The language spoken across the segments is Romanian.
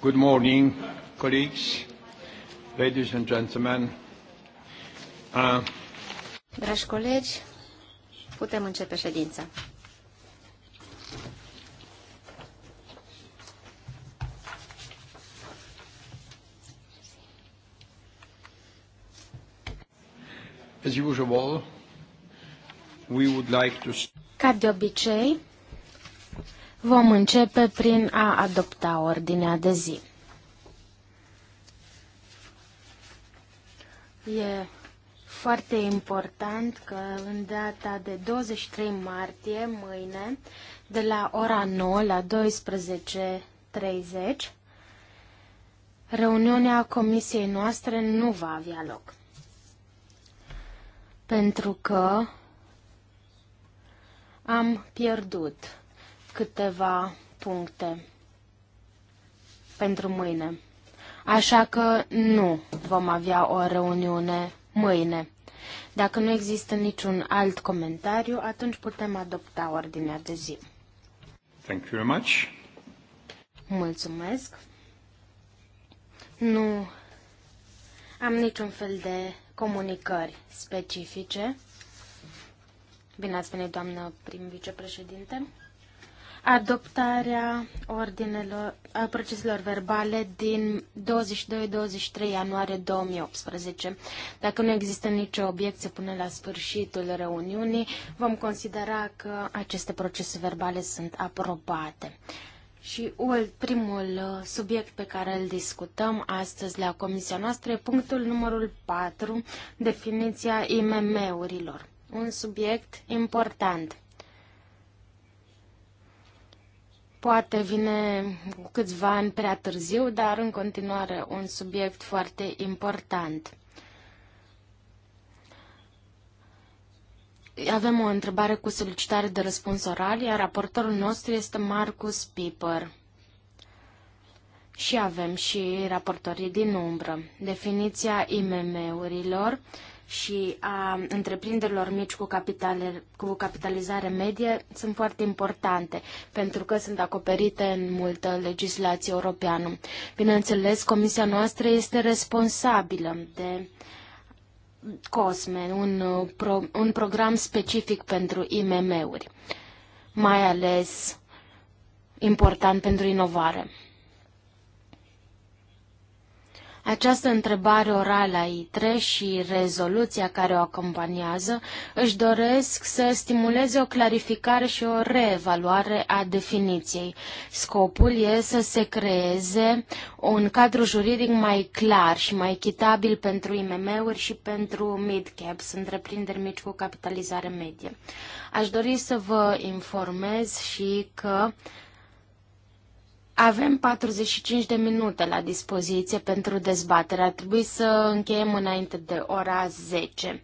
Good morning, colleagues, ladies and gentlemen. Uh, Dragi colegi, putem începe ședința. As usual, we would like to... Ca de obicei, Vom începe prin a adopta ordinea de zi. E foarte important că în data de 23 martie, mâine, de la ora 9 la 12.30, reuniunea comisiei noastre nu va avea loc. Pentru că am pierdut câteva puncte pentru mâine. Așa că nu vom avea o reuniune mâine. Dacă nu există niciun alt comentariu, atunci putem adopta ordinea de zi. Thank you very much. Mulțumesc. Nu am niciun fel de comunicări specifice. Bine ați venit, doamnă prim-vicepreședinte adoptarea ordinelor, a proceselor verbale din 22-23 ianuarie 2018. Dacă nu există nicio obiecție până la sfârșitul reuniunii, vom considera că aceste procese verbale sunt aprobate. Și primul uh, subiect pe care îl discutăm astăzi la comisia noastră e punctul numărul 4, definiția IMM-urilor. Un subiect important. Poate vine cu câțiva ani prea târziu, dar în continuare un subiect foarte important. Avem o întrebare cu solicitare de răspuns oral, iar raportorul nostru este Marcus Piper. Și avem și raportorii din umbră. Definiția IMM-urilor și a întreprinderilor mici cu, capitale, cu capitalizare medie sunt foarte importante, pentru că sunt acoperite în multă legislație europeană. Bineînțeles, comisia noastră este responsabilă de COSME, un, pro, un program specific pentru IMM-uri, mai ales important pentru inovare. Această întrebare orală a ITRE și rezoluția care o acompaniază își doresc să stimuleze o clarificare și o reevaluare a definiției. Scopul e să se creeze un cadru juridic mai clar și mai echitabil pentru IMM-uri și pentru mid-caps, întreprinderi mici cu capitalizare medie. Aș dori să vă informez și că avem 45 de minute la dispoziție pentru dezbatere. Ar trebui să încheiem înainte de ora 10.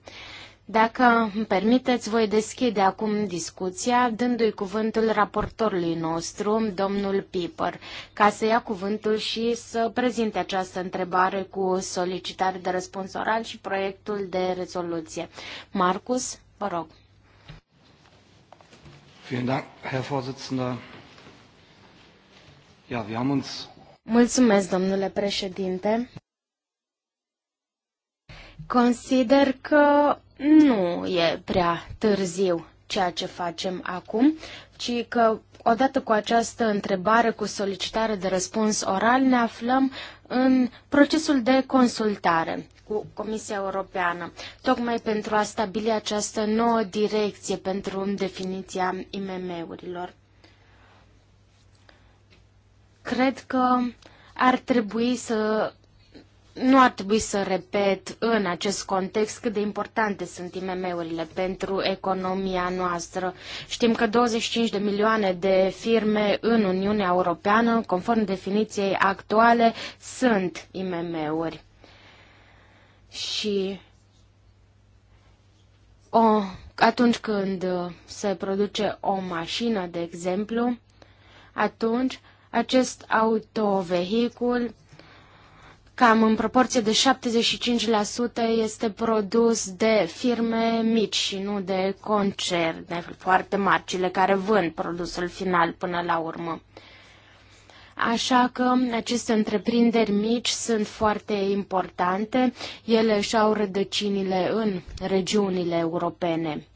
Dacă îmi permiteți, voi deschide acum discuția, dându-i cuvântul raportorului nostru, domnul Piper, ca să ia cuvântul și să prezinte această întrebare cu solicitare de răspuns oral și proiectul de rezoluție. Marcus, vă rog. Vielen Dank, Herr Vorsitzender. Mulțumesc, domnule președinte. Consider că nu e prea târziu ceea ce facem acum, ci că odată cu această întrebare cu solicitare de răspuns oral ne aflăm în procesul de consultare cu Comisia Europeană, tocmai pentru a stabili această nouă direcție pentru definiția IMM-urilor. Cred că ar trebui să nu ar trebui să repet în acest context cât de importante sunt IMM-urile pentru economia noastră. Știm că 25 de milioane de firme în Uniunea Europeană, conform definiției actuale, sunt IMM-uri. Și o, atunci când se produce o mașină, de exemplu, atunci acest autovehicul, cam în proporție de 75%, este produs de firme mici și nu de concerne foarte mari, cele care vând produsul final până la urmă. Așa că aceste întreprinderi mici sunt foarte importante. Ele își au rădăcinile în regiunile europene.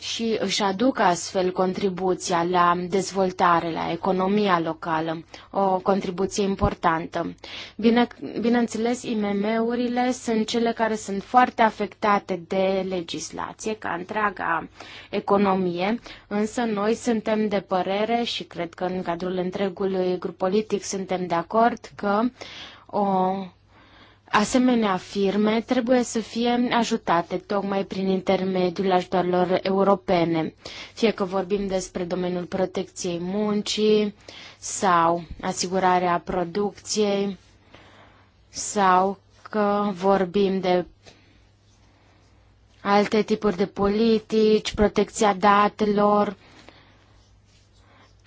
și își aduc astfel contribuția la dezvoltare, la economia locală, o contribuție importantă. Bine, bineînțeles, IMM-urile sunt cele care sunt foarte afectate de legislație, ca întreaga economie, însă noi suntem de părere și cred că în cadrul întregului grup politic suntem de acord că o Asemenea firme trebuie să fie ajutate tocmai prin intermediul ajutorilor europene, fie că vorbim despre domeniul protecției muncii sau asigurarea producției sau că vorbim de alte tipuri de politici, protecția datelor,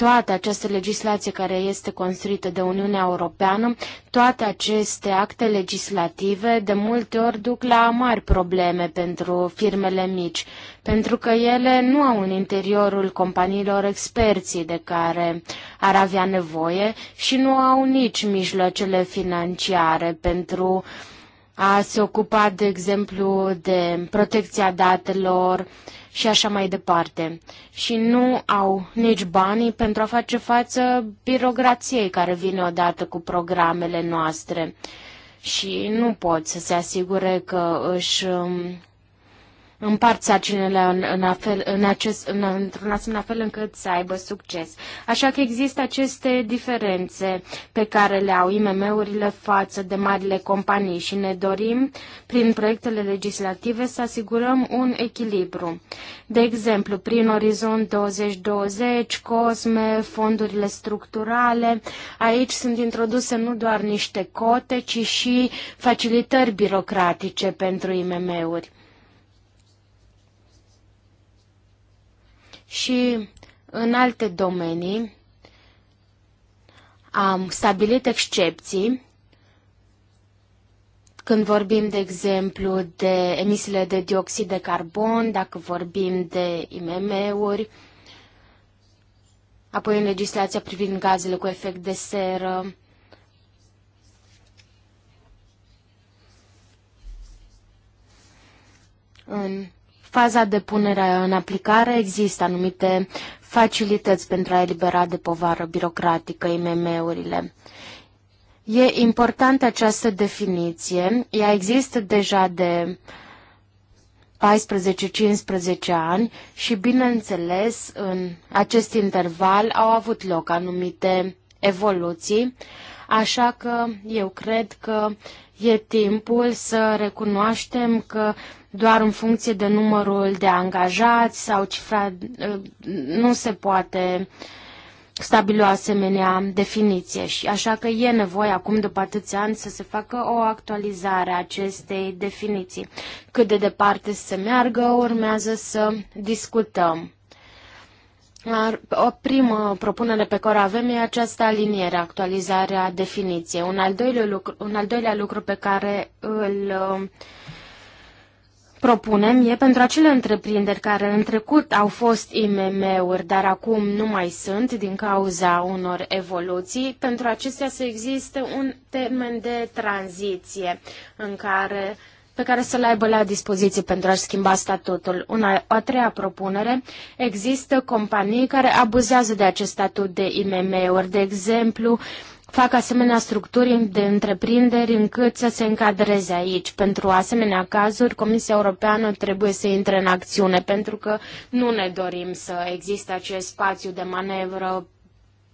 toată această legislație care este construită de Uniunea Europeană, toate aceste acte legislative de multe ori duc la mari probleme pentru firmele mici, pentru că ele nu au în interiorul companiilor experții de care ar avea nevoie și nu au nici mijloacele financiare pentru a se ocupa, de exemplu, de protecția datelor, uh, și așa mai departe. Și nu au nici banii pentru a face față birocrației care vine odată cu programele noastre și nu pot să se asigure că își um, împart sarcinile în, în, în, acest, în, într-un asemenea fel încât să aibă succes. Așa că există aceste diferențe pe care le au IMM-urile față de marile companii și ne dorim, prin proiectele legislative, să asigurăm un echilibru. De exemplu, prin Orizont 2020, COSME, fondurile structurale, aici sunt introduse nu doar niște cote, ci și facilitări birocratice pentru IMM-uri. și în alte domenii am stabilit excepții când vorbim, de exemplu, de emisiile de dioxid de carbon, dacă vorbim de IMM-uri, apoi în legislația privind gazele cu efect de seră, în faza de punere în aplicare există anumite facilități pentru a elibera de povară birocratică IMM-urile. E importantă această definiție. Ea există deja de 14-15 ani și, bineînțeles, în acest interval au avut loc anumite evoluții, așa că eu cred că e timpul să recunoaștem că doar în funcție de numărul de angajați sau cifra, uh, nu se poate stabili o asemenea definiție și așa că e nevoie acum după atâția ani să se facă o actualizare a acestei definiții. Cât de departe să meargă, urmează să discutăm. O primă propunere pe care o avem e această aliniere, actualizarea definiției. Un al doilea lucru, un al doilea lucru pe care îl uh, propunem e pentru acele întreprinderi care în trecut au fost IMM-uri, dar acum nu mai sunt din cauza unor evoluții, pentru acestea să existe un termen de tranziție în care pe care să le aibă la dispoziție pentru a-și schimba statutul. Una, a treia propunere, există companii care abuzează de acest statut de IMM-uri, de exemplu, fac asemenea structuri de întreprinderi încât să se încadreze aici. Pentru asemenea cazuri, Comisia Europeană trebuie să intre în acțiune, pentru că nu ne dorim să existe acest spațiu de manevră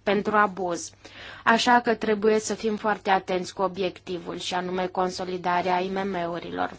pentru abuz. Așa că trebuie să fim foarte atenți cu obiectivul și anume consolidarea IMM-urilor.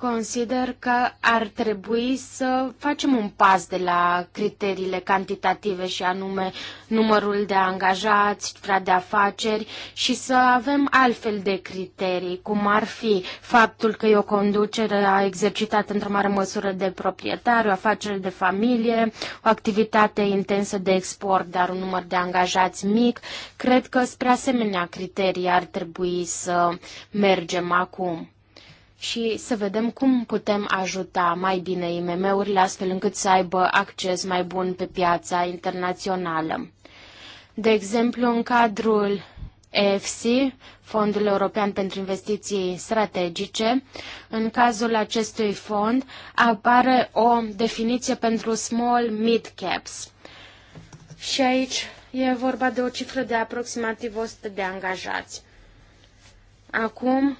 Consider că ar trebui să facem un pas de la criteriile cantitative și anume numărul de angajați, cifra de afaceri și să avem altfel de criterii, cum ar fi faptul că e o conducere a exercitat într-o mare măsură de proprietari, o afacere de familie, o activitate intensă de export, dar un număr de angajați mic. Cred că spre asemenea criterii ar trebui să mergem acum și să vedem cum putem ajuta mai bine IMM-urile astfel încât să aibă acces mai bun pe piața internațională. De exemplu, în cadrul EFC, Fondul European pentru Investiții Strategice. În cazul acestui fond apare o definiție pentru small mid caps. Și aici e vorba de o cifră de aproximativ 100 de angajați. Acum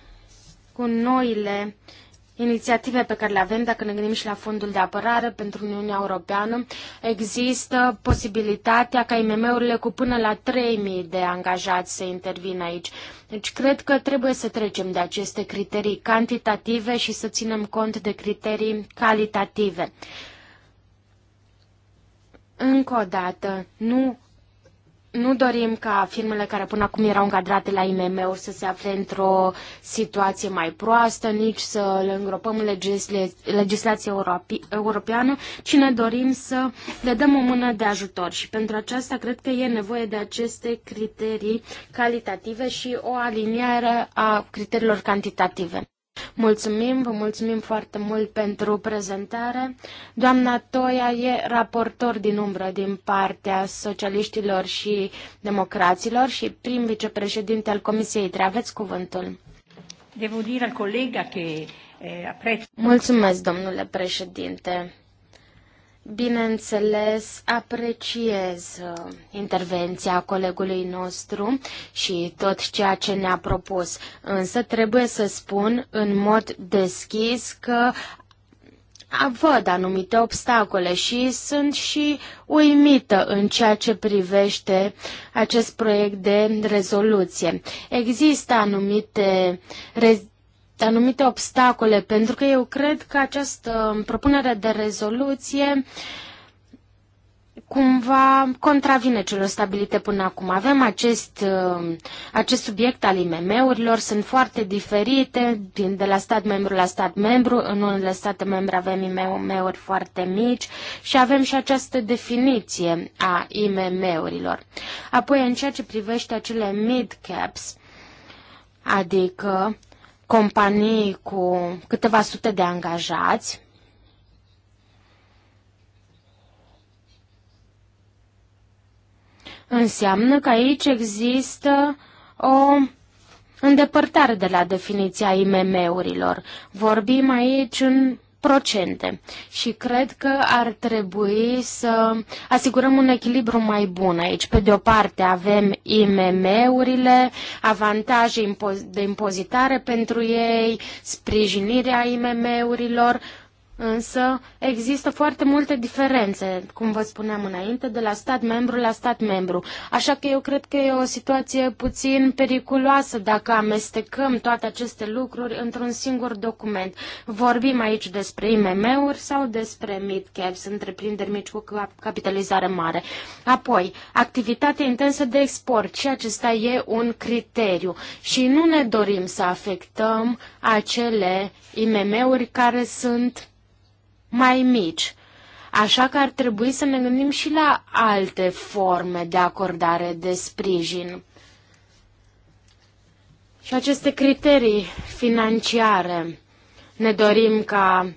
cu noile inițiative pe care le avem, dacă ne gândim și la fondul de apărare pentru Uniunea Europeană, există posibilitatea ca IMM-urile cu până la 3.000 de angajați să intervină aici. Deci cred că trebuie să trecem de aceste criterii cantitative și să ținem cont de criterii calitative. Încă o dată, nu nu dorim ca firmele care până acum erau încadrate la IMM-uri să se afle într-o situație mai proastă, nici să le îngropăm în legisla- legislația europe- europeană, ci ne dorim să le dăm o mână de ajutor. Și pentru aceasta cred că e nevoie de aceste criterii calitative și o aliniere a criteriilor cantitative. Mulțumim, vă mulțumim foarte mult pentru prezentare. Doamna Toia e raportor din umbră din partea socialiștilor și democraților și prim vicepreședinte al Comisiei. Aveți cuvântul. Devo dire al colega che eh, apprezzo... Mulțumesc, domnule președinte. Bineînțeles, apreciez uh, intervenția colegului nostru și tot ceea ce ne-a propus, însă trebuie să spun în mod deschis că văd anumite obstacole și sunt și uimită în ceea ce privește acest proiect de rezoluție. Există anumite rezoluții anumite obstacole, pentru că eu cred că această propunere de rezoluție cumva contravine celor stabilite până acum. Avem acest, uh, acest subiect al IMM-urilor, sunt foarte diferite din, de la stat membru la stat membru. În unele state membre avem IMM-uri foarte mici și avem și această definiție a IMM-urilor. Apoi, în ceea ce privește acele mid-caps, adică companii cu câteva sute de angajați înseamnă că aici există o îndepărtare de la definiția IMM-urilor. Vorbim aici în procente și cred că ar trebui să asigurăm un echilibru mai bun aici. Pe de o parte avem IMM-urile, avantaje de impozitare pentru ei, sprijinirea IMM-urilor, Însă există foarte multe diferențe, cum vă spuneam înainte, de la stat membru la stat membru. Așa că eu cred că e o situație puțin periculoasă dacă amestecăm toate aceste lucruri într-un singur document. Vorbim aici despre IMM-uri sau despre mid-caps, întreprinderi mici cu capitalizare mare. Apoi, activitatea intensă de export și acesta e un criteriu. Și nu ne dorim să afectăm acele IMM-uri care sunt mai mici. Așa că ar trebui să ne gândim și la alte forme de acordare de sprijin. Și aceste criterii financiare ne dorim ca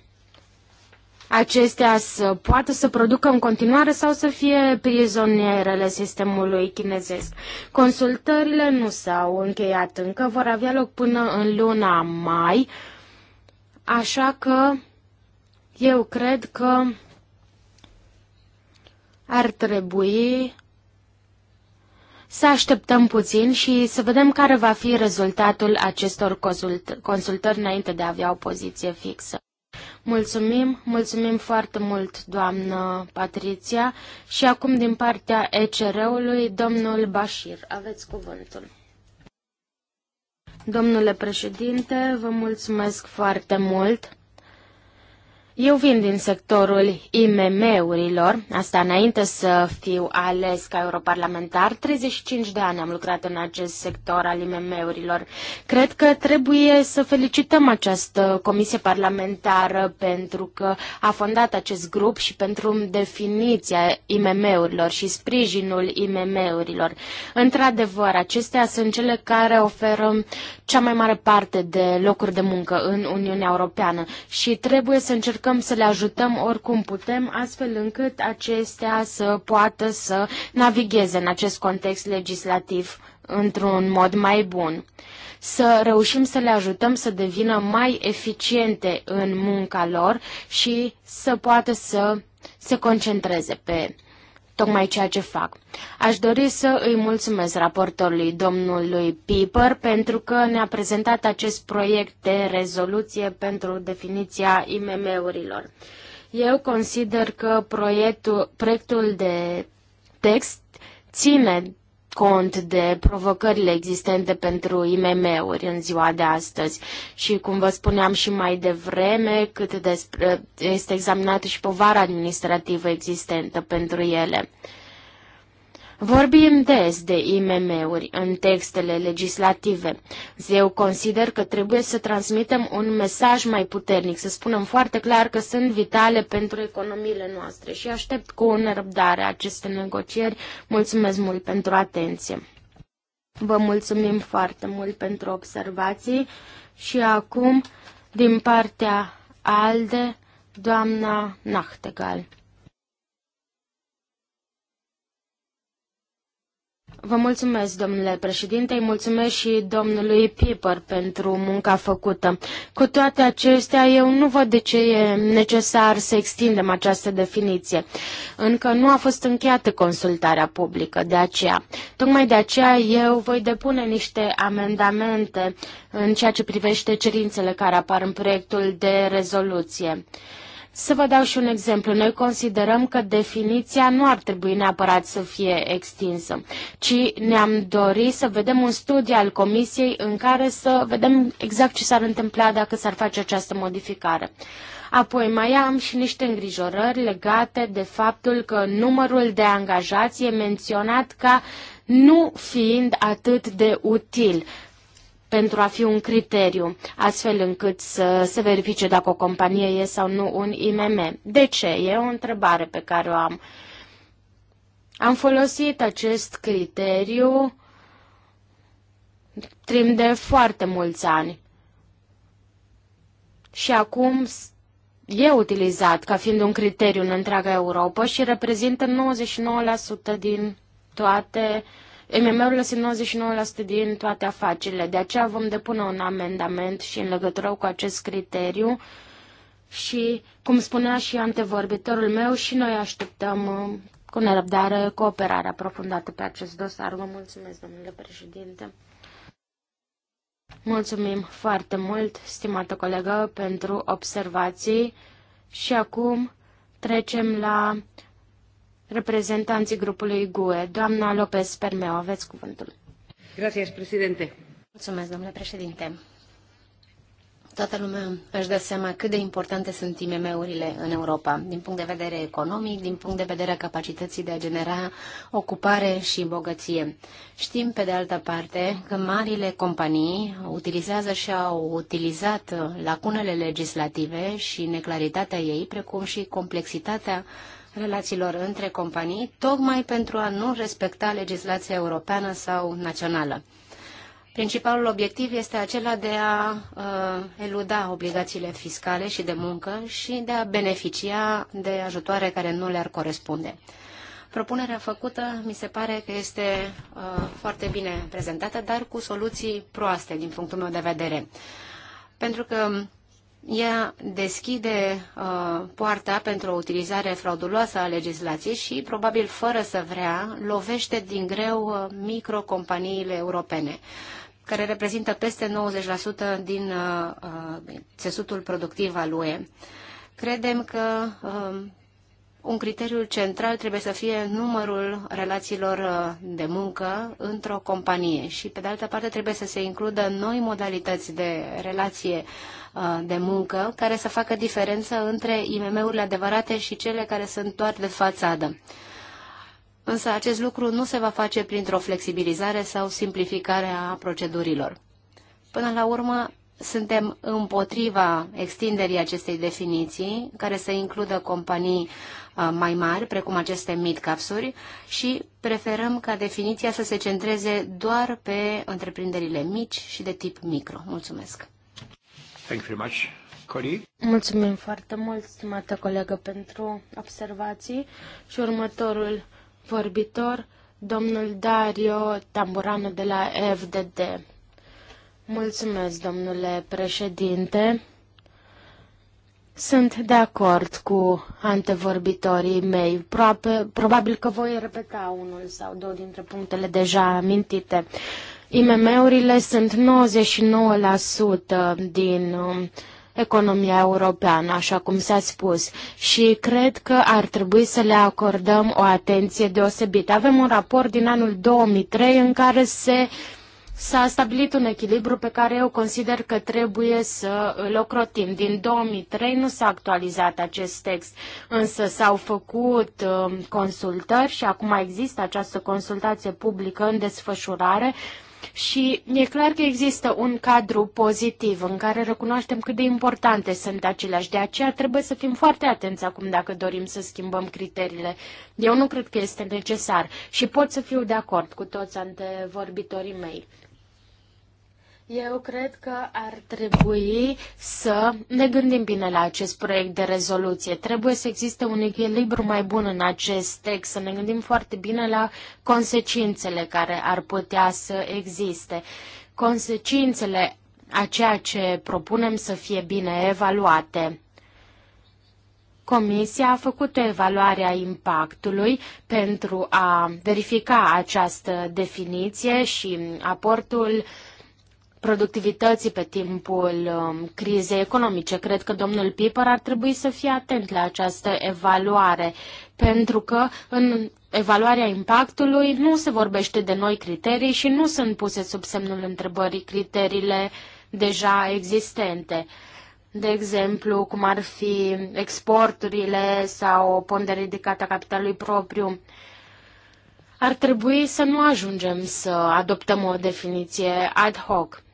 acestea să poată să producă în continuare sau să fie prizonierele sistemului chinezesc. Consultările nu s-au încheiat încă, vor avea loc până în luna mai, așa că eu cred că ar trebui să așteptăm puțin și să vedem care va fi rezultatul acestor consultări înainte de a avea o poziție fixă. Mulțumim, mulțumim foarte mult, doamnă Patriția. Și acum, din partea ECR-ului, domnul Bashir. Aveți cuvântul. Domnule președinte, vă mulțumesc foarte mult. Eu vin din sectorul IMM-urilor, asta înainte să fiu ales ca europarlamentar. 35 de ani am lucrat în acest sector al IMM-urilor. Cred că trebuie să felicităm această comisie parlamentară pentru că a fondat acest grup și pentru definiția IMM-urilor și sprijinul IMM-urilor. Într-adevăr, acestea sunt cele care oferă cea mai mare parte de locuri de muncă în Uniunea Europeană și trebuie să încercăm încercăm să le ajutăm oricum putem, astfel încât acestea să poată să navigheze în acest context legislativ într-un mod mai bun. Să reușim să le ajutăm să devină mai eficiente în munca lor și să poată să se concentreze pe tocmai ceea ce fac. Aș dori să îi mulțumesc raportorului domnului Piper pentru că ne-a prezentat acest proiect de rezoluție pentru definiția IMM-urilor. Eu consider că proiectul, proiectul de text ține cont de provocările existente pentru IMM-uri în ziua de astăzi. Și cum vă spuneam și mai devreme, cât despre, este examinată și povara administrativă existentă pentru ele. Vorbim des de IMM-uri în textele legislative. Eu consider că trebuie să transmitem un mesaj mai puternic, să spunem foarte clar că sunt vitale pentru economiile noastre și aștept cu nerăbdare aceste negocieri. Mulțumesc mult pentru atenție. Vă mulțumim foarte mult pentru observații și acum, din partea ALDE, doamna Nachtegal. Vă mulțumesc, domnule președinte, îi mulțumesc și domnului Piper pentru munca făcută. Cu toate acestea, eu nu văd de ce e necesar să extindem această definiție. Încă nu a fost încheiată consultarea publică, de aceea. Tocmai de aceea eu voi depune niște amendamente în ceea ce privește cerințele care apar în proiectul de rezoluție. Să vă dau și un exemplu. Noi considerăm că definiția nu ar trebui neapărat să fie extinsă, ci ne-am dorit să vedem un studiu al Comisiei în care să vedem exact ce s-ar întâmpla dacă s-ar face această modificare. Apoi mai am și niște îngrijorări legate de faptul că numărul de angajați e menționat ca nu fiind atât de util pentru a fi un criteriu, astfel încât să se verifice dacă o companie e sau nu un IMM. De ce? E o întrebare pe care o am. Am folosit acest criteriu timp de foarte mulți ani. Și acum e utilizat ca fiind un criteriu în întreaga Europa și reprezintă 99% din toate uh, mmr urile sunt 99% din toate afacerile, de aceea vom depune un amendament și în legătură cu acest criteriu și, cum spunea și antevorbitorul meu, și noi așteptăm uh, cu nerăbdare cooperarea aprofundată pe acest dosar. Vă mulțumesc, domnule președinte. Mulțumim foarte mult, stimată colegă, pentru observații și acum trecem la reprezentanții grupului GUE. Doamna Lopez Permeo, aveți cuvântul. Gracias, președinte. Mulțumesc, domnule președinte. Toată lumea își dă seama cât de importante sunt IMM-urile în Europa, din punct de vedere economic, din punct de vedere a capacității de a genera ocupare și bogăție. Știm, pe de altă parte, că marile companii utilizează și au utilizat lacunele legislative și neclaritatea ei, precum și complexitatea relațiilor între companii, tocmai pentru a nu respecta legislația europeană sau națională. Principalul obiectiv este acela de a uh, eluda obligațiile fiscale și de muncă și de a beneficia de ajutoare care nu le-ar corespunde. Propunerea făcută mi se pare că este uh, foarte bine prezentată, dar cu soluții proaste din punctul meu de vedere. Pentru că ea deschide uh, poarta pentru o utilizare frauduloasă a legislației și, probabil fără să vrea, lovește din greu uh, microcompaniile europene care reprezintă peste 90% din uh, uh, țesutul productiv al UE. Credem că uh, un criteriu central trebuie să fie numărul relațiilor uh, de muncă într-o companie și, pe de altă parte, trebuie să se includă noi modalități de relație Uh, de muncă care să facă diferență între IMM-urile adevărate și cele care sunt doar de fațadă. Însă acest lucru nu se va face printr-o flexibilizare sau simplificare a procedurilor. Până la urmă, suntem împotriva extinderii acestei definiții, care să includă companii uh, mai mari, precum aceste mid-capsuri, și preferăm ca definiția să se centreze doar pe întreprinderile mici și de tip micro. Mulțumesc! Thank you very much, Mulțumim foarte mult, stimată colegă, pentru observații și următorul vorbitor, domnul Dario Tamburano de la FDD. Mulțumesc, domnule președinte. Sunt de acord cu antevorbitorii mei. Proape, probabil că voi repeta unul sau două dintre punctele deja amintite. IMM-urile sunt 99% din um, economia europeană, așa cum s-a spus, și cred că ar trebui să le acordăm o atenție deosebită. Avem un raport din anul 2003 în care se S-a stabilit un echilibru pe care eu consider că trebuie să îl ocrotim. Din 2003 nu s-a actualizat acest text, însă s-au făcut um, consultări și acum există această consultație publică în desfășurare și e clar că există un cadru pozitiv în care recunoaștem cât de importante sunt aceleași. De aceea trebuie să fim foarte atenți acum dacă dorim să schimbăm criteriile. Eu nu cred că este necesar și pot să fiu de acord cu toți antevorbitorii mei eu cred că ar trebui să ne gândim bine la acest proiect de rezoluție. Trebuie să existe un echilibru mai bun în acest text, să ne gândim foarte bine la consecințele care ar putea să existe. Consecințele a ceea ce propunem să fie bine evaluate. Comisia a făcut o evaluare a impactului pentru a verifica această definiție și aportul uh, productivității pe timpul um, crizei economice. Cred că domnul Piper ar trebui să fie atent la această evaluare, pentru că în evaluarea impactului nu se vorbește de noi criterii și nu sunt puse sub semnul întrebării criteriile deja existente. De exemplu, cum ar fi exporturile sau o pondere ridicată a capitalului propriu ar trebui să nu ajungem să adoptăm o definiție ad hoc.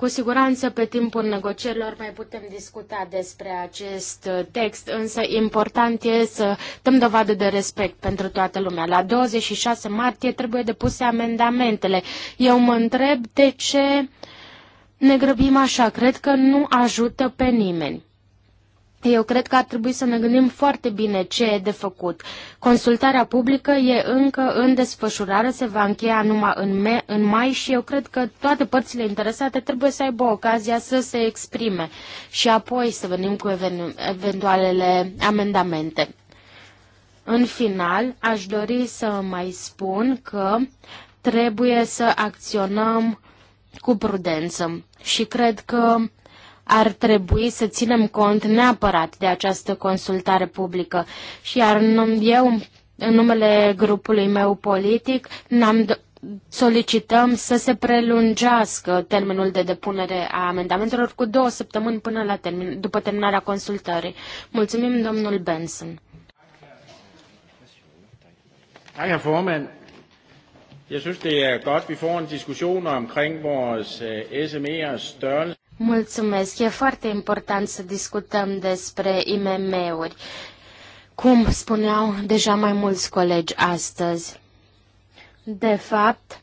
Cu siguranță, pe timpul negocierilor mai putem discuta despre acest text, însă important e să dăm dovadă de respect pentru toată lumea. La 26 martie trebuie depuse amendamentele. Eu mă întreb de ce ne grăbim așa. Cred că nu ajută pe nimeni. Eu cred că ar trebui să ne gândim foarte bine ce e de făcut. Consultarea publică e încă în desfășurare, se va încheia numai în, me- în mai și eu cred că toate părțile interesate trebuie să aibă ocazia să se exprime și apoi să venim cu eventualele amendamente. În final, aș dori să mai spun că trebuie să acționăm cu prudență și cred că ar trebui să ținem cont neapărat de această consultare publică. Și iar eu, în numele grupului meu politic, n-am solicităm să se prelungească termenul de depunere a amendamentelor cu două săptămâni până la termin, după terminarea consultării. Mulțumim, domnul Benson. Tak, herr formand. Jeg synes, det er godt, vi får en diskussion omkring vores eh, SME'ers størrelse. Mulțumesc. E foarte important să discutăm despre IMM-uri. Cum spuneau deja mai mulți colegi astăzi, de fapt, 99%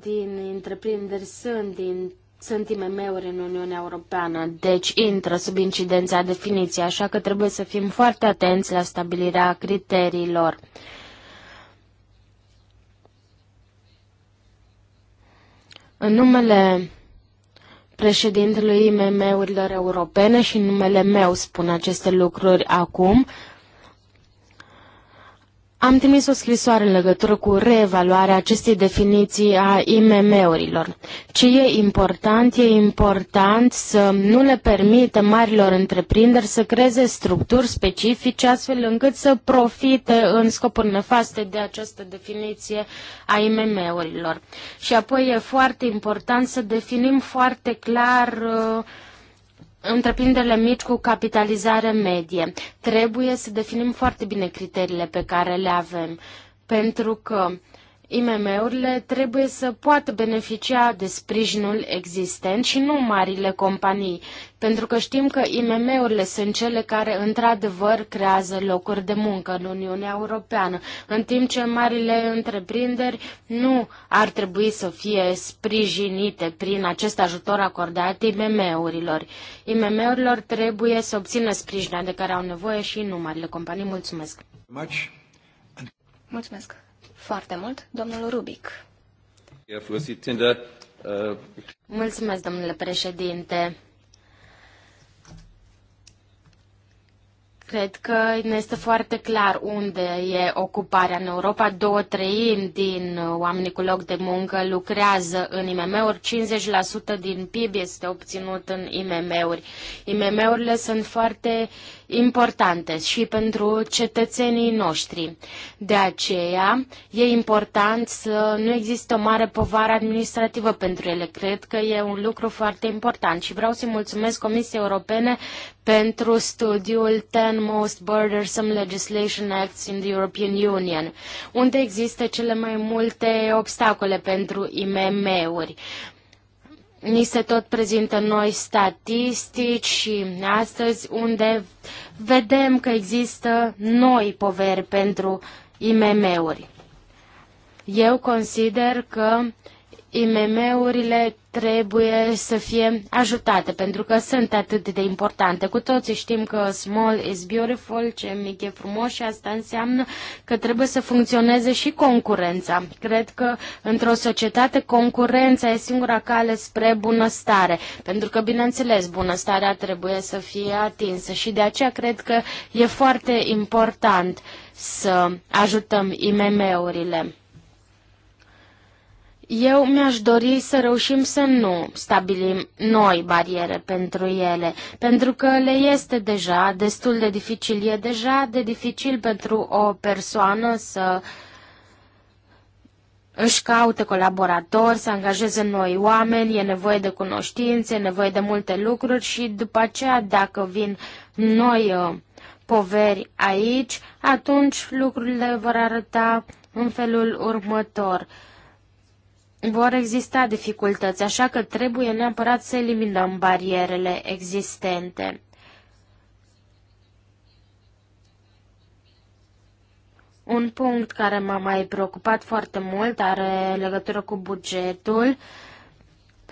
din întreprinderi sunt din sunt IMM-uri în Uniunea Europeană, deci intră sub incidența definiției, așa că trebuie să fim foarte atenți la stabilirea criteriilor. În numele președintelui IMM-urilor europene și în numele meu spun aceste lucruri acum, am trimis o scrisoare în legătură cu reevaluarea acestei definiții a IMM-urilor. Ce e important? E important să nu le permită marilor întreprinderi să creeze structuri specifice astfel încât să profite în scopuri nefaste de această definiție a IMM-urilor. Și apoi e foarte important să definim foarte clar uh, întreprinderile mici cu capitalizare medie. Trebuie să definim foarte bine criteriile pe care le avem, pentru că IMM-urile trebuie să poată beneficia de sprijinul existent și nu marile companii, pentru că știm că IMM-urile sunt cele care într-adevăr creează locuri de muncă în Uniunea Europeană, în timp ce marile întreprinderi nu ar trebui să fie sprijinite prin acest ajutor acordat IMM-urilor. IMM-urilor trebuie să obțină sprijinul de care au nevoie și nu marile companii. Mulțumesc! Mulțumesc! foarte mult, domnul Rubic. Mulțumesc, domnule președinte. Cred că ne este foarte clar unde e ocuparea în Europa. Două treimi din oamenii cu loc de muncă lucrează în IMM-uri, 50% din PIB este obținut în IMM-uri. IMM-urile sunt foarte importante și pentru cetățenii noștri. De aceea e important să nu există o mare povară administrativă pentru ele. Cred că e un lucru foarte important și vreau să mulțumesc Comisiei Europene pentru studiul Ten Most Burdensome Legislation Acts in the European Union, unde există cele mai multe obstacole pentru IMM-uri. Ni se tot prezintă noi statistici și astăzi unde vedem că există noi poveri pentru IMM-uri. Eu consider că IMM-urile trebuie să fie ajutate pentru că sunt atât de importante. Cu toții știm că small is beautiful, ce mic e frumos și asta înseamnă că trebuie să funcționeze și concurența. Cred că într-o societate concurența e singura cale spre bunăstare, pentru că, bineînțeles, bunăstarea trebuie să fie atinsă și de aceea cred că e foarte important să ajutăm IMM-urile. Eu mi-aș dori să reușim să nu stabilim noi bariere pentru ele, pentru că le este deja destul de dificil. E deja de dificil pentru o persoană să își caute colaboratori, să angajeze noi oameni, e nevoie de cunoștințe, e nevoie de multe lucruri și după aceea dacă vin noi uh, poveri aici, atunci lucrurile vor arăta în felul următor vor exista dificultăți, așa că trebuie neapărat să eliminăm barierele existente. Un punct care m-a mai preocupat foarte mult are legătură cu bugetul. Uh,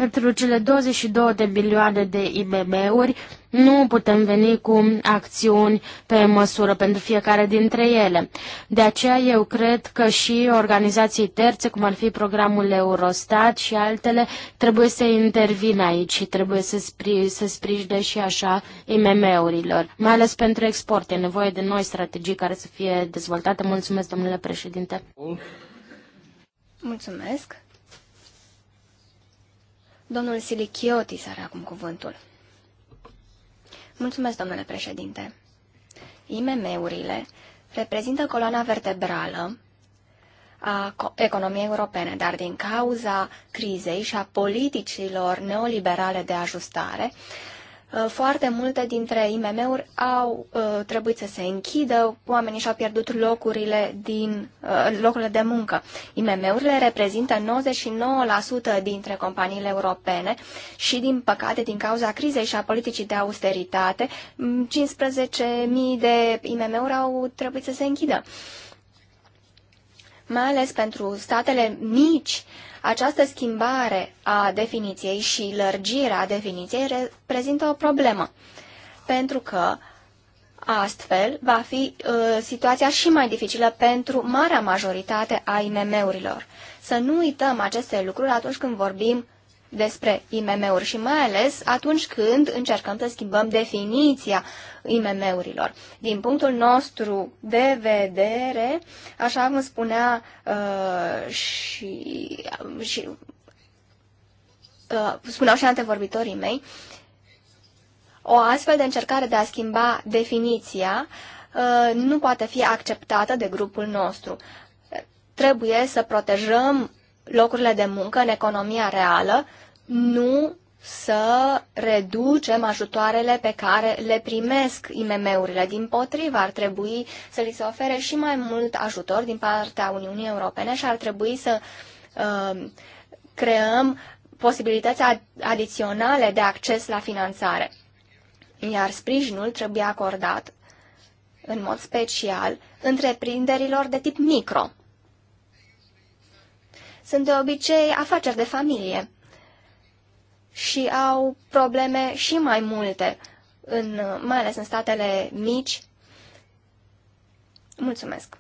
pentru cele 22 de milioane de IMM-uri nu putem veni cu acțiuni pe măsură pentru fiecare dintre ele. De aceea eu cred că și organizații terțe, cum ar fi programul Eurostat și altele, trebuie să intervină aici și trebuie să, spri, să sprijine și așa IMM-urilor. Mai ales pentru export e nevoie de noi strategii care să fie dezvoltate. Mulțumesc, domnule președinte. Mulțumesc. Domnul Silichiotis are acum cuvântul. Mulțumesc, domnule președinte. IMM-urile reprezintă coloana vertebrală a economiei europene, dar din cauza crizei și a politicilor neoliberale de ajustare, Uh, foarte multe dintre IMM-uri au uh, trebuit să se închidă, oamenii și-au pierdut locurile, din, uh, locurile de muncă. IMM-urile reprezintă 99% dintre companiile europene și, din păcate, din cauza crizei și a politicii de austeritate, 15.000 mm, de IMM-uri au trebuit să se închidă. Mai ales pentru statele mici, uh, această schimbare a definiției și lărgirea definiției reprezintă o problemă, pentru că astfel va fi uh, situația și mai dificilă pentru marea majoritate a IMM-urilor. Să nu uităm aceste lucruri atunci când vorbim despre IMM-uri și mai ales atunci când încercăm să schimbăm definiția IMM-urilor. Din punctul nostru de vedere, așa cum spunea uh, și, și uh, spuneau și antevorbitorii mei, o astfel de încercare de a schimba definiția uh, nu poate fi acceptată de grupul nostru trebuie să protejăm locurile de muncă în economia reală, nu să reducem ajutoarele pe care le primesc IMM-urile. Din potrivă, ar trebui să li se ofere și mai mult ajutor din partea Uniunii Europene și ar trebui să uh, creăm posibilități adiționale de acces la finanțare. Iar sprijinul trebuie acordat, în mod special, întreprinderilor de tip micro sunt de obicei afaceri de familie și au probleme și mai multe, în, mai ales în statele mici. Mulțumesc.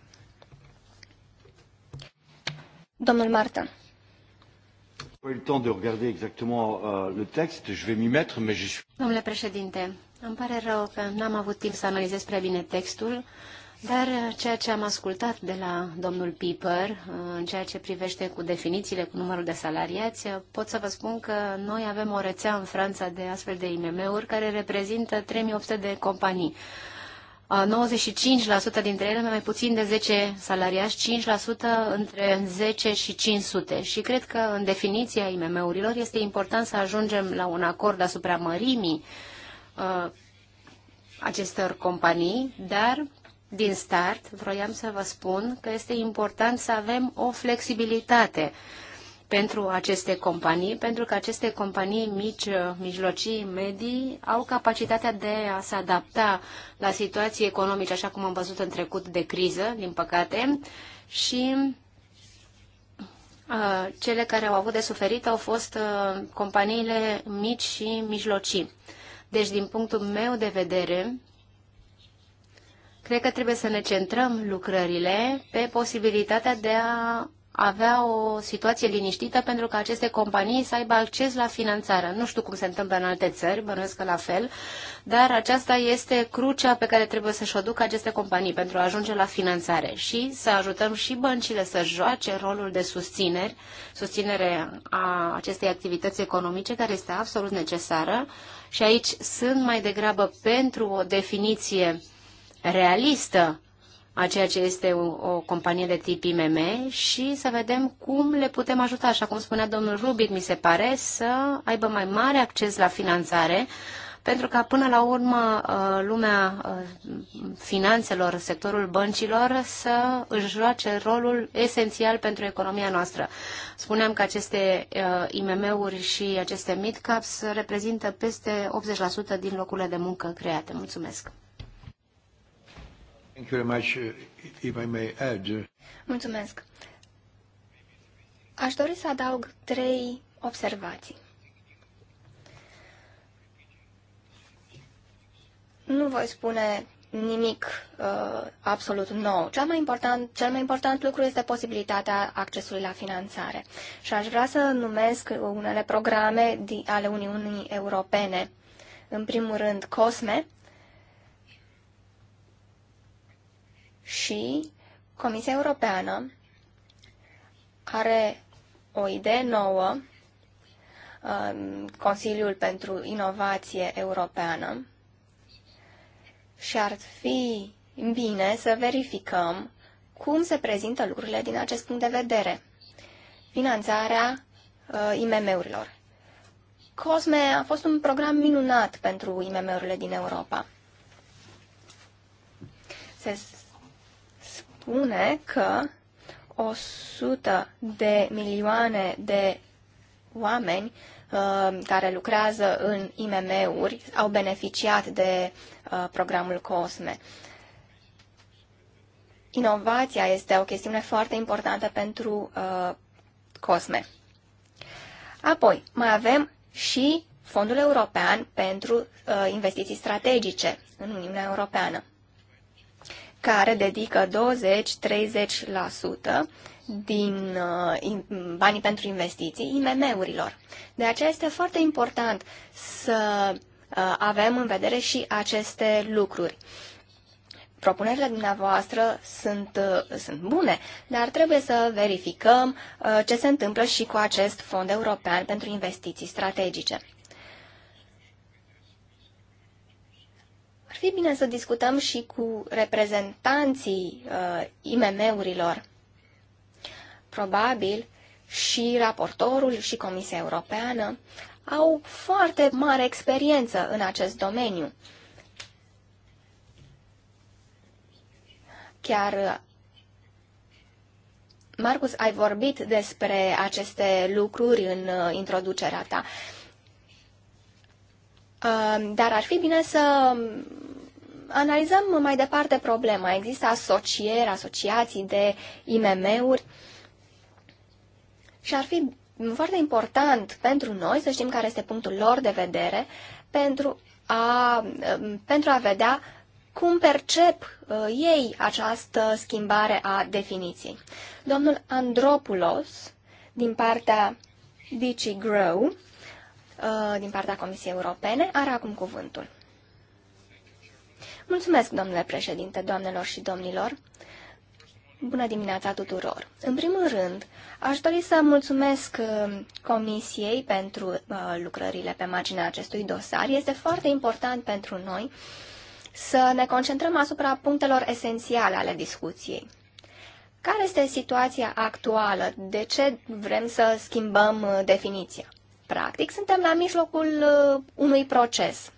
Domnul Martin. Euh, Domnule președinte, îmi pare rău că n-am avut timp să analizez prea bine textul. Dar uh, ceea ce am ascultat de la domnul Piper, uh, în ceea ce privește cu definițiile, cu numărul de salariați, uh, pot să vă spun că noi avem o rețea în Franța de astfel de IMM-uri care reprezintă 3800 de companii. 95% dintre ele mai puțin de 10 salariați, 5% între 10 și 500. Și cred că în definiția IMM-urilor este important să ajungem la un acord asupra mărimii acestor companii, dar din start, vroiam să vă spun că este important să avem o flexibilitate pentru aceste companii, pentru că aceste companii mici, mijlocii, medii au capacitatea de a se adapta la situații economice, așa cum am văzut în trecut de criză, din păcate, și uh, cele care au avut de suferit au fost uh, companiile mici și mijlocii. Deci, din punctul meu de vedere, Cred că trebuie să ne centrăm lucrările pe posibilitatea de a avea o situație liniștită pentru că aceste companii să aibă acces la finanțare. Nu știu cum se întâmplă în alte țări, bănuiesc că la fel, dar aceasta este crucea pe care trebuie să-și o ducă aceste companii pentru a ajunge la finanțare și să ajutăm și băncile să joace rolul de susținere, susținere a acestei activități economice care este absolut necesară și aici sunt mai degrabă pentru o definiție uh, realistă a ceea ce este o, o companie de tip IMM și să vedem cum le putem ajuta, așa cum spunea domnul Rubic, mi se pare, să aibă mai mare acces la finanțare, pentru că până la urmă uh, lumea uh, finanțelor, sectorul băncilor să își joace rolul esențial pentru economia noastră. Spuneam că aceste uh, IMM-uri și aceste midcaps reprezintă peste 80% din locurile de muncă create. Mulțumesc! Thank you very much, if I may add. Uh, Mulțumesc. Aș dori să adaug trei observații. Nu voi spune nimic uh, absolut nou. Cel mai, important, cel mai important lucru este posibilitatea accesului la finanțare. Și aș vrea să numesc unele programe ale Uniunii Europene. În primul rând, COSME, și Comisia Europeană are o idee nouă, um, Consiliul pentru Inovație Europeană, și ar fi bine să verificăm cum se prezintă lucrurile din acest punct de vedere. Finanțarea uh, IMM-urilor. COSME a fost un program minunat pentru IMM-urile din Europa. Se spune că 100 de milioane de oameni uh, care lucrează în IMM-uri au beneficiat de uh, programul COSME. Inovația este o chestiune foarte importantă pentru uh, COSME. Apoi, mai avem și Fondul European pentru uh, Investiții Strategice în Uniunea Europeană care dedică 20-30% din uh, banii pentru investiții IMM-urilor. De aceea este foarte important să uh, avem în vedere și aceste lucruri. Propunerile dumneavoastră sunt, uh, sunt bune, dar trebuie să verificăm ce se întâmplă și cu acest fond european pentru investiții strategice. Ar fi bine să discutăm și cu reprezentanții uh, IMM-urilor. Probabil și raportorul și Comisia Europeană au foarte mare experiență în acest domeniu. Chiar uh, Marcus, ai vorbit despre aceste lucruri în uh, introducerea ta. Uh, Um, dar ar fi bine să um, analizăm mai departe problema. Există asocieri, asociații de IMM-uri și ar fi foarte important pentru noi să știm care este punctul lor de vedere pentru a, um, pentru a vedea cum percep uh, ei această schimbare a definiției. Domnul Andropulos, din partea DigiGrow, Uh, din partea Comisiei Europene are acum cuvântul. Mulțumesc, domnule președinte, doamnelor și domnilor. Bună dimineața tuturor! În primul rând, aș dori să mulțumesc uh, Comisiei pentru uh, lucrările pe marginea acestui dosar. Este foarte important pentru noi să ne concentrăm asupra punctelor esențiale ale discuției. Care este situația actuală? De ce vrem să schimbăm definiția? practic, suntem la mijlocul uh, unui proces.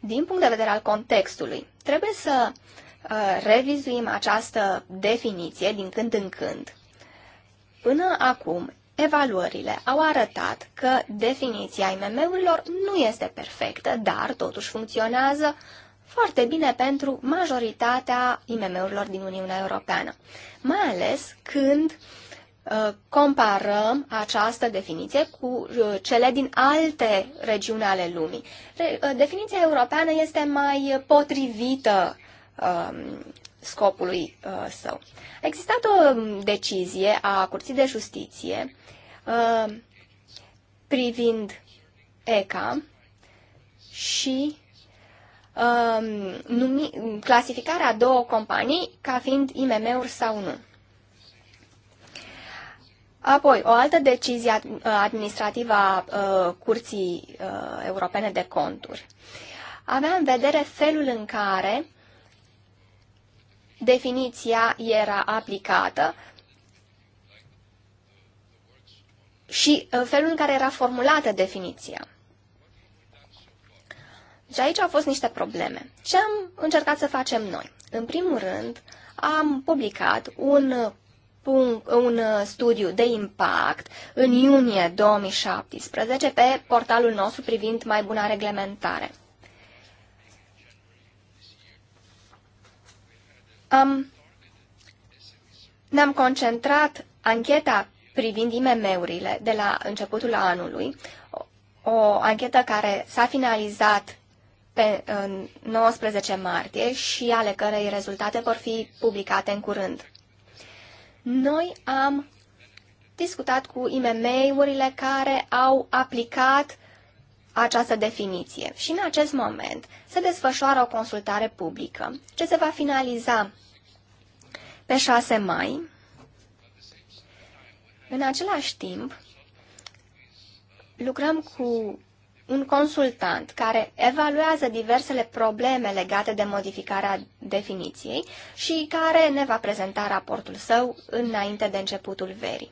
Din punct de vedere al contextului, trebuie să uh, revizuim această definiție din când în când. Până acum, evaluările au arătat că definiția IMM-urilor nu este perfectă, dar totuși funcționează foarte bine pentru majoritatea IMM-urilor din Uniunea Europeană, mai ales când uh, Uh, comparăm această definiție cu uh, cele din alte regiuni ale lumii. Uh, definiția europeană este mai potrivită um, scopului său. A existat o um, decizie a Curții de Justiție privind ECA și um, numi, clasificarea două companii ca fiind IMM-uri sau nu. Apoi, o altă decizie uh, administrativă a uh, Curții uh, Europene de Conturi avea în vedere felul în care definiția era aplicată și felul în care era formulată definiția. Și aici au fost niște probleme. Ce am încercat să facem noi? În primul rând, am publicat un punct, un uh, studiu de impact în iunie 2017 pe portalul nostru privind mai bună reglementare. Am, ne-am concentrat ancheta privind IMM-urile de la începutul anului, o anchetă care s-a finalizat pe 19 martie și ale cărei rezultate vor fi publicate în curând. Noi am discutat cu IMM-urile care au aplicat această definiție și în acest moment se desfășoară o consultare publică ce se va finaliza pe 6 mai. În același timp, lucrăm cu un consultant care evaluează diversele probleme legate de modificarea definiției și care ne va prezenta raportul său înainte de începutul verii.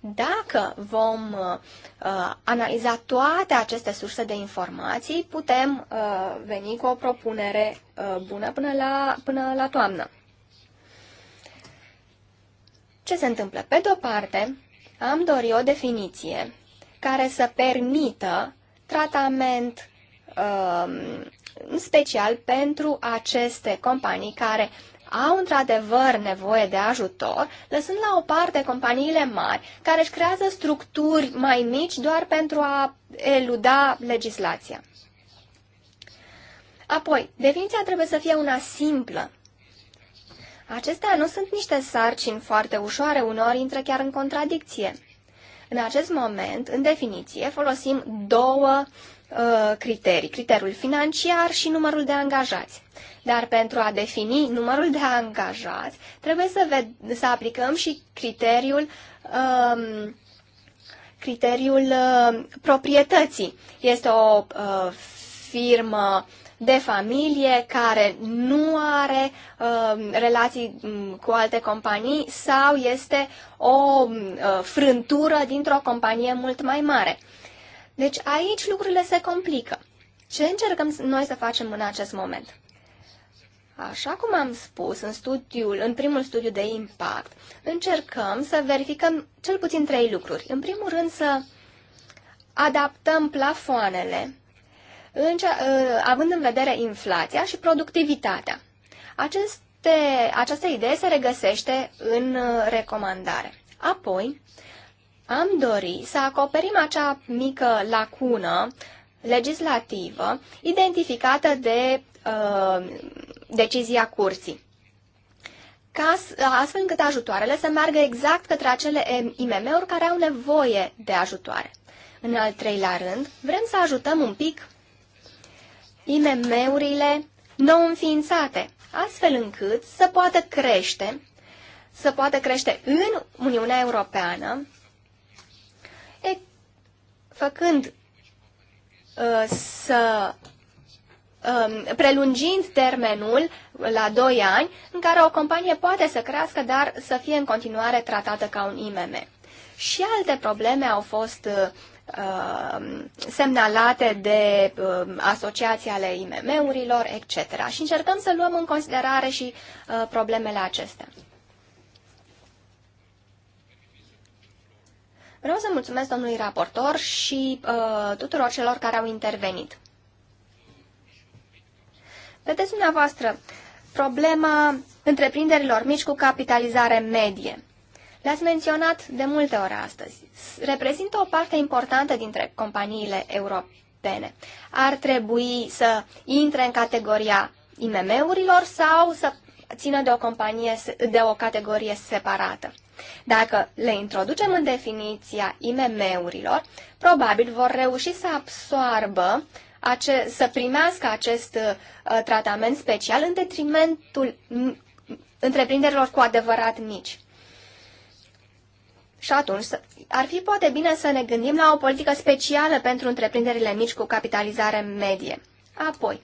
Dacă vom uh, uh analiza toate aceste surse de informații, putem uh, veni cu o propunere uh, bună până la, până la toamnă. Ce se întâmplă? Pe de-o parte, am dorit o definiție care să permită tratament um, în special pentru aceste companii care au într-adevăr nevoie de ajutor, lăsând la o parte companiile mari care își creează structuri mai mici doar pentru a eluda legislația. Apoi, definiția trebuie să fie una simplă. Acestea nu sunt niște sarcini foarte ușoare, uneori intră chiar în contradicție. În acest moment, în definiție, folosim două uh, criterii, criteriul financiar și numărul de angajați. Dar pentru a defini numărul de angajați, trebuie să, să aplicăm și criteriul um, criteriul uh, proprietății. Este o uh, firmă de familie care nu are uh, relații um, cu alte companii sau este o um, uh, frântură dintr-o companie mult mai mare. Deci aici lucrurile se complică. Ce încercăm noi să facem în acest moment? Așa cum am spus în, studiul, în primul studiu de impact, încercăm să verificăm cel puțin trei lucruri. În primul rând să adaptăm plafoanele în uh, având în vedere inflația și productivitatea. Aceste, această idee se regăsește în uh, recomandare. Apoi, am dori să acoperim acea mică lacună legislativă identificată de uh, decizia curții ca astfel încât ajutoarele să meargă exact către acele IMM-uri care au nevoie de ajutoare. În al treilea rând, vrem să ajutăm un pic IMM-urile nou înființate, astfel încât să poată crește, să poată crește în Uniunea Europeană, e, făcând uh, să uh, prelungind termenul la 2 ani în care o companie poate să crească, dar să fie în continuare tratată ca un IMM. Și alte probleme au fost uh, Uh, semnalate de uh, asociații ale IMM-urilor, etc. Și încercăm să luăm în considerare și uh, problemele acestea. Vreau să mulțumesc domnului raportor și tuturor celor care au intervenit. Vedeți dumneavoastră, problema întreprinderilor mici cu capitalizare medie. Le-ați menționat de multe ori astăzi. Reprezintă o parte importantă dintre companiile europene. Ar trebui să intre în categoria IMM-urilor sau să țină de o, companie, de o categorie separată. Dacă le introducem în definiția IMM-urilor, probabil vor reuși să absoarbă, ace- să primească acest uh, tratament special în detrimentul întreprinderilor cu adevărat mici. Și atunci, ar fi poate bine să ne gândim la o politică specială pentru întreprinderile mici cu capitalizare medie. Apoi,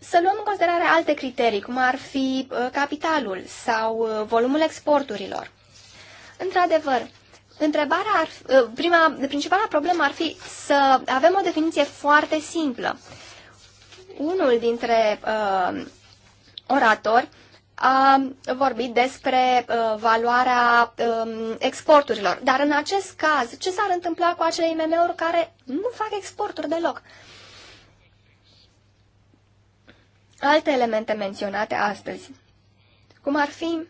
să luăm în considerare alte criterii, cum ar fi uh, capitalul sau uh, volumul exporturilor. Într-adevăr, întrebarea ar, uh, prima, principala problemă ar fi să avem o definiție foarte simplă. Unul dintre uh, oratori a vorbit despre uh, valoarea um, exporturilor. Dar în acest caz, ce s-ar întâmpla cu acele IMM-uri care nu fac exporturi deloc? Alte elemente menționate astăzi, cum ar fi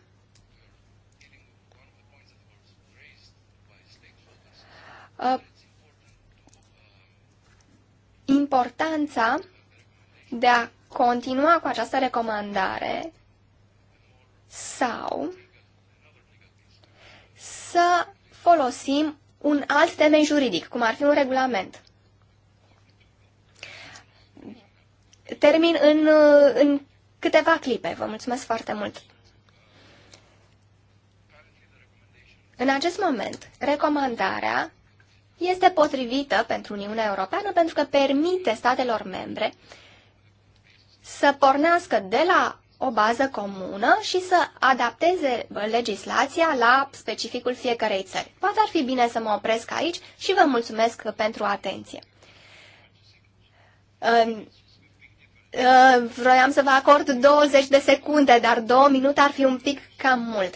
uh, importanța de a continua cu această recomandare sau să folosim un alt temei juridic, cum ar fi un regulament. Termin în, în câteva clipe. Vă mulțumesc foarte mult! În acest moment, recomandarea este potrivită pentru Uniunea Europeană pentru că permite statelor membre să pornească de la o bază comună și să adapteze uh, legislația la specificul fiecarei țări. Poate ar fi bine să mă opresc aici și vă mulțumesc pentru atenție. Um, uh, vroiam să vă acord 20 de secunde, dar două minute ar fi un pic cam mult.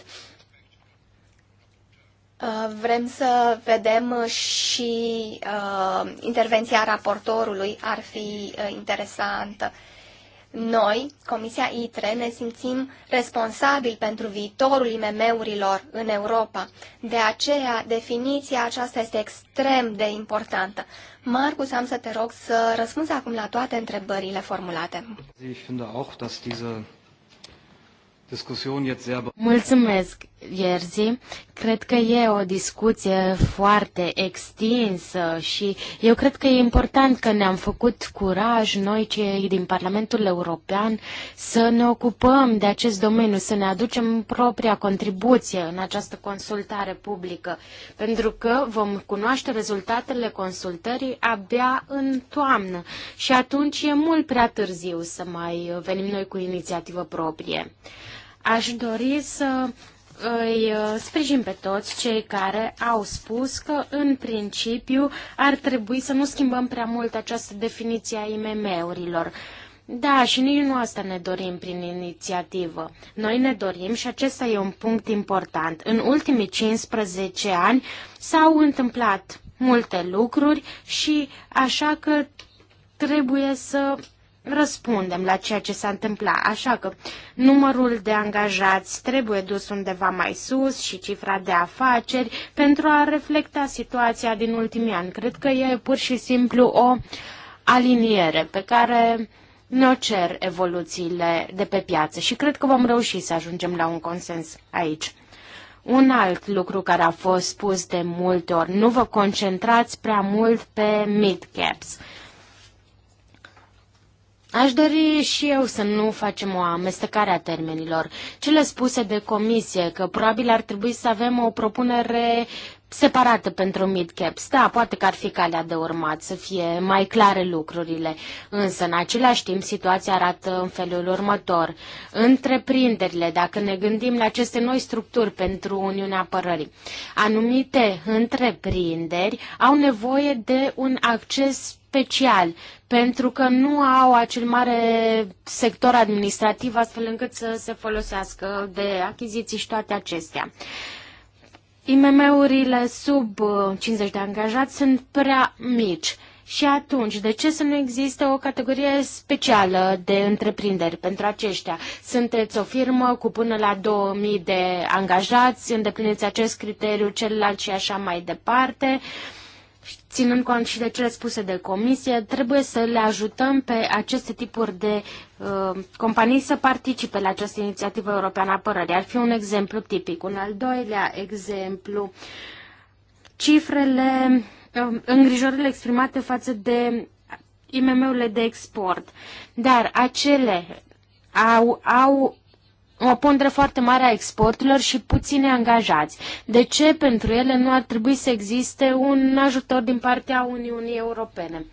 Uh, vrem să vedem și intervenția raportorului, ar fi interesantă. Noi, Comisia ITRE, ne simțim responsabili pentru viitorul IMM-urilor în Europa. De aceea, definiția aceasta este extrem de importantă. Marcus, am să te rog să răspunzi acum la toate întrebările formulate. Uh, Mulțumesc! Ierzi. Cred că e o discuție foarte extinsă și eu cred că e important că ne-am făcut curaj noi cei din Parlamentul European să ne ocupăm de acest domeniu, să ne aducem propria contribuție în această consultare publică, pentru că vom cunoaște rezultatele consultării abia în toamnă și atunci e mult prea târziu să mai venim noi cu inițiativă proprie. Aș dori să îi uh, sprijin pe toți cei care au spus că, în principiu, ar trebui să nu schimbăm prea mult această definiție a IMM-urilor. Da, și nici nu asta ne dorim prin inițiativă. Noi ne dorim și acesta e un punct important. În ultimii 15 ani s-au întâmplat multe lucruri și așa că trebuie să răspundem la ceea ce s-a întâmplat. Așa că numărul de angajați trebuie dus undeva mai sus și cifra de afaceri pentru a reflecta situația din ultimii ani. Cred că e pur și simplu o aliniere pe care ne-o cer evoluțiile de pe piață și cred că vom reuși să ajungem la un consens aici. Un alt lucru care a fost spus de multe ori, nu vă concentrați prea mult pe mid-caps. Aș dori și eu să nu facem o amestecare a termenilor. Cele spuse de comisie, că probabil ar trebui să avem o propunere separată pentru midcaps. Da, poate că ar fi calea de urmat să fie mai clare lucrurile, însă în același timp situația arată în felul următor. Întreprinderile, dacă ne gândim la aceste noi structuri pentru Uniunea Apărării, anumite întreprinderi au nevoie de un acces special pentru că nu au acel mare sector administrativ astfel încât să se folosească de achiziții și toate acestea. IMM-urile sub 50 uh, de angajați sunt prea mici. Și atunci, de ce să nu există o categorie specială de întreprinderi pentru aceștia? Sunteți o firmă cu până la 2000 de angajați, îndepliniți acest criteriu, celălalt și așa mai departe. Uh, ținând cont și de cele spuse de comisie, trebuie să le ajutăm pe aceste tipuri de uh, companii să participe la această inițiativă europeană a apărării. Ar fi un exemplu tipic. Un al doilea exemplu, cifrele, uh, îngrijorările exprimate față de IMM-urile de export. Dar acele au, au o pondere foarte mare a exporturilor și puține angajați. De ce pentru ele nu ar trebui să existe un ajutor din partea Uniunii Europene?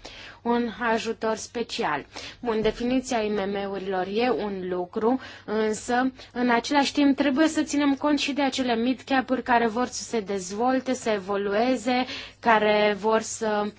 un ajutor special. Bun, definiția IMM-urilor e un lucru, însă în același timp trebuie să ținem cont și de acele mid-cap-uri care vor să se dezvolte, să evolueze, care vor să uh,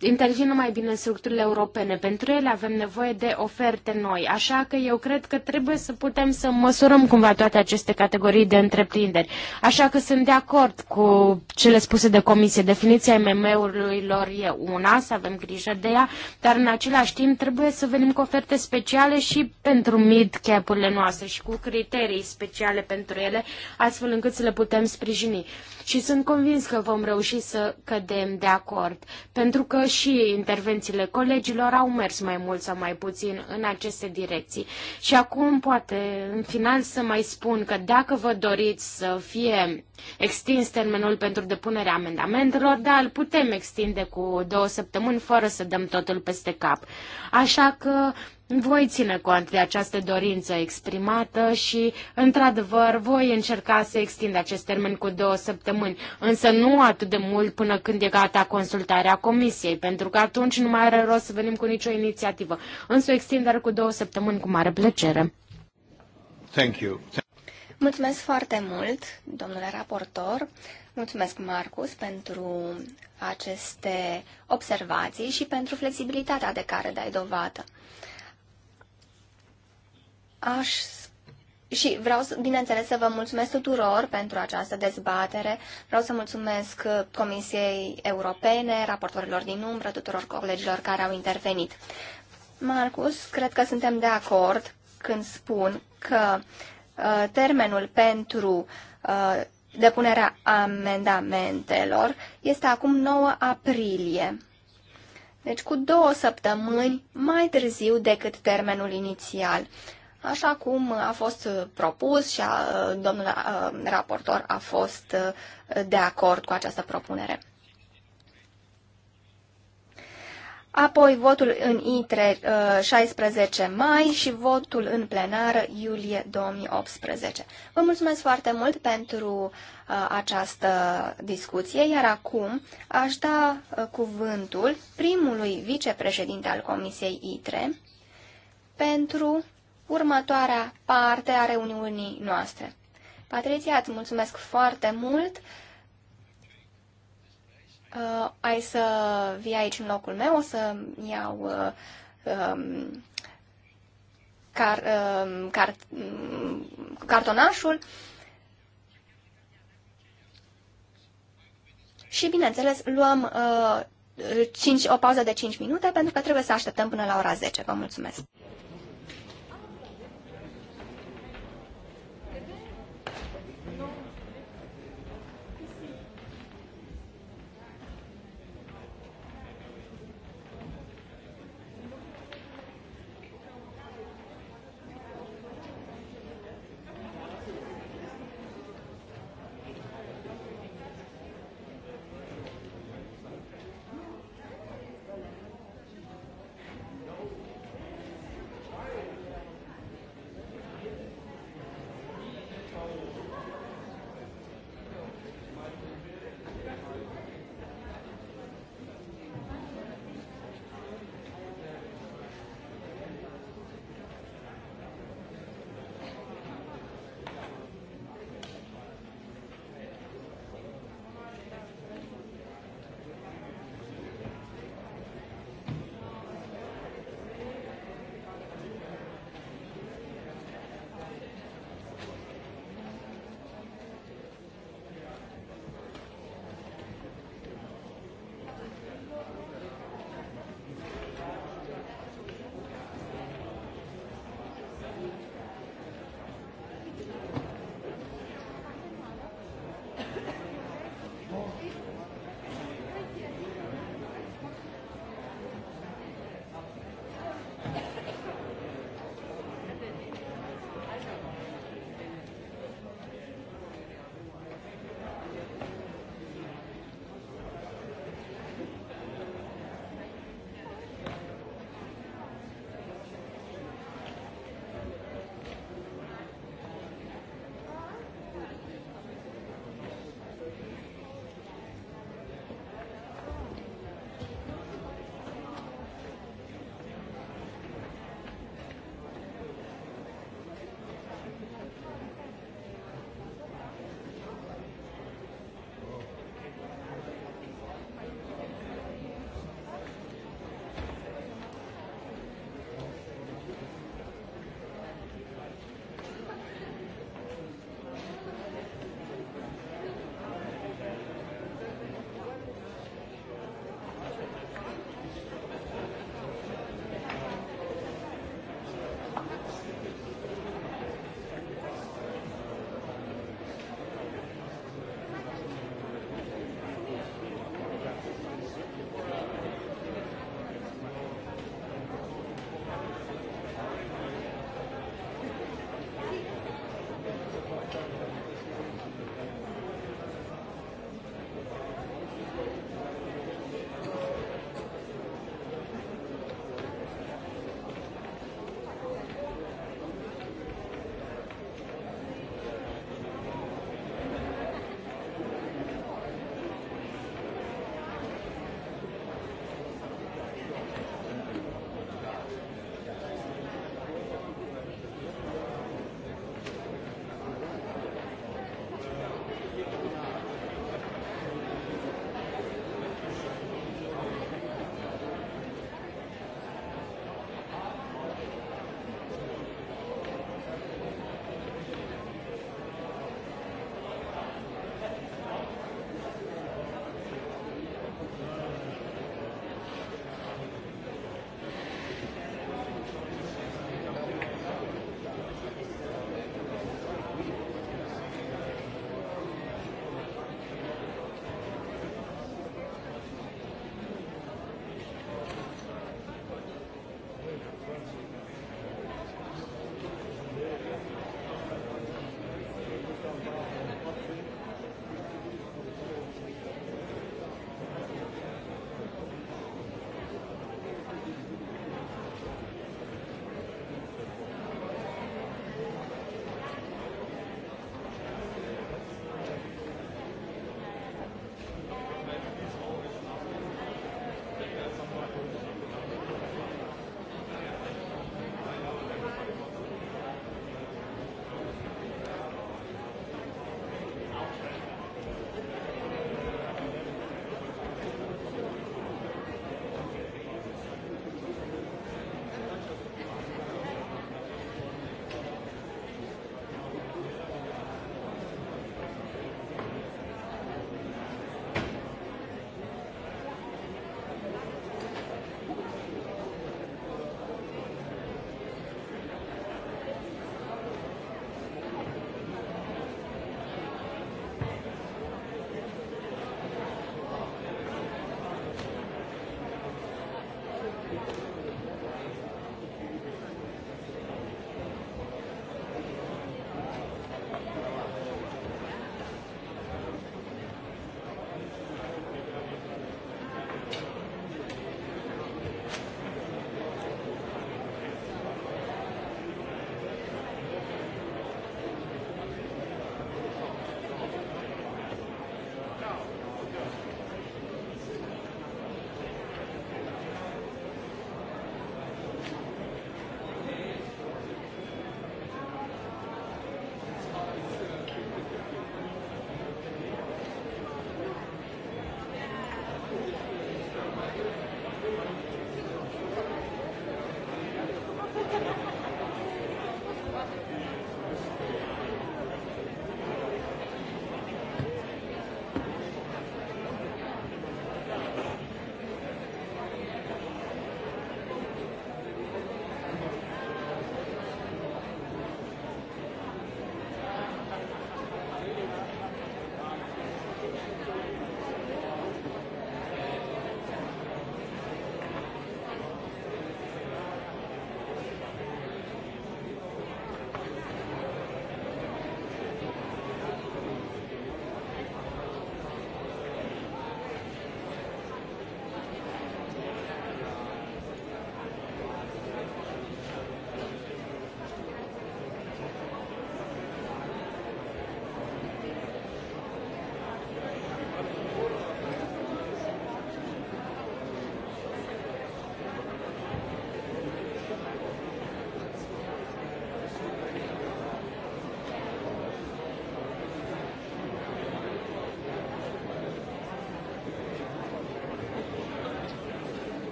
intervin mai bine structurile europene. Pentru ele avem nevoie de oferte noi, așa că eu cred că trebuie să putem să măsurăm cumva toate aceste categorii de întreprinderi. Așa că sunt de acord cu cele spuse de comisie. Definiția MM-urilor e una, să avem grijă de ea, dar în același timp trebuie să venim cu oferte speciale și pentru mid-cap-urile noastre și cu criterii speciale pentru ele, astfel încât să le putem sprijini și sunt convins că vom reuși să cădem de acord, pentru că și intervențiile colegilor au mers mai mult sau mai puțin în aceste direcții. Și acum poate în final să mai spun că dacă vă doriți să fie extins termenul pentru depunerea amendamentelor, dar îl putem extinde cu două săptămâni fără să dăm totul peste cap. Așa că voi ține cont de această dorință exprimată și, într-adevăr, voi încerca să extind acest termen cu două săptămâni, însă nu atât de mult până când e gata consultarea comisiei, pentru că atunci nu mai are rost să venim cu nicio inițiativă. Însă o extindere cu două săptămâni cu mare plăcere. Thank you. Mulțumesc foarte mult, domnule raportor. Mulțumesc, Marcus, pentru aceste observații și pentru flexibilitatea de care dai dovadă. Aș și vreau, să, bineînțeles, să vă mulțumesc tuturor pentru această dezbatere. Vreau să mulțumesc uh, Comisiei Europene, raportorilor din umbră, tuturor colegilor care au intervenit. Marcus, cred că suntem de acord când spun că uh, termenul pentru uh, depunerea amendamentelor este acum 9 aprilie. Deci cu două săptămâni mai târziu decât termenul inițial. Uh, așa cum a fost propus și a, domnul a, raportor a fost de acord cu această propunere. Apoi votul în ITRE 16 mai și votul în plenară iulie 2018. Vă mulțumesc foarte mult pentru această discuție, iar acum aș da cuvântul primului vicepreședinte al Comisiei ITRE pentru următoarea parte a reuniunii noastre. Patricia, îți mulțumesc foarte mult. Uh, ai să vii aici în locul meu, o să iau uh, um, car, uh, car, um, cartonașul. Și, bineînțeles, luăm uh, 5, o pauză de 5 minute pentru că trebuie să așteptăm până la ora 10. Vă mulțumesc!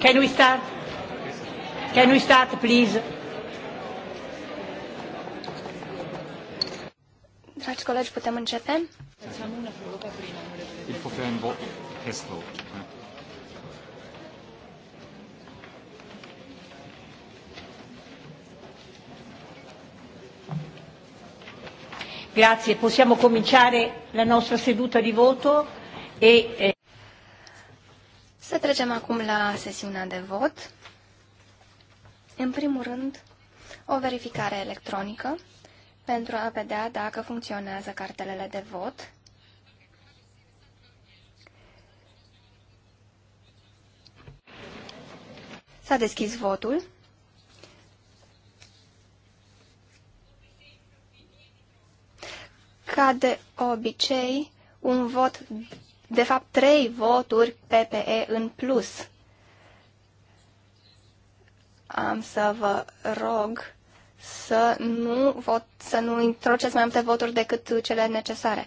Can we start? Can we start, please? Dragi colegi, putem începe? prima. Il faut faire un vote test vote. Grazie, possiamo cominciare la nostra seduta di voto e eh, Trecem acum la sesiunea de vot. În primul rând, o verificare electronică pentru a vedea dacă funcționează cartelele de vot. S-a deschis votul. Ca de obicei, un vot de fapt, trei voturi PPE în plus. Am să vă rog să nu, vot, să nu introduceți mai multe voturi decât cele necesare.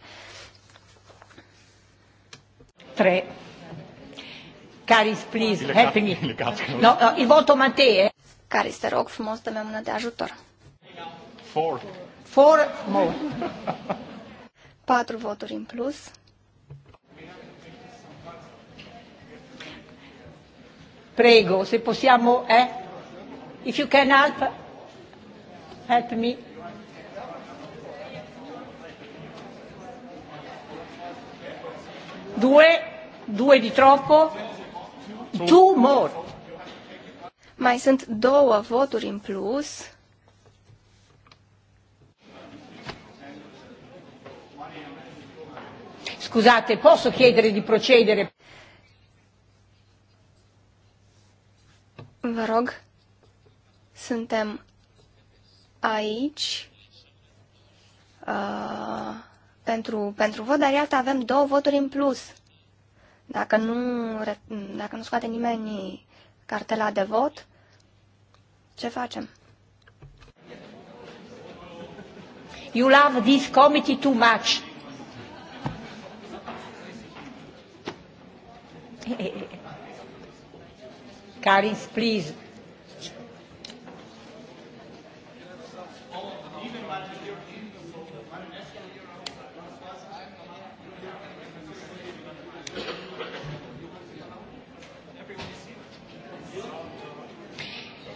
3. Caris, please, help me. No, no, il voto Matee. Caris, te rog frumos, dă-mi mână de ajutor. Four. Four more. Patru voturi în plus. Prego, se possiamo, eh? If you can help, help me. Due, due di troppo. Two more. Mai sunt două voturi în plus. Scuzate, posso chiedere di procedere? Vă rog, suntem aici uh, pentru, pentru vot, dar iată, avem două voturi în plus. Dacă nu, dacă nu scoate nimeni cartela de vot, ce facem? You love this committee too much. Karins, please.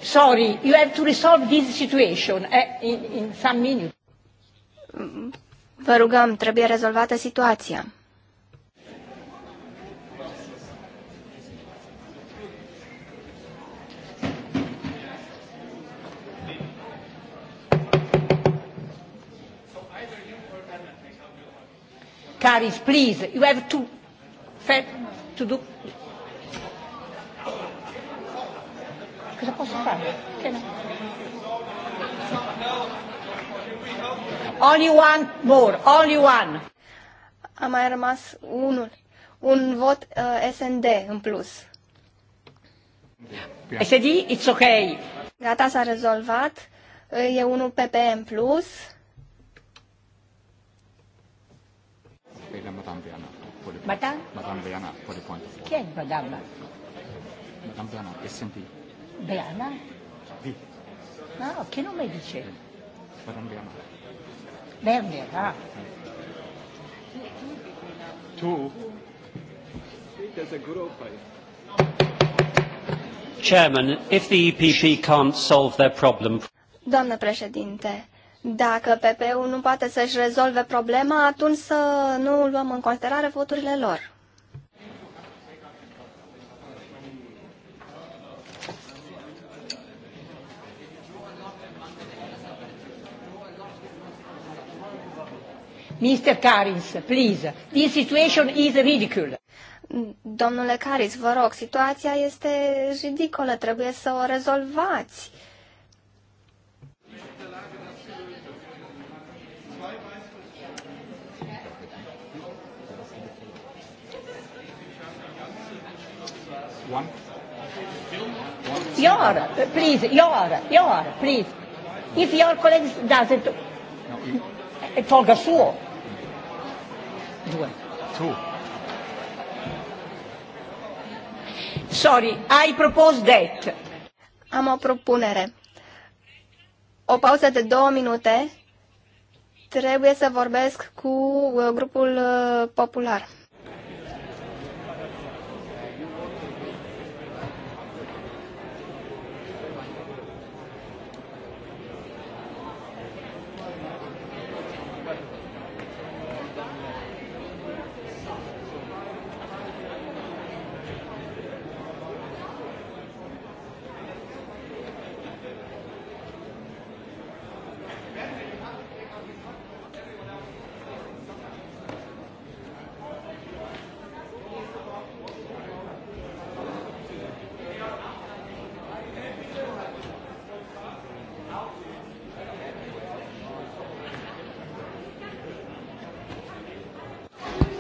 Sorry, you have to resolve this situation eh, in, in some minutes. Vă rugăm, trebuie rezolvată situația. Caris, please, you have to, to do... Cosa posso fare? Che no? Only one more, only one. A mai rămas unul, un vot uh, SND în plus. SD, it's okay. Gata, s-a rezolvat. E unul PP în plus. Et păi la Madame Bernard. Madame Madame Bernard, pour les point. de force. Qui est Madame Madame Bernard, SND. Bernard Oui. Ah, che nome dice? Madame Bernard. Bernard, ah. Tu? There's a Chairman, if the EPP can't solve their problem... Doamnă președinte, dacă PP-ul nu poate să-și rezolve problema, atunci să nu luăm în considerare voturile lor. Mr. Caris, please, this situation is ridiculous. Domnule Caris, vă rog, situația este ridicolă, trebuie să o rezolvați. One. Your, please, your, your, please. If your colleagues doesn't, no, tolga suo. Due. Two. Sorry, I propose that. Am o propunere. O pauză de două minute. Trebuie să vorbesc cu uh, grupul uh, popular.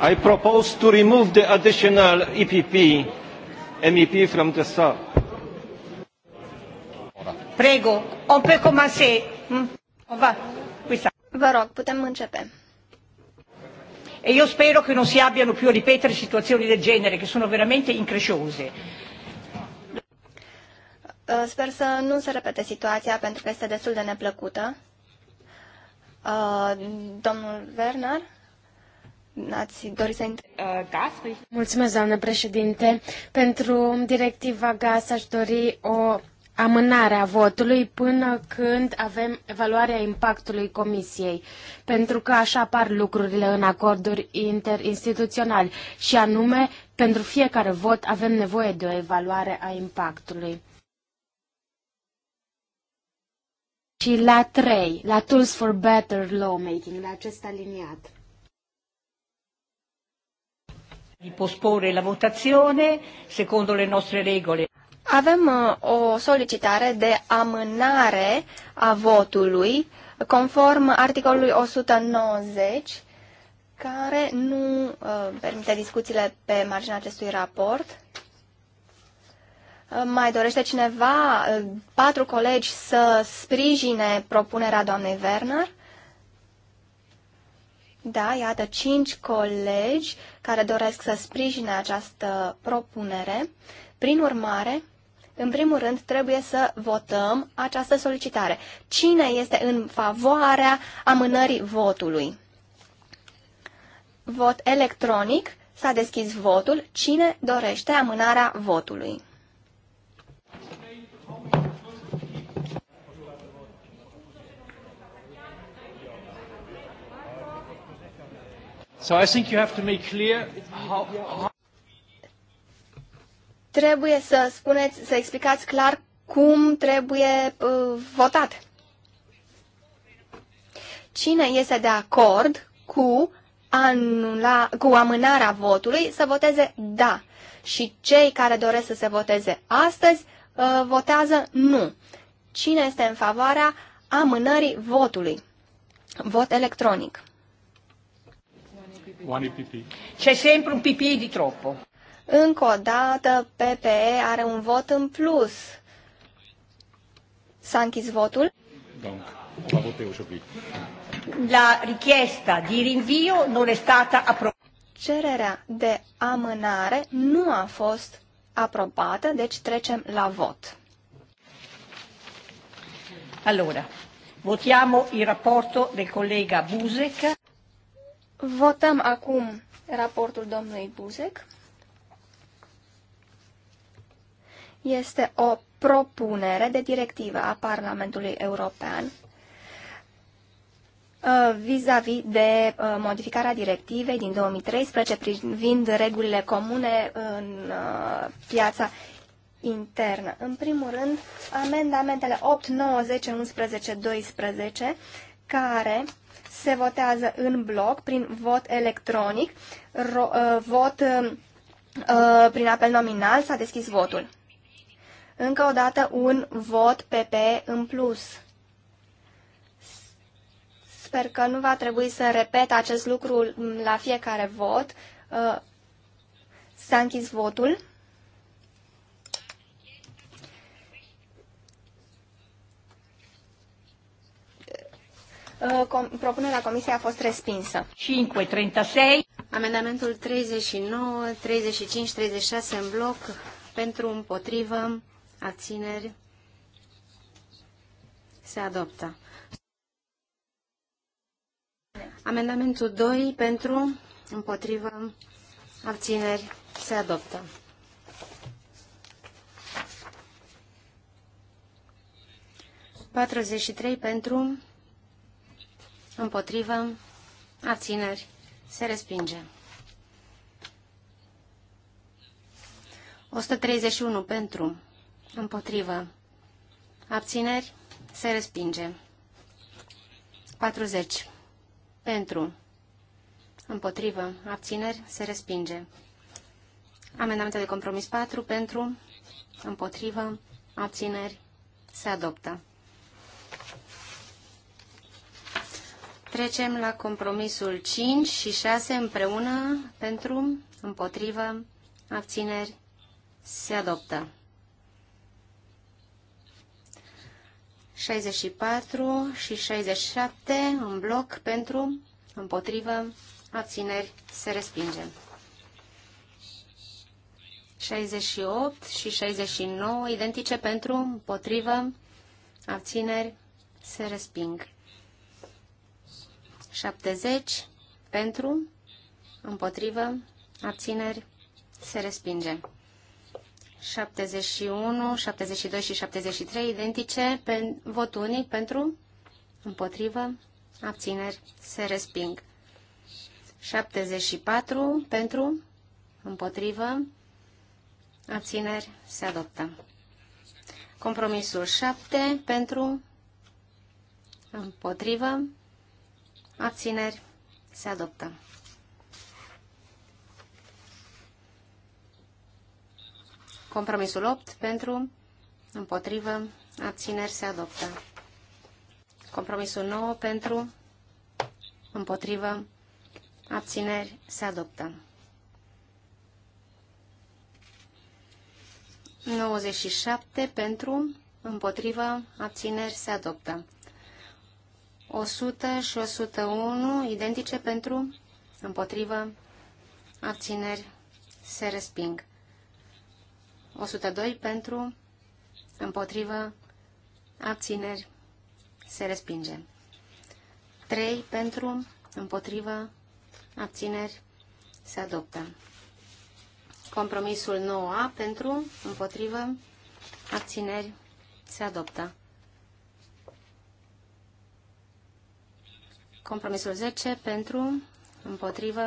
I propose to remove the additional EPP MEP from the sub. Prego, on peut commencer. Hmm? On va. Vă rog, putem începe. E io spero che non si abbiano più a ripetere situazioni del genere, che sono veramente incresciose. Ă, sper să nu se repete situația, pentru că este destul de neplăcută. Ă, domnul Werner? ați dori să intre... Uh, păi- Mulțumesc, doamnă președinte. Pentru directiva GAS aș dori o amânare a votului până când avem evaluarea impactului Comisiei, pentru că așa apar lucrurile în acorduri interinstituționali și anume, pentru fiecare vot avem nevoie de o evaluare a impactului. Și la 3, la Tools for Better Lawmaking, la acest aliniat. Di posporre la votazione secondo le nostre regole. Avem uh, o solicitare de amânare a votului conform articolului 190 care nu uh, permite discuțiile pe marginea acestui raport. Uh, mai dorește cineva, uh, patru colegi, să sprijine propunerea doamnei Werner? Da, iată cinci colegi care doresc să sprijine această propunere. Prin urmare, în primul rând, trebuie să votăm această solicitare. Cine este în favoarea amânării votului? Vot electronic. S-a deschis votul. Cine dorește amânarea votului? So I think you have to make clear how, how... Trebuie să spuneți, să explicați clar cum trebuie uh, votat. Cine este de acord cu, anula, cu amânarea votului să voteze da și cei care doresc să se voteze astăzi uh, votează nu. Cine este în favoarea amânării votului? Vot electronic. C'è sempre un PPE di troppo. Încă o dată, PPE are un vot în plus. S-a închis votul. la, richiesta di rinvio non è stata approvata. Cererea de amânare nu a fost aprobată, deci trecem la vot. Allora, votiamo il rapporto del collega Busek. Votăm acum raportul domnului Buzek. Este o propunere de directivă a Parlamentului European uh, vis-a-vis -vis de uh, modificarea directivei din 2013 privind regulile comune în uh, piața internă. În primul rând, amendamentele 8, 9, 10, 11, 12, care se votează în bloc prin vot electronic, ro, uh, vot uh, uh, prin apel nominal, s-a deschis votul. Încă o dată un vot PP în plus. Sper că nu va trebui să repet acest lucru la fiecare vot. Uh, s-a închis votul. Uh, com propunerea comisiei a fost respinsă. 5.36. Amendamentul 39, 35, 36 în bloc pentru împotrivă, abțineri, se adoptă. Amendamentul 2 pentru împotrivă, abțineri, se adoptă. Patruzeci și trei pentru împotrivă, abțineri, se respinge. 131 pentru, împotrivă, abțineri, se respinge. 40 pentru, împotrivă, abțineri, se respinge. Amendamente de compromis 4 pentru, împotrivă, abțineri, se adoptă. Trecem la compromisul 5 și 6 împreună pentru, împotrivă, abțineri, se adoptă. 64 și 67 în bloc pentru, împotrivă, abțineri, se respinge. 68 și 69 identice pentru, împotrivă, abțineri, se resping. 70 pentru, împotrivă, abțineri, se respinge. 71, 72 și 73 identice, pe, vot unic pentru, împotrivă, abțineri, se resping. 74 pentru, împotrivă, abțineri, se adoptă. Compromisul 7 pentru, împotrivă, Abțineri. Se adoptă. Compromisul 8 pentru, împotrivă, abțineri se adoptă. Compromisul 9 pentru, împotrivă, abțineri se adoptă. 97 pentru, împotrivă, abțineri se adoptă. 100 și 101 identice pentru, împotrivă, abțineri, se resping. 102 pentru, împotrivă, abțineri, se respinge. 3 pentru, împotrivă, abțineri, se adoptă. Compromisul 9A pentru, împotrivă, abțineri, se adoptă. Compromisul 10 pentru, împotrivă,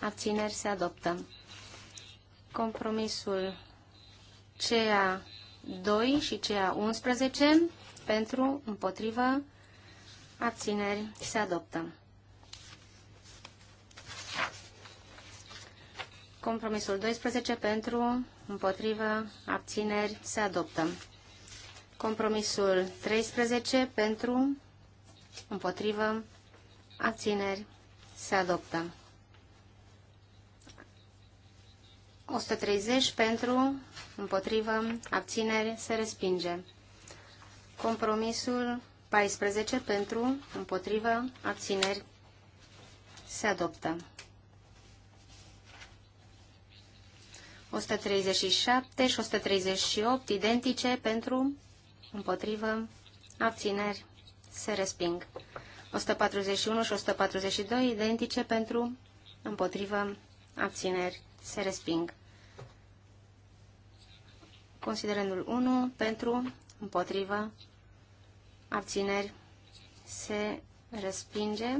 abțineri se adoptă. Compromisul CA 2 și CA 11 pentru, împotrivă, abțineri se adoptă. Compromisul 12 pentru, împotrivă, abțineri se adoptă. Compromisul 13 pentru, împotrivă, abțineri, se adoptă. 130 pentru, împotrivă, abțineri, se respinge. Compromisul 14 pentru, împotrivă, abțineri, se adoptă. 137 și 138 identice pentru, împotrivă, abțineri, se resping. 141 și 142 identice pentru împotrivă abțineri se resping. Considerândul 1 pentru împotrivă abțineri se respinge.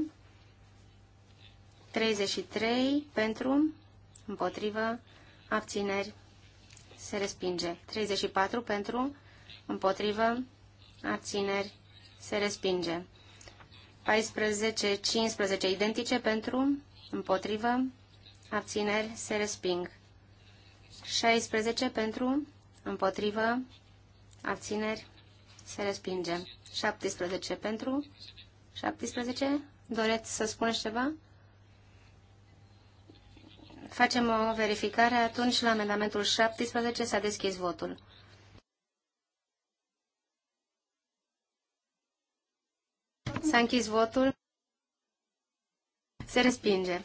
33 pentru împotrivă abțineri se respinge. 34 pentru împotrivă abțineri se respinge. 14, 15 identice pentru, împotrivă, abțineri, se resping. 16 pentru, împotrivă, abțineri, se respinge. 17 pentru, 17, doreți să spuneți ceva? Facem o verificare, atunci la amendamentul 17 s-a deschis votul. S-a închis votul. Se respinge.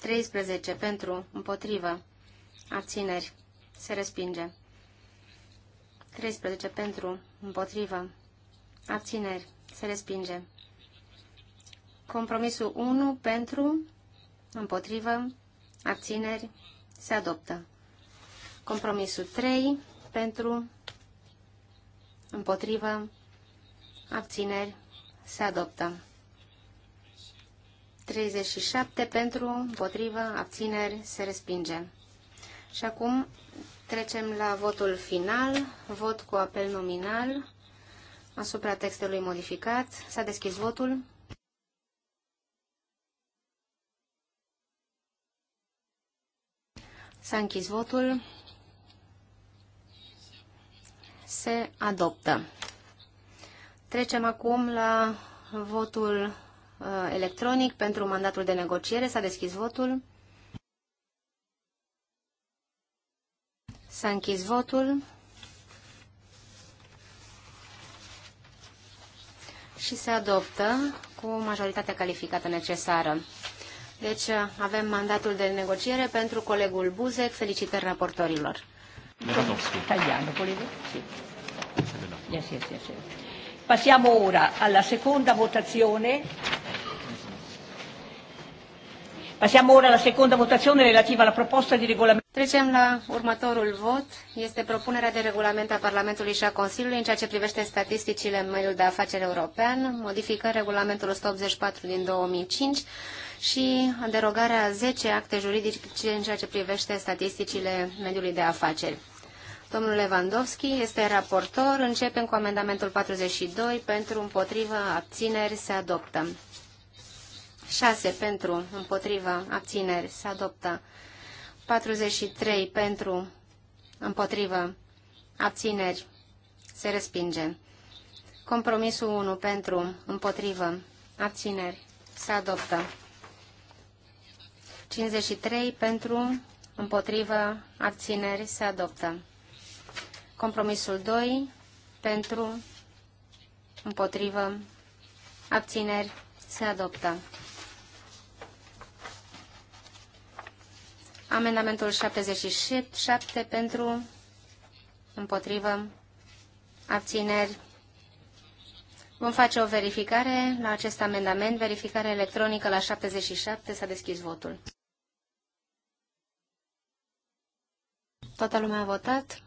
13 pentru, împotrivă, abțineri, se respinge. 13 pentru, împotrivă, abțineri, se respinge. Compromisul 1 pentru, împotrivă, abțineri, se adoptă. Compromisul 3 pentru, împotrivă, abțineri, se adoptă. 37 pentru, împotrivă, abțineri, se respinge. Și acum trecem la votul final, vot cu apel nominal asupra textului modificat. S-a deschis votul. S-a închis votul. Se adoptă. Trecem acum la votul uh, electronic pentru mandatul de negociere. S-a deschis votul. S-a închis votul. și se adoptă cu majoritatea calificată necesară. Deci uh, avem mandatul de negociere pentru colegul Buzek. Felicitări raportorilor. Levanovski. Italiano, volevo? Sì. Yes, yes, yes, yes. Passiamo ora alla seconda votazione. Passiamo ora alla seconda votazione relativa alla proposta di regolamento. Trecem la următorul vot. Este propunerea de regulament a Parlamentului și a Consiliului în ceea ce privește statisticile în mediul de afaceri european, modificând regulamentul 184 din 2005 și derogarea 10 acte juridice în ceea ce privește statisticile mediului de afaceri. Domnul Lewandowski este raportor. Începem cu amendamentul 42. Pentru, împotrivă, abțineri, se adoptă. 6. Pentru, împotrivă, abțineri, se adoptă. 43. Pentru, împotrivă, abțineri, se respinge. Compromisul 1. Pentru, împotrivă, abțineri, se adoptă. 53. Pentru, împotrivă, abțineri, se adoptă. Compromisul 2 pentru, împotrivă, abțineri, se adoptă. Amendamentul 77 pentru, împotrivă, abțineri. Vom face o verificare la acest amendament, verificare electronică la 77, s-a deschis votul. Toată lumea a votat.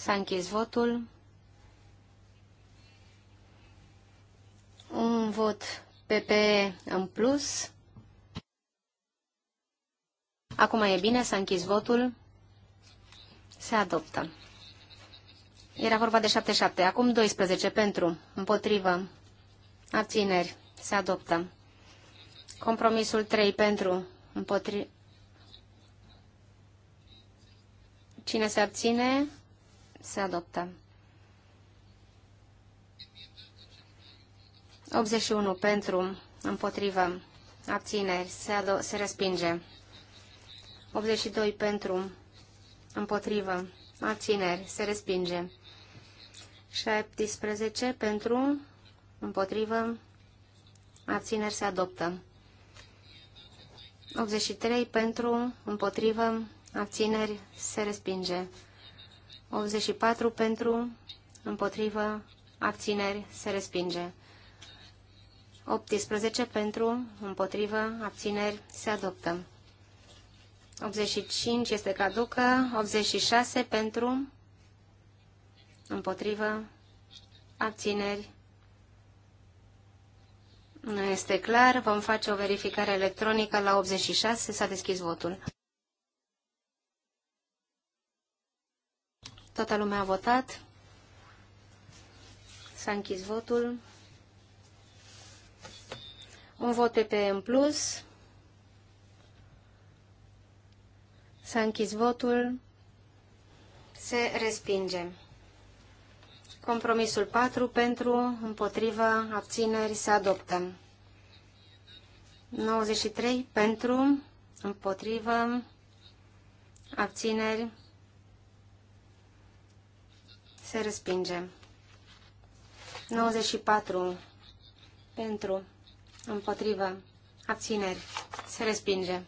S-a închis votul. Un vot PP în plus. Acum e bine, s-a închis votul. Se adoptă. Era vorba de 7-7. Acum 12 pentru, împotrivă, abțineri, se adoptă. Compromisul 3 pentru, împotrivă. Cine se abține? se adoptă. 81 pentru, împotrivă, abțineri, se, se respinge. 82 pentru, împotrivă, abțineri, se respinge. 17 pentru, împotrivă, abțineri, se adoptă. 83 pentru, împotrivă, abțineri, se respinge. 84 pentru, împotrivă, abțineri, se respinge. 18 pentru, împotrivă, abțineri, se adoptă. 85 este caducă, 86 pentru, împotrivă, abțineri, nu este clar, vom face o verificare electronică la 86, s-a deschis votul. Toată lumea a votat. S-a închis votul. Un vot pe în plus. S-a închis votul. Se respinge. Compromisul 4 pentru, împotrivă, abțineri se adoptă. 93 pentru, împotrivă, abțineri se respinge. 94 pentru, împotrivă, abțineri. Se respinge.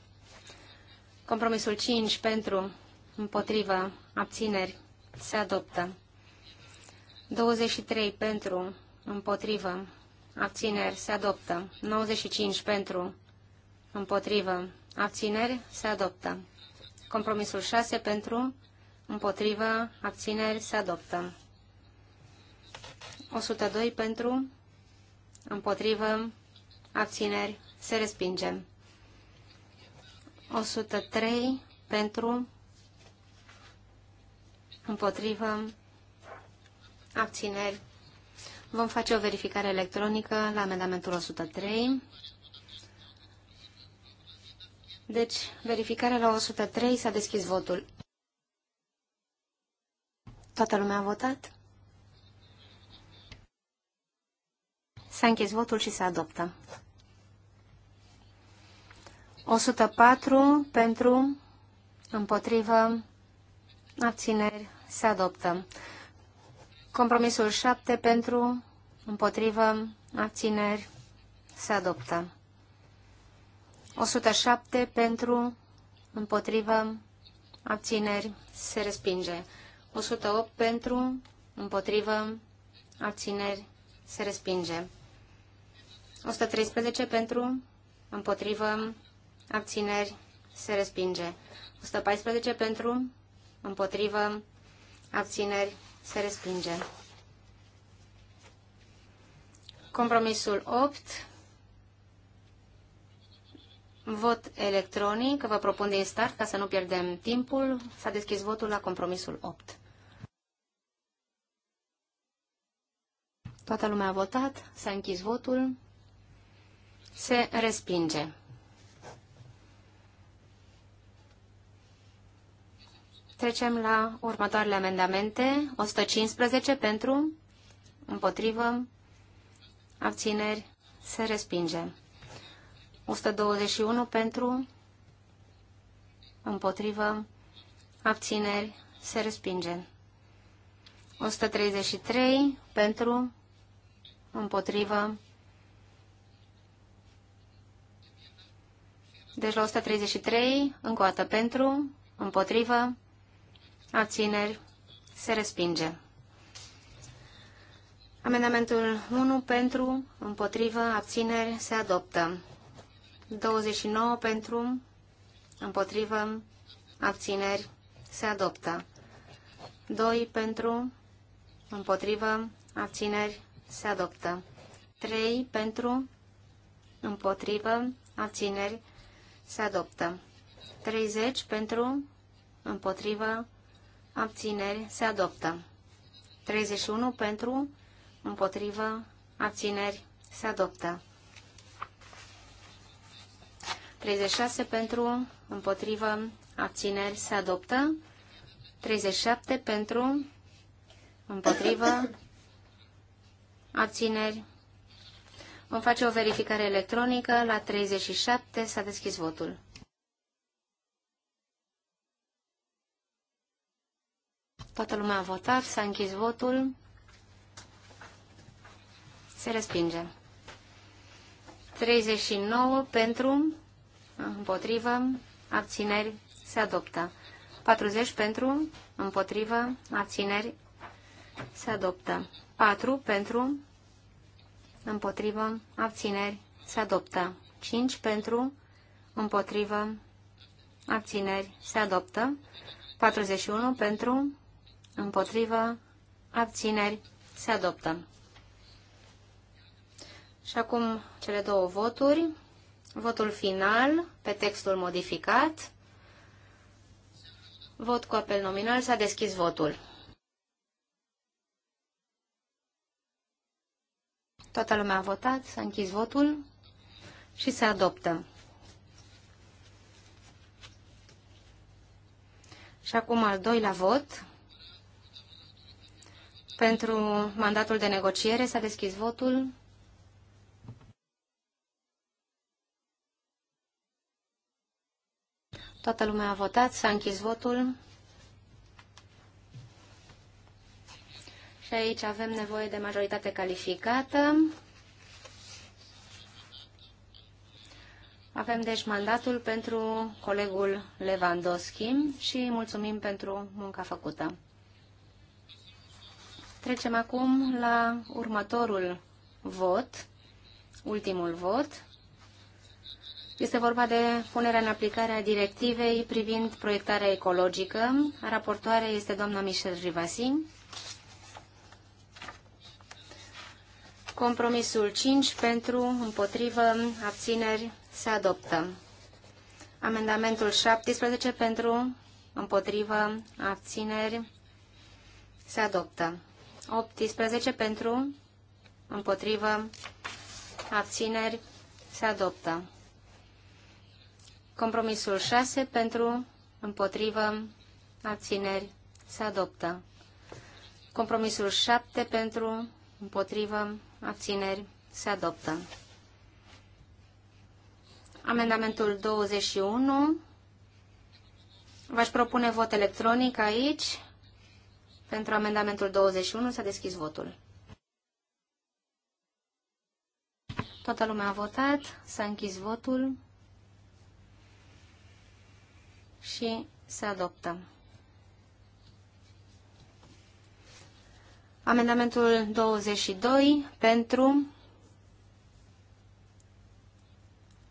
Compromisul 5 pentru, împotrivă, abțineri. Se adoptă. 23 pentru, împotrivă, abțineri. Se adoptă. 95 pentru, împotrivă, abțineri. Se adoptă. Compromisul 6 pentru, împotrivă, abțineri, se adoptă. 102 pentru, împotrivă, abțineri, se respinge. 103 pentru, împotrivă, abțineri. Vom face o verificare electronică la amendamentul 103. Deci, verificarea la 103 s-a deschis votul. Toată lumea a votat? S-a închis votul și se adoptă. 104 pentru, împotrivă, abțineri, se adoptă. Compromisul 7 pentru, împotrivă, abțineri, se adoptă. 107 pentru, împotrivă, abțineri, se respinge. 108 pentru, împotrivă, abțineri, se respinge. 113 pentru, împotrivă, abțineri, se respinge. 114 pentru, împotrivă, abțineri, se respinge. Compromisul 8, vot electronic, vă propun din start ca să nu pierdem timpul, s-a deschis votul la compromisul 8. Toată lumea a votat, s-a închis votul, se respinge. Trecem la următoarele amendamente. 115 pentru, împotrivă, abțineri, se respinge. 121 pentru, împotrivă, abțineri, se respinge. 133 pentru, împotrivă. Deci la 133, încă o dată pentru, împotrivă, abțineri, se respinge. Amendamentul 1 pentru, împotrivă, abțineri, se adoptă. 29 pentru, împotrivă, abțineri, se adoptă. 2 pentru, împotrivă, abțineri, se adoptă. 3 pentru, împotrivă, abțineri, se adoptă. 30 pentru, împotrivă, abțineri, se adoptă. 31 pentru, împotrivă, abțineri, se adoptă. 36 pentru, împotrivă, abțineri, se adoptă. 37 pentru, împotrivă, abțineri. Vom face o verificare electronică. La 37 s-a deschis votul. Toată lumea a votat, s-a închis votul. Se respinge. 39 pentru, împotrivă, abțineri, se adoptă. 40 pentru, împotrivă, abțineri, se adoptă. 4 pentru, împotrivă, abțineri, se adoptă. 5 pentru, împotrivă, abțineri, se adoptă. 41 pentru, împotrivă, abțineri, se adoptă. Și acum cele două voturi. Votul final pe textul modificat. Vot cu apel nominal. S-a deschis votul. Toată lumea a votat, s-a închis votul și se adoptă. Și acum al doilea vot. Pentru mandatul de negociere s-a deschis votul. Toată lumea a votat, s-a închis votul și aici avem nevoie de majoritate calificată. Avem deci mandatul pentru colegul Lewandowski și mulțumim pentru munca făcută. Trecem acum la următorul vot, ultimul vot. Este vorba de punerea în aplicare a directivei privind proiectarea ecologică. Raportoarea este doamna Michel Rivasin. Compromisul 5 pentru, împotrivă, abțineri, se adoptă. Amendamentul 17 pentru, împotrivă, abțineri, se adoptă. 18 pentru, împotrivă, abțineri, se adoptă. Compromisul 6 pentru, împotrivă, abțineri, se adoptă. Compromisul 7 pentru, împotrivă, abțineri, se adoptă. Amendamentul 21. V-aș propune vot electronic aici. Pentru amendamentul 21 s-a deschis votul. Toată lumea a votat, s-a închis votul și se adoptă. Amendamentul 22 pentru,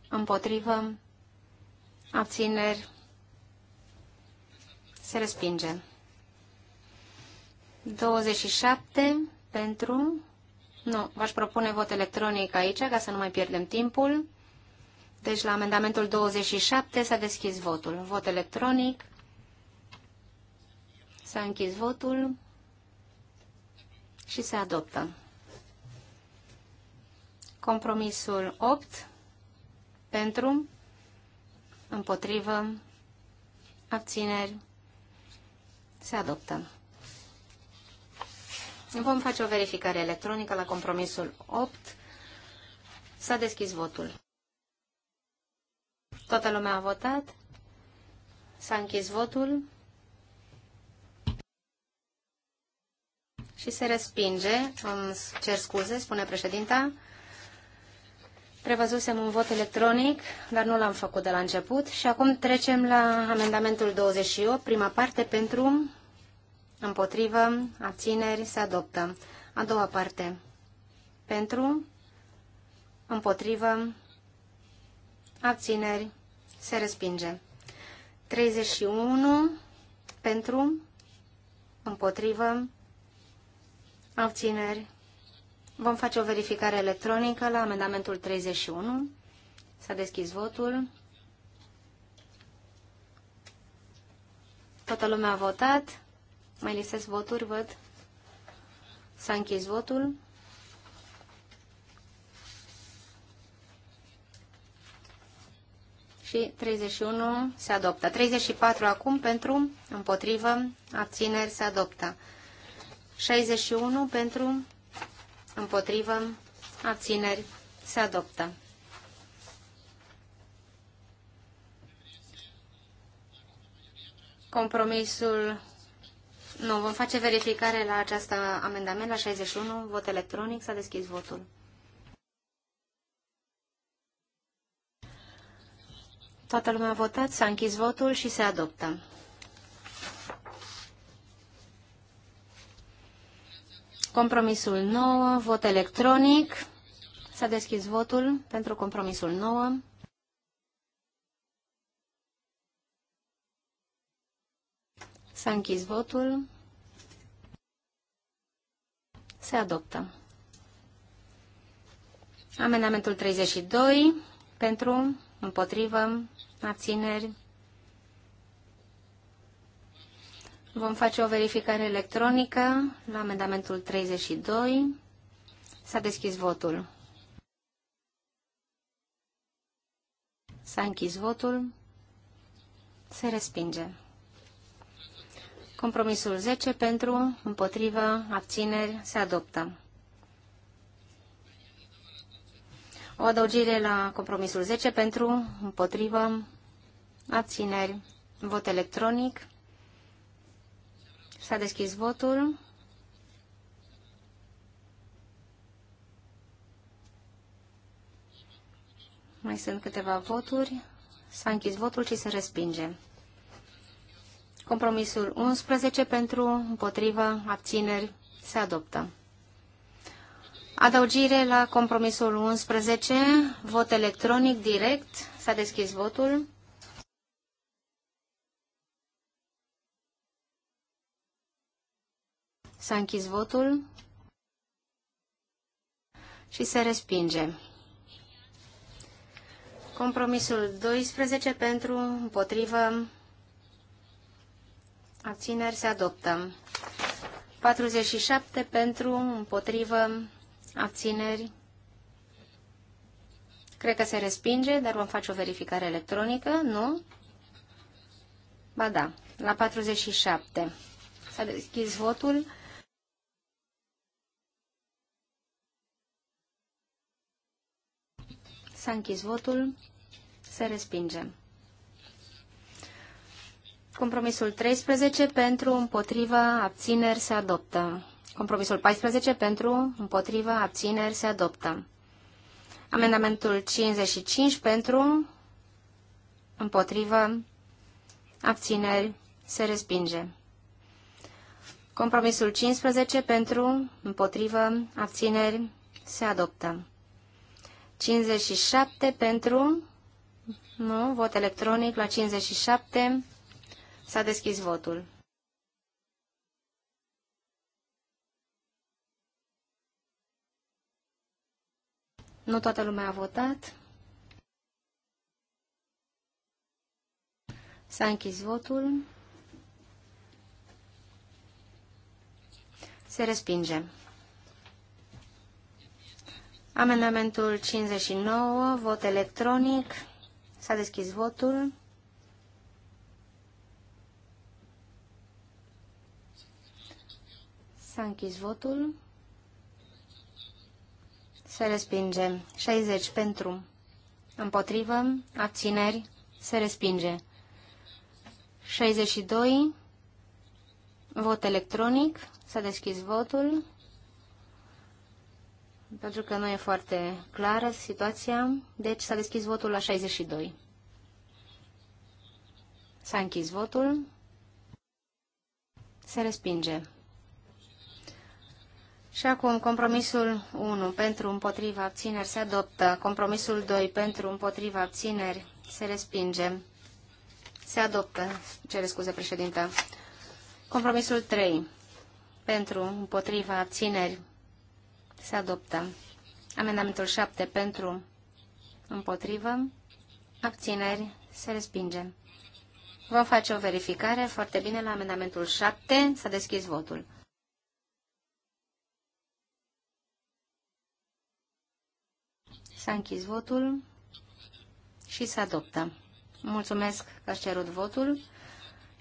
împotrivă, abțineri, se respinge. 27 pentru, nu, v-aș propune vot electronic aici ca să nu mai pierdem timpul. Deci la amendamentul 27 s-a deschis votul. Vot electronic. S-a închis votul și se adoptă. Compromisul 8 pentru, împotrivă, abțineri, se adoptă. Vom face o verificare electronică la compromisul 8. S-a deschis votul. Toată lumea a votat. S-a închis votul. și se respinge. Îmi cer scuze, spune președinta. Prevăzusem un vot electronic, dar nu l-am făcut de la început. Și acum trecem la amendamentul 28, prima parte pentru, împotrivă, abțineri, se adoptă. A doua parte pentru, împotrivă, abțineri, se respinge. 31 pentru, împotrivă, Abțineri. Vom face o verificare electronică la amendamentul 31. S-a deschis votul. Toată lumea a votat. Mai lisesc voturi, văd. S-a închis votul. Și 31 se adoptă. 34 acum pentru, împotrivă, abțineri se adoptă. 61 pentru, împotrivă, abțineri, se adoptă. Compromisul, nu, vom face verificare la acest amendament, la 61, vot electronic, s-a deschis votul. Toată lumea a votat, s-a închis votul și se adoptă. Compromisul 9, vot electronic. S-a deschis votul pentru compromisul 9. S-a închis votul. Se adoptă. Amendamentul 32 pentru, împotrivă, abțineri, Vom face o verificare electronică la amendamentul 32. S-a deschis votul. S-a închis votul. Se respinge. Compromisul 10 pentru, împotrivă, abțineri, se adoptă. O adăugire la compromisul 10 pentru, împotrivă, abțineri, vot electronic. S-a deschis votul. Mai sunt câteva voturi. S-a închis votul și se respinge. Compromisul 11 pentru, împotrivă, abțineri, se adoptă. Adăugire la compromisul 11, vot electronic direct, s-a deschis votul. S-a închis votul și se respinge. Compromisul 12 pentru, împotrivă, abțineri se adoptă. 47 pentru, împotrivă, abțineri. Cred că se respinge, dar vom face o verificare electronică, nu? Ba da, la 47. S-a deschis votul S-a închis votul. Se respinge. Compromisul 13 pentru, împotriva, abțineri se adoptă. Compromisul 14 pentru, împotriva, abțineri se adoptă. Amendamentul 55 pentru, împotriva abțineri se respinge. Compromisul 15 pentru, împotriva abțineri se adoptă. 57 pentru, nu, vot electronic la 57, s-a deschis votul. Nu toată lumea a votat. S-a închis votul. Se respinge. Amendamentul 59, vot electronic. S-a deschis votul. S-a închis votul. Se respinge. 60 pentru. Împotrivă. Abțineri. Se respinge. 62. Vot electronic. S-a deschis votul pentru că nu e foarte clară situația. Deci s-a deschis votul la 62. S-a închis votul. Se respinge. Și acum compromisul 1 pentru împotriva abțineri se adoptă. Compromisul 2 pentru împotriva abțineri se respinge. Se adoptă. Cere scuze, președinte. Compromisul 3 pentru împotriva abțineri se adoptă. Amendamentul 7 pentru, împotrivă, abțineri, se respinge. Vom face o verificare foarte bine la amendamentul 7. S-a deschis votul. S-a închis votul și se adoptă. Mulțumesc că ați cerut votul.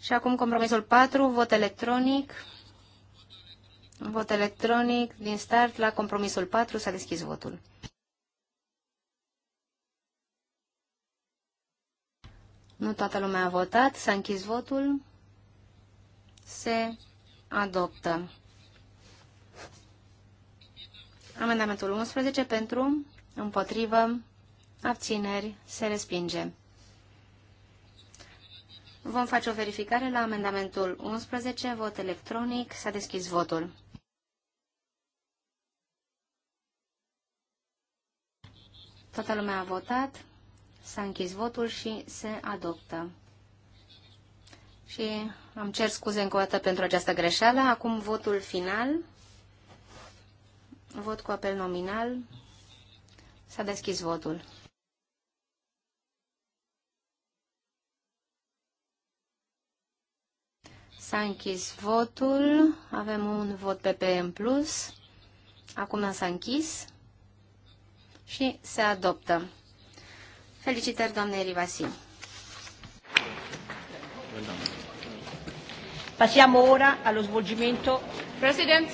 Și acum compromisul 4, vot electronic. Vot electronic din start la compromisul 4 s-a deschis votul. Nu toată lumea a votat, s-a închis votul, se adoptă. Amendamentul 11 pentru, împotrivă, abțineri, se respinge. Vom face o verificare la amendamentul 11, vot electronic, s-a deschis votul. Toată lumea a votat, s-a închis votul și se adoptă. Și am cer scuze încă o dată pentru această greșeală. Acum votul final. Vot cu apel nominal. S-a deschis votul. S-a închis votul. Avem un vot PP în plus. Acum s-a închis și se adoptă. Felicitări, doamnei Rivasi. Pasiamo ora allo svolgimento. President.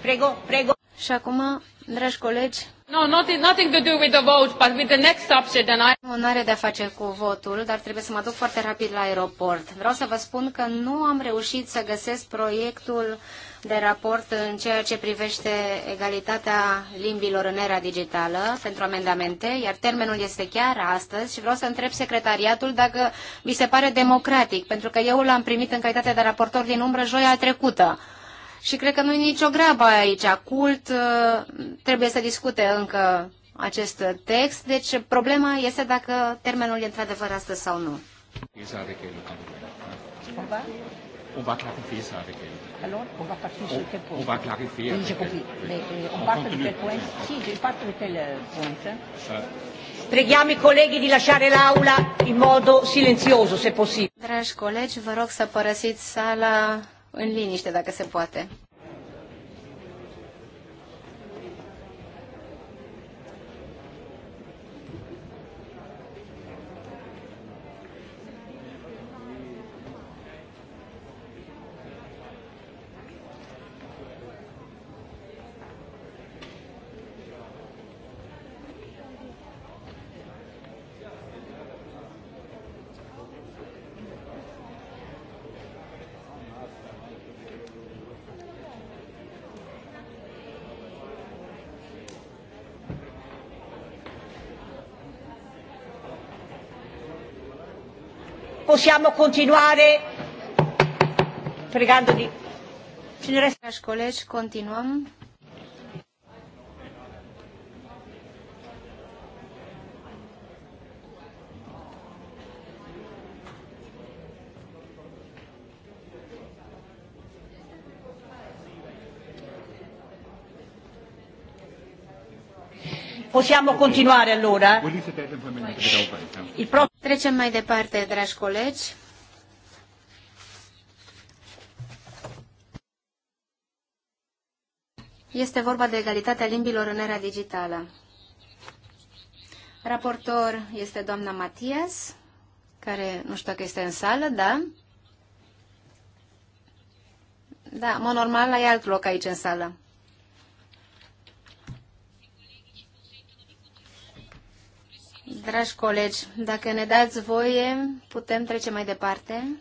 Prego, prego. Și acum, dragi colegi, No, nothing, nothing to do with the vote, but with the next subject and I... Nu, nu are de-a face cu votul, dar trebuie să mă duc foarte rapid la aeroport. Vreau să vă spun că nu am reușit să găsesc proiectul de raport în ceea ce privește egalitatea limbilor în era digitală pentru amendamente, iar termenul este chiar astăzi și vreau să întreb secretariatul dacă vi se pare democratic, pentru că eu l-am primit în calitate de raportor din umbră joia trecută. Și cred că nu e nicio grabă aici. Cult uh, trebuie să discute încă acest text, deci problema este dacă termenul e într-adevăr astăzi sau nu. On va clarifier ça avec elle. Alors, on va partir sur quel point On va clarifier. Oui, j'ai compris. Mais euh, on parle de quel point Si, je parle de quel euh, point euh. Preghiamo i colleghi di lasciare l'aula in modo silenzioso, se possibile. Dragi colegi, vă rog să părăsiți sala în liniște, dacă se poate. Possiamo continuare pregando di... Dragi colegi, continuăm. Possiamo continuare allora? Da Trecem mai departe, dragi colegi. Este vorba de egalitatea limbilor în era digitală. Raportor este doamna Matias, care nu știu dacă este în sală, da? Da, mă normal, la alt loc aici în sală. Dragi colegi, dacă ne dați voie, putem trece mai departe.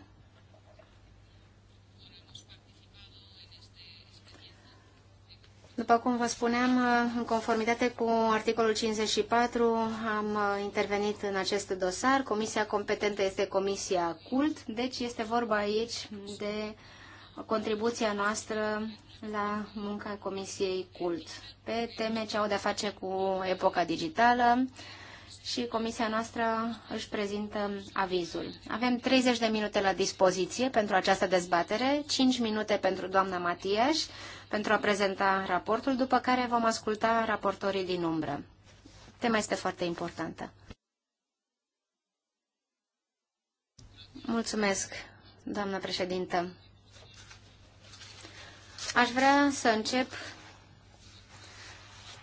După cum vă spuneam, în conformitate cu articolul 54, am intervenit în acest dosar. Comisia competentă este Comisia CULT, deci este vorba aici de contribuția noastră la munca Comisiei CULT pe teme ce au de-a face cu epoca digitală, și comisia noastră își prezintă avizul. Avem 30 de minute la dispoziție pentru această dezbatere, 5 minute pentru doamna Matias pentru a prezenta raportul, după care vom asculta raportorii din umbră. Tema este foarte importantă. Mulțumesc, doamnă președintă. Aș vrea să încep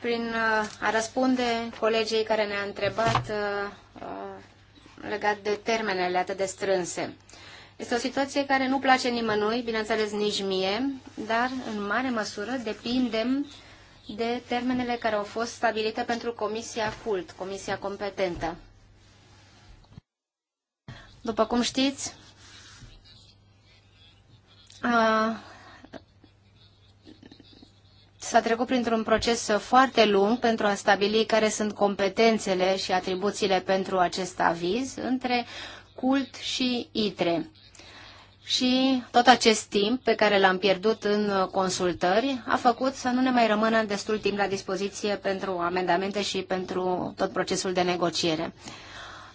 prin uh, a răspunde colegii care ne-a întrebat uh, uh, legat de termenele atât de strânse. Este o situație care nu place nimănui, bineînțeles nici mie, dar în mare măsură depindem de termenele care au fost stabilite pentru Comisia CULT, Comisia competentă. După cum știți, S-a trecut printr-un proces foarte lung pentru a stabili care sunt competențele și atribuțiile pentru acest aviz între cult și ITRE. Și tot acest timp pe care l-am pierdut în consultări a făcut să nu ne mai rămână destul timp la dispoziție pentru amendamente și pentru tot procesul de negociere.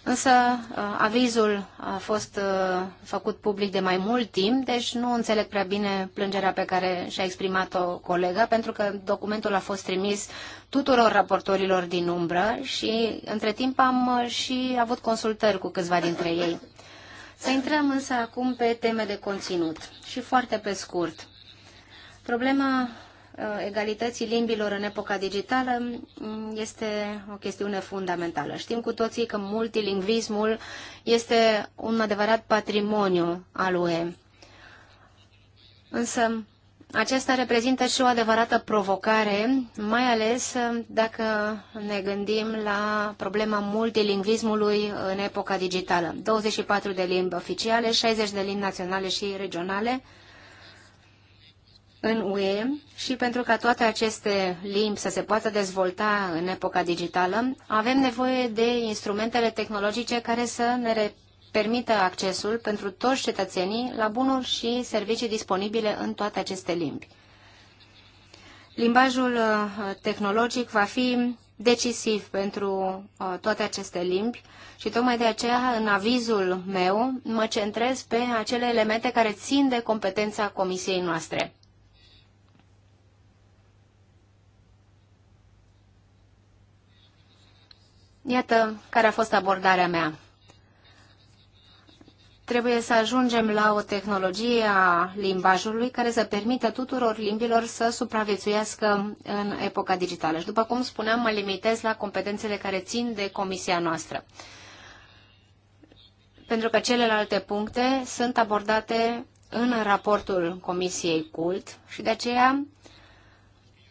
Însă uh, avizul a fost uh, făcut public de mai mult timp, deci nu înțeleg prea bine plângerea pe care și-a exprimat-o colega, pentru că documentul a fost trimis tuturor raportorilor din umbră și între timp am uh, și avut consultări cu câțiva dintre ei. Să intrăm însă acum pe teme de conținut și foarte pe scurt. Problema Uh, egalității limbilor în epoca digitală mm, este o chestiune fundamentală. Știm cu toții că multilingvismul este un adevărat patrimoniu al UE. Însă, acesta reprezintă și o adevărată provocare, mai ales uh, dacă ne gândim la problema multilingvismului în epoca digitală. 24 de limbi oficiale, 60 de limbi naționale și regionale, în UE și pentru ca toate aceste limbi să se poată dezvolta în epoca digitală, avem nevoie de instrumentele tehnologice care să ne permită accesul pentru toți cetățenii la bunuri și servicii disponibile în toate aceste limbi. Limbajul uh, tehnologic va fi decisiv pentru uh, toate aceste limbi și tocmai de aceea în avizul meu mă centrez pe acele elemente care țin de competența comisiei noastre. Iată care a fost abordarea mea. Trebuie să ajungem la o tehnologie a limbajului care să permită tuturor limbilor să supraviețuiască în epoca digitală. Și după cum spuneam, mă limitez la competențele care țin de comisia noastră. Pentru că celelalte puncte sunt abordate în raportul Comisiei CULT și de aceea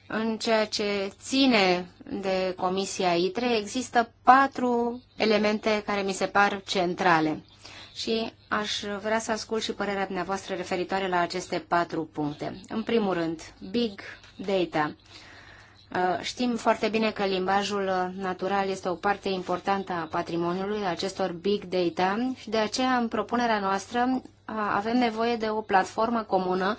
în ceea ce ține de Comisia ITRE, există patru elemente care mi se par centrale și aș vrea să ascult și părerea dumneavoastră referitoare la aceste patru puncte. În primul rând, big data. Uh, știm foarte bine că limbajul natural este o parte importantă a patrimoniului, a acestor big data și de aceea în propunerea noastră uh, avem nevoie de o platformă comună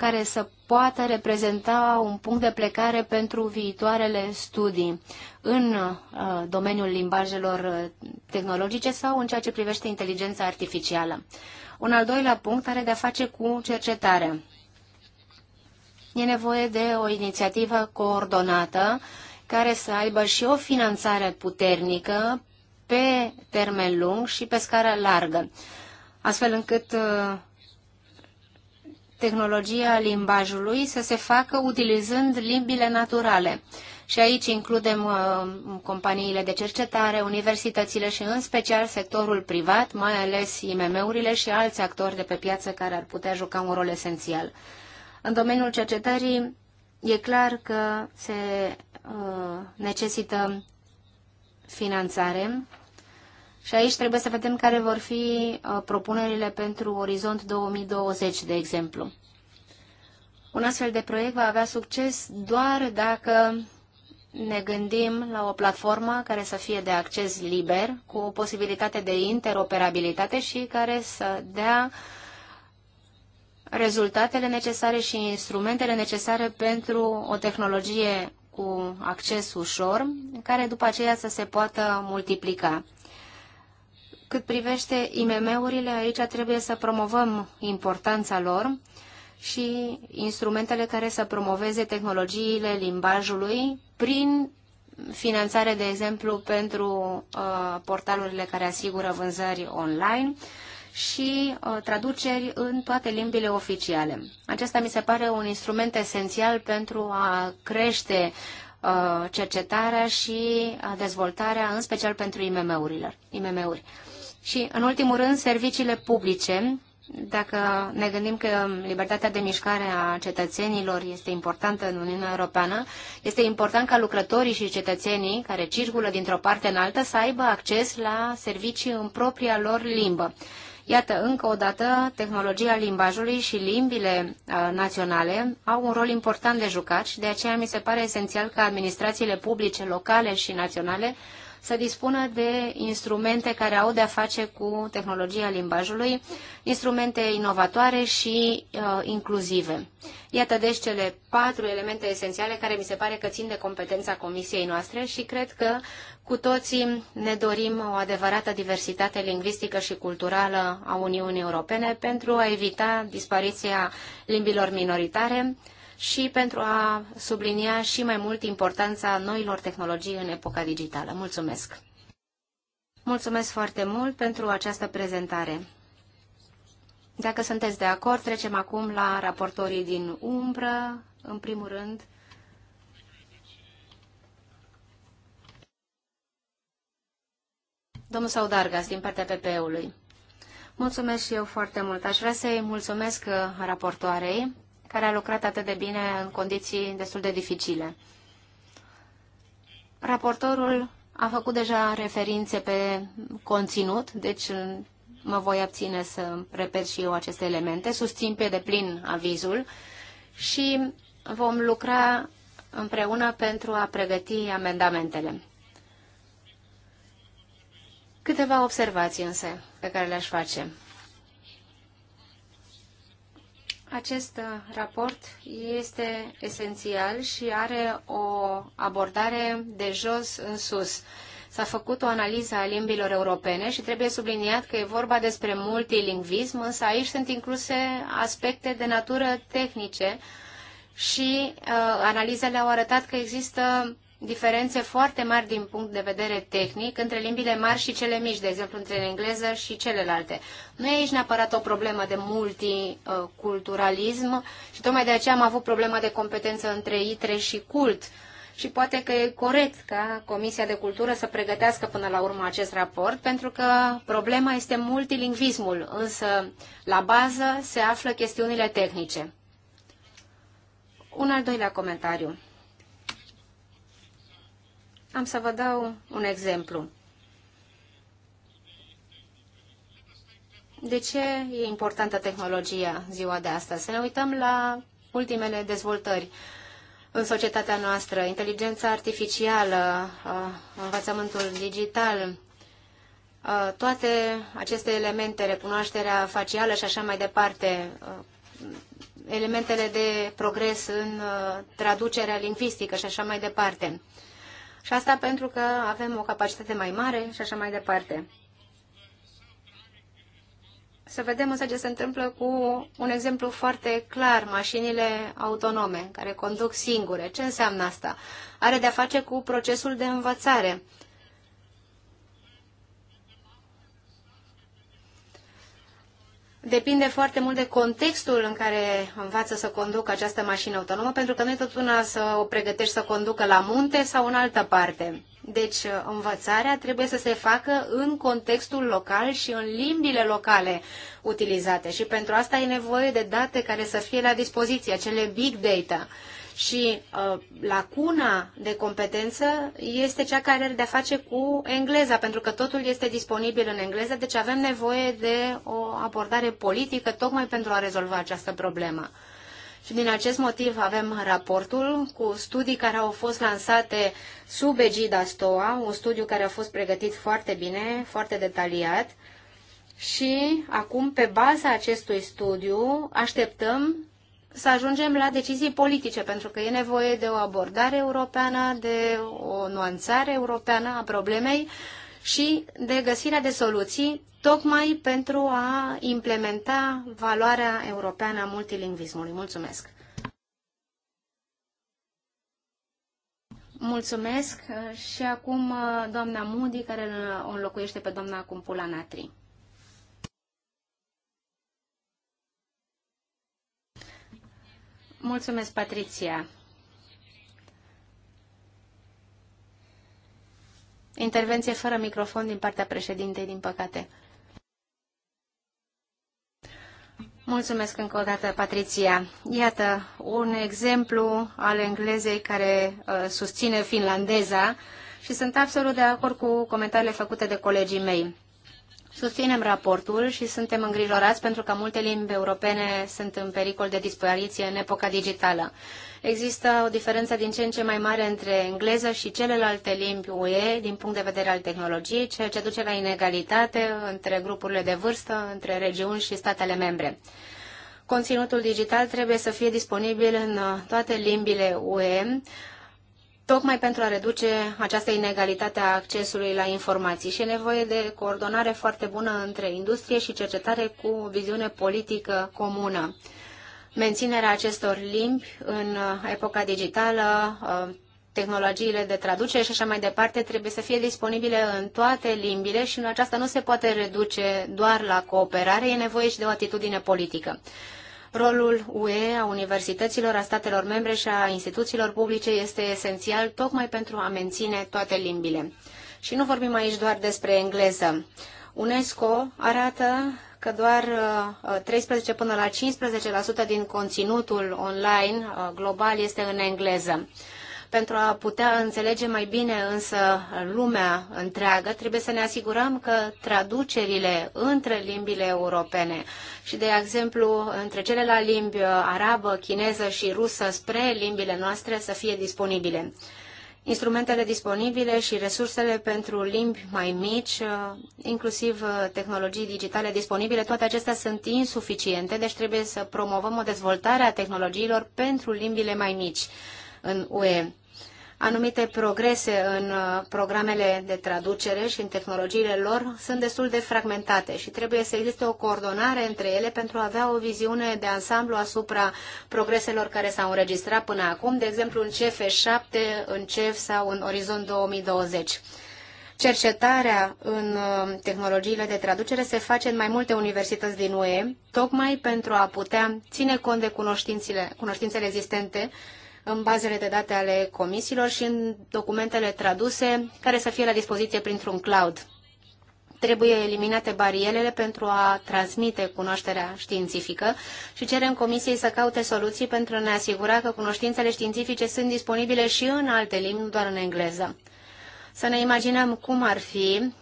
care să poată reprezenta un punct de plecare pentru viitoarele studii în uh, domeniul limbajelor uh, tehnologice sau în ceea ce privește inteligența artificială. Un al doilea punct are de-a face cu cercetarea. E nevoie de o inițiativă coordonată care să aibă și o finanțare puternică pe termen lung și pe scară largă, astfel încât uh, tehnologia limbajului să se facă utilizând limbile naturale. Și aici includem uh, companiile de cercetare, universitățile și în special sectorul privat, mai ales IMM-urile și alți actori de pe piață care ar putea juca un rol esențial. În domeniul cercetării e clar că se uh, necesită finanțare și aici trebuie să vedem care vor fi uh, propunerile pentru Orizont 2020, de exemplu. Un astfel de proiect va avea succes doar dacă ne gândim la o platformă care să fie de acces liber, cu o posibilitate de interoperabilitate și care să dea rezultatele necesare și instrumentele necesare pentru o tehnologie cu acces ușor, care după aceea să se poată multiplica. Cât privește IMM-urile, aici trebuie să promovăm importanța lor și instrumentele care să promoveze tehnologiile limbajului prin finanțare, de exemplu, pentru uh, portalurile care asigură vânzări online și uh, traduceri în toate limbile oficiale. Acesta mi se pare un instrument esențial pentru a crește uh, cercetarea și uh, dezvoltarea, în special pentru IMM-uri. IMM -uri. Și, în ultimul rând, serviciile publice. Dacă ne gândim că libertatea de mișcare a cetățenilor este importantă în Uniunea Europeană, este important ca lucrătorii și cetățenii care circulă dintr-o parte în altă să aibă acces la servicii în propria lor limbă. Iată, încă o dată, tehnologia limbajului și limbile uh, naționale au un rol important de jucat și de aceea mi se pare esențial ca administrațiile publice, locale și naționale să dispună de instrumente care au de-a face cu tehnologia limbajului, instrumente inovatoare și uh, inclusive. Iată deci cele patru elemente esențiale care mi se pare că țin de competența comisiei noastre și cred că cu toții ne dorim o adevărată diversitate lingvistică și culturală a Uniunii Europene pentru a evita dispariția limbilor minoritare, și pentru a sublinia și mai mult importanța noilor tehnologii în epoca digitală. Mulțumesc! Mulțumesc foarte mult pentru această prezentare. Dacă sunteți de acord, trecem acum la raportorii din umbră. În primul rând, domnul Saudargas, din partea PPE-ului. Mulțumesc și eu foarte mult. Aș vrea să-i mulțumesc uh, raportoarei care a lucrat atât de bine în condiții destul de dificile. Raportorul a făcut deja referințe pe conținut, deci mă voi abține să repet și eu aceste elemente. Susțin pe deplin avizul și vom lucra împreună pentru a pregăti amendamentele. Câteva observații însă pe care le-aș face. Acest uh, raport este esențial și are o abordare de jos în uh, sus. S-a făcut o analiză a limbilor europene și trebuie subliniat că e vorba despre multilingvism, însă aici sunt incluse aspecte de natură tehnice și uh, analizele au arătat că există diferențe foarte mari din punct de vedere tehnic între limbile mari și cele mici, de exemplu între engleză și celelalte. Nu e aici neapărat o problemă de multiculturalism și tocmai de aceea am avut problema de competență între ITRE și CULT. Și poate că e corect ca Comisia de Cultură să pregătească până la urmă acest raport, pentru că problema este multilingvismul, însă la bază se află chestiunile tehnice. Un al doilea comentariu. Am să vă dau un exemplu. De ce e importantă tehnologia ziua de astăzi? Să ne uităm la ultimele dezvoltări în societatea noastră, inteligența artificială, învățământul digital, toate aceste elemente, recunoașterea facială și așa mai departe, elementele de progres în traducerea lingvistică și așa mai departe. Și asta pentru că avem o capacitate mai mare și așa mai departe. Să vedem însă ce se întâmplă cu un exemplu foarte clar, mașinile autonome, care conduc singure. Ce înseamnă asta? Are de-a face cu procesul de învățare. depinde foarte mult de contextul în care învață să conducă această mașină autonomă, pentru că nu e tot una să o pregătești să conducă la munte sau în altă parte. Deci învățarea trebuie să se facă în contextul local și în limbile locale utilizate și pentru asta e nevoie de date care să fie la dispoziție, acele big data și uh, lacuna de competență este cea care are de-a face cu engleza, pentru că totul este disponibil în engleză, deci avem nevoie de o abordare politică tocmai pentru a rezolva această problemă. Și din acest motiv avem raportul cu studii care au fost lansate sub egida STOA, un studiu care a fost pregătit foarte bine, foarte detaliat. Și acum, pe baza acestui studiu, așteptăm să ajungem la decizii politice, pentru că e nevoie de o abordare europeană, de o nuanțare europeană a problemei și de găsirea de soluții tocmai pentru a implementa valoarea europeană a multilingvismului. Mulțumesc! Mulțumesc și acum doamna Moody, care o înlocuiește pe doamna Cumpula Natri. Mulțumesc, Patricia. Intervenție fără microfon din partea președintei, din păcate. Mulțumesc încă o dată, Patricia. Iată, un exemplu al englezei care uh, susține finlandeza și sunt absolut de acord cu comentariile făcute de colegii mei. Susținem raportul și suntem îngrijorați pentru că multe limbi europene sunt în pericol de dispariție în epoca digitală. Există o diferență din ce în ce mai mare între engleză și celelalte limbi UE din punct de vedere al tehnologiei, ceea ce duce la inegalitate între grupurile de vârstă, între regiuni și statele membre. Conținutul digital trebuie să fie disponibil în toate limbile UE, tocmai pentru a reduce această inegalitate a accesului la informații și e nevoie de coordonare foarte bună între industrie și cercetare cu o viziune politică comună. Menținerea acestor limbi în uh, epoca digitală, uh, tehnologiile de traducere și așa mai departe trebuie să fie disponibile în toate limbile și în aceasta nu se poate reduce doar la cooperare, e nevoie și de o atitudine politică. Rolul UE, a universităților, a statelor membre și a instituțiilor publice este esențial tocmai pentru a menține toate limbile. Și nu vorbim aici doar despre engleză. UNESCO arată că doar 13 uh, până la 15% din conținutul online uh, global este în engleză. Pentru a putea înțelege mai bine însă lumea întreagă, trebuie să ne asigurăm că traducerile între limbile europene și, de exemplu, între cele la limbi uh, arabă, chineză și rusă spre limbile noastre să fie disponibile. Instrumentele disponibile și resursele pentru limbi mai mici, uh, inclusiv uh, tehnologii digitale disponibile, toate acestea sunt insuficiente, deci trebuie să promovăm o dezvoltare a tehnologiilor pentru limbile mai mici în UE anumite progrese în uh, programele de traducere și în tehnologiile lor sunt destul de fragmentate și trebuie să existe o coordonare între ele pentru a avea o viziune de ansamblu asupra progreselor care s-au înregistrat până acum, de exemplu în CF7, în CEF sau în Orizont 2020. Cercetarea în uh, tehnologiile de traducere se face în mai multe universități din UE, tocmai pentru a putea ține cont de cunoștințele, cunoștințele existente în bazele de date ale comisiilor și în documentele traduse care să fie la dispoziție printr-un cloud. Trebuie eliminate barierele pentru a transmite cunoașterea științifică și cerem Comisiei să caute soluții pentru a ne asigura că cunoștințele științifice sunt disponibile și în alte limbi, nu doar în engleză. Să ne imaginăm cum ar fi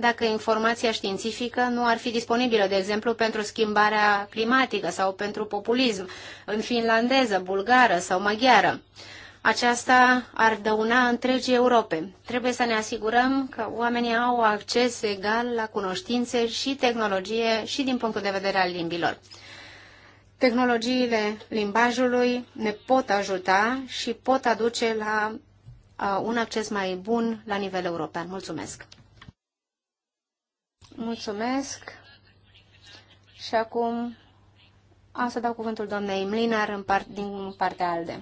dacă informația științifică nu ar fi disponibilă, de exemplu, pentru schimbarea climatică sau pentru populism în finlandeză, bulgară sau maghiară. Aceasta ar dăuna întregii Europe. Trebuie să ne asigurăm că oamenii au acces egal la cunoștințe și tehnologie și din punctul de vedere al limbilor. Tehnologiile limbajului ne pot ajuta și pot aduce la uh, un acces mai bun la nivel european. Mulțumesc! Mulțumesc. Și acum am să dau cuvântul doamnei Mlinar în part, din partea ALDE.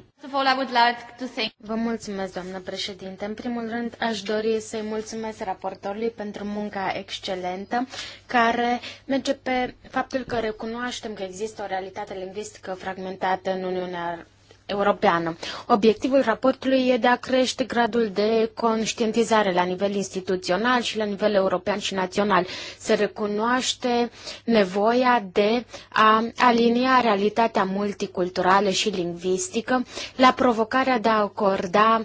Vă mulțumesc, doamnă președinte. În primul rând, aș dori să-i mulțumesc raportorului pentru munca excelentă, care merge pe faptul că recunoaștem că există o realitate lingvistică fragmentată în Uniunea europeană. Obiectivul raportului e de a crește gradul de conștientizare la nivel instituțional și la nivel european și național. Se recunoaște nevoia de a alinia realitatea multiculturală și lingvistică la provocarea de a acorda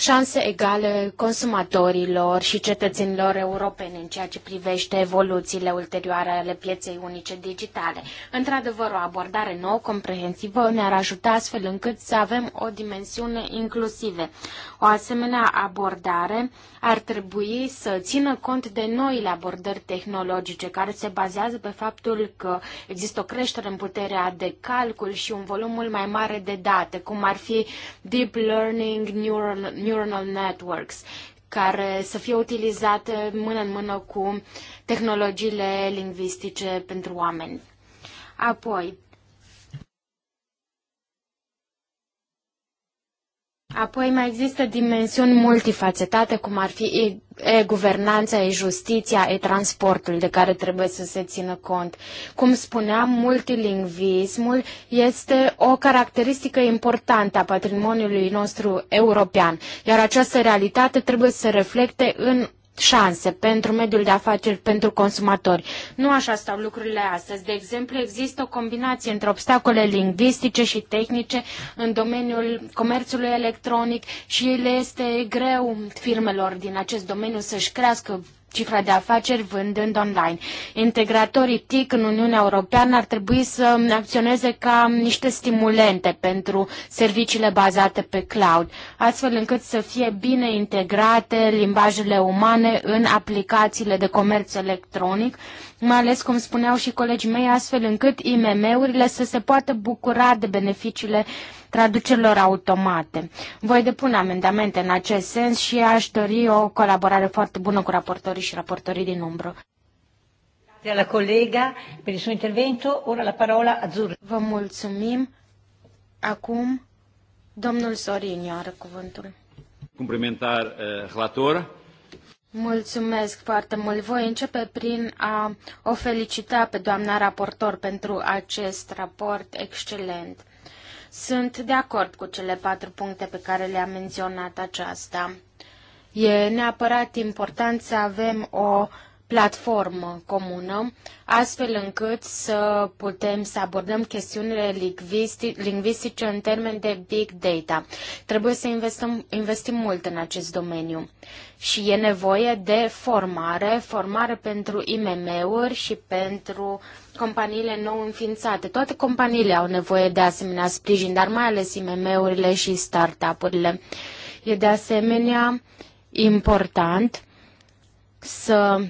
șanse egale consumatorilor și cetățenilor europeni în ceea ce privește evoluțiile ulterioare ale pieței unice digitale. Într-adevăr, o abordare nouă, comprehensivă, ne-ar ajuta astfel încât să avem o dimensiune inclusive. O asemenea abordare ar trebui să țină cont de noile abordări tehnologice care se bazează pe faptul că există o creștere în puterea de calcul și un volum mult mai mare de date, cum ar fi deep learning, neural neuronal networks, care să fie utilizate mână în mână cu tehnologiile lingvistice pentru oameni. Apoi, Apoi mai există dimensiuni multifacetate, cum ar fi e-guvernanța, e-justiția, e-transportul, de care trebuie să se țină cont. Cum spuneam, multilingvismul este o caracteristică importantă a patrimoniului nostru european, iar această realitate trebuie să se reflecte în șanse pentru mediul de afaceri, pentru consumatori. Nu așa stau lucrurile astăzi. De exemplu, există o combinație între obstacole lingvistice și tehnice în domeniul comerțului electronic și le este greu firmelor din acest domeniu să-și crească cifra de afaceri vândând online. Integratorii TIC în Uniunea Europeană ar trebui să acționeze ca niște stimulente pentru serviciile bazate pe cloud, astfel încât să fie bine integrate limbajele umane în aplicațiile de comerț electronic, mai ales, cum spuneau și colegii mei, astfel încât IMM-urile să se poată bucura de beneficiile uh, traducerilor automate. Voi depune amendamente în acest sens și aș dori o colaborare foarte bună cu raportorii și raportorii din umbră. La colega per il suo intervento, ora la parola Azzurra. Vă mulțumim. Acum, domnul Sorin are cuvântul. Cumplimentar uh, relator. Mulțumesc foarte mult. Voi începe prin a o felicita pe doamna raportor pentru acest raport excelent. Sunt de acord cu cele patru puncte pe care le-a menționat aceasta. E neapărat important să avem o platformă comună, astfel încât să putem să abordăm chestiunile lingvistice în termen de big data. Trebuie să investim, investim mult în acest domeniu și e nevoie de formare, formare pentru IMM-uri și pentru uh, companiile nou înființate. Toate companiile au nevoie de asemenea sprijin, dar mai ales IMM-urile și startup-urile. E de asemenea important să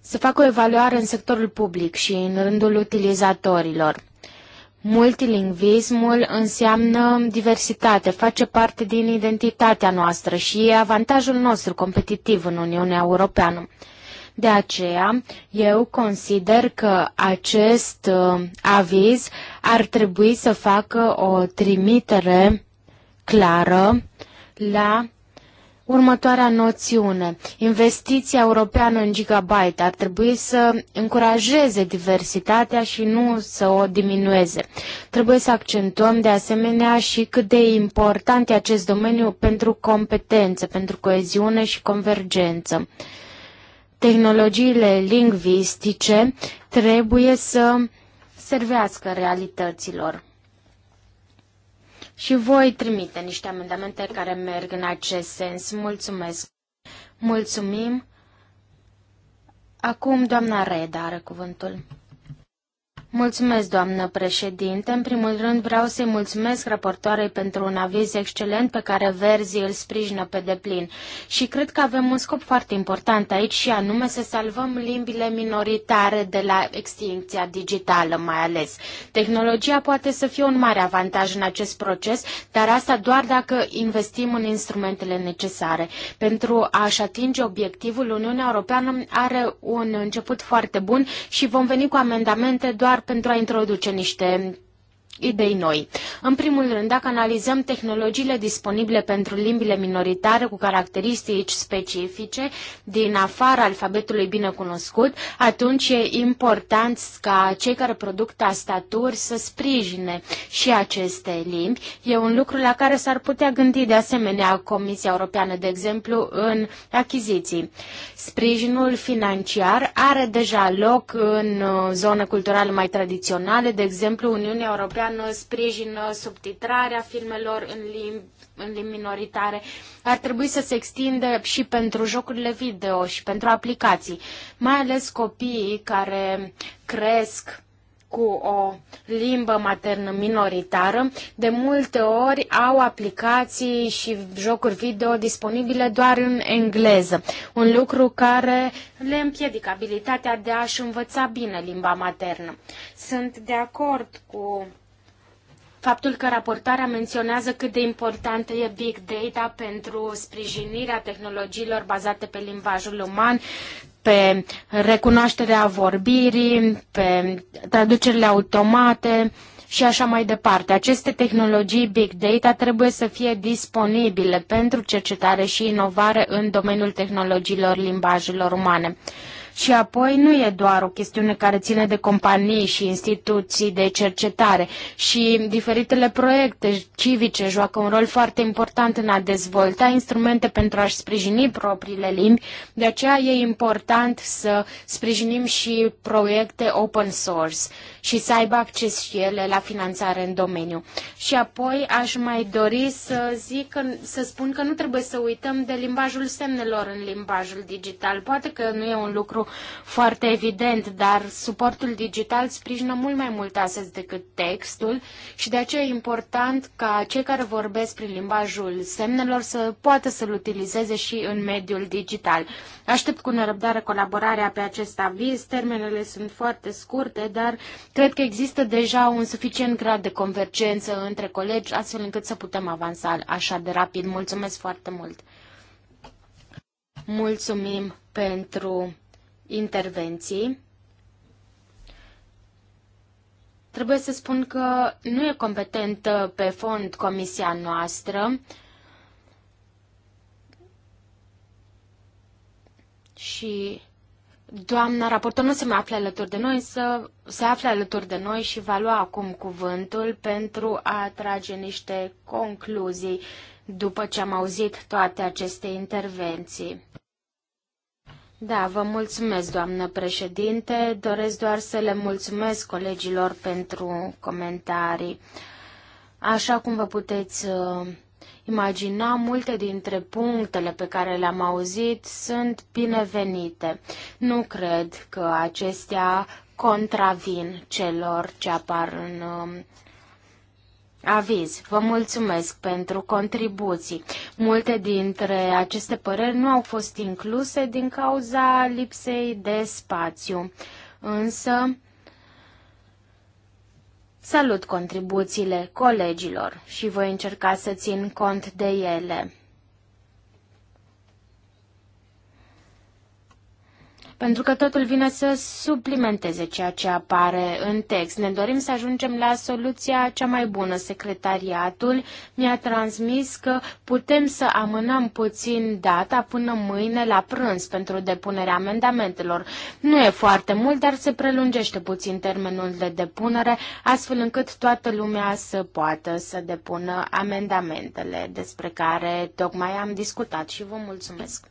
se facă o evaluare în sectorul public și în rândul utilizatorilor. Multilingvismul înseamnă diversitate, face parte din identitatea noastră și e avantajul nostru competitiv în Uniunea Europeană. De aceea, eu consider că acest uh, aviz ar trebui să facă o trimitere clară la Următoarea noțiune, investiția europeană în gigabyte ar trebui să încurajeze diversitatea și nu să o diminueze. Trebuie să accentuăm de asemenea și cât de important e acest domeniu pentru competență, pentru coeziune și convergență tehnologiile lingvistice trebuie să servească realităților. Și voi trimite niște amendamente care merg în acest sens. Mulțumesc! Mulțumim! Acum doamna Reda are cuvântul. Mulțumesc, doamnă președinte. În primul rând vreau să-i mulțumesc raportoarei pentru un aviz excelent pe care Verzi îl sprijină pe deplin. Și cred că avem un scop foarte important aici și anume să salvăm limbile minoritare de la extincția digitală mai ales. Tehnologia poate să fie un mare avantaj în acest proces, dar asta doar dacă investim în instrumentele necesare. Pentru a-și atinge obiectivul, Uniunea Europeană are un început foarte bun și vom veni cu amendamente doar pentru a introduce niște idei noi. În primul rând, dacă analizăm tehnologiile disponibile pentru limbile minoritare cu caracteristici specifice din afara alfabetului binecunoscut, atunci e important ca cei care produc tastaturi să sprijine și aceste limbi. E un lucru la care s-ar putea gândi de asemenea Comisia Europeană, de exemplu, în achiziții. Sprijinul financiar are deja loc în uh, zone culturale mai tradiționale, de exemplu, Uniunea Europeană European sprijină uh, subtitrarea filmelor în limbi, în limbi minoritare. Ar trebui să se extindă și pentru jocurile video și pentru aplicații, mai ales copiii care cresc cu o limbă maternă minoritară, de multe ori au aplicații și jocuri video disponibile doar în engleză, un lucru care le împiedică abilitatea de a-și învăța bine limba maternă. Sunt de acord cu faptul că raportarea menționează cât de importantă e big data pentru sprijinirea tehnologiilor bazate pe limbajul uman, pe recunoașterea vorbirii, pe traducerile automate și așa mai departe. Aceste tehnologii big data trebuie să fie disponibile pentru cercetare și inovare în domeniul tehnologiilor limbajelor umane. Și apoi nu e doar o chestiune care ține de companii și instituții de cercetare și diferitele proiecte civice joacă un rol foarte important în a dezvolta instrumente pentru a-și sprijini propriile limbi, de aceea e important să sprijinim și proiecte open source și să aibă acces și ele la finanțare în domeniu. Și apoi aș mai dori să zic, că, să spun că nu trebuie să uităm de limbajul semnelor în limbajul digital. Poate că nu e un lucru foarte evident, dar suportul digital sprijină mult mai mult astăzi decât textul și de aceea e important ca cei care vorbesc prin limbajul semnelor să poată să-l utilizeze și în mediul digital. Aștept cu nerăbdare colaborarea pe acest aviz, termenele sunt foarte scurte, dar cred că există deja un suficient grad de convergență între colegi, astfel încât să putem avansa așa de rapid. Mulțumesc foarte mult! Mulțumim pentru intervenții, trebuie să spun că nu e competentă pe fond comisia noastră și doamna raportor nu se mai află alături de noi, să se află alături de noi și va lua acum cuvântul pentru a trage niște concluzii după ce am auzit toate aceste intervenții. Da, vă mulțumesc, doamnă președinte. Doresc doar să le mulțumesc colegilor pentru comentarii. Așa cum vă puteți uh, imagina, multe dintre punctele pe care le-am auzit sunt binevenite. Nu cred că acestea contravin celor ce apar în uh, aviz. Vă mulțumesc pentru contribuții. Multe dintre aceste păreri nu au fost incluse din cauza lipsei de spațiu. Însă, salut contribuțiile colegilor și voi încerca să țin cont de ele. pentru că totul vine să suplimenteze ceea ce apare în text. Ne dorim să ajungem la soluția cea mai bună. Secretariatul mi-a transmis că putem să amânăm puțin data până mâine la prânz pentru depunerea amendamentelor. Nu e foarte mult, dar se prelungește puțin termenul de depunere, astfel încât toată lumea să poată să depună amendamentele despre care tocmai am discutat și vă mulțumesc.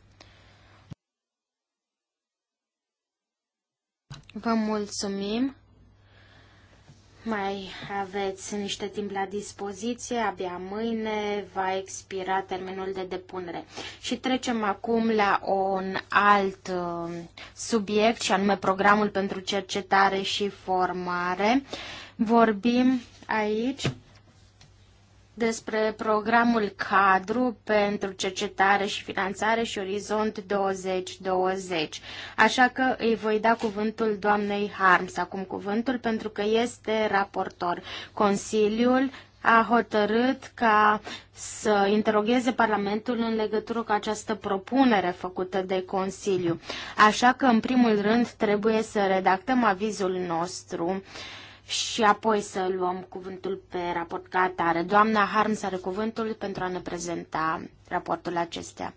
Vă mulțumim. Mai aveți niște timp la dispoziție, abia mâine va expira termenul de depunere. Și trecem acum la un alt uh, subiect, și anume programul pentru cercetare și formare. Vorbim aici despre programul cadru pentru cercetare și finanțare și Orizont 2020. Așa că îi voi da cuvântul doamnei Harms acum cuvântul pentru că este raportor. Consiliul a hotărât ca să interogheze Parlamentul în legătură cu această propunere făcută de Consiliu. Așa că, în primul rând, trebuie să redactăm avizul nostru uh, și apoi să luăm cuvântul pe raport ca atare. Doamna Harms are cuvântul pentru a ne prezenta raportul acestea.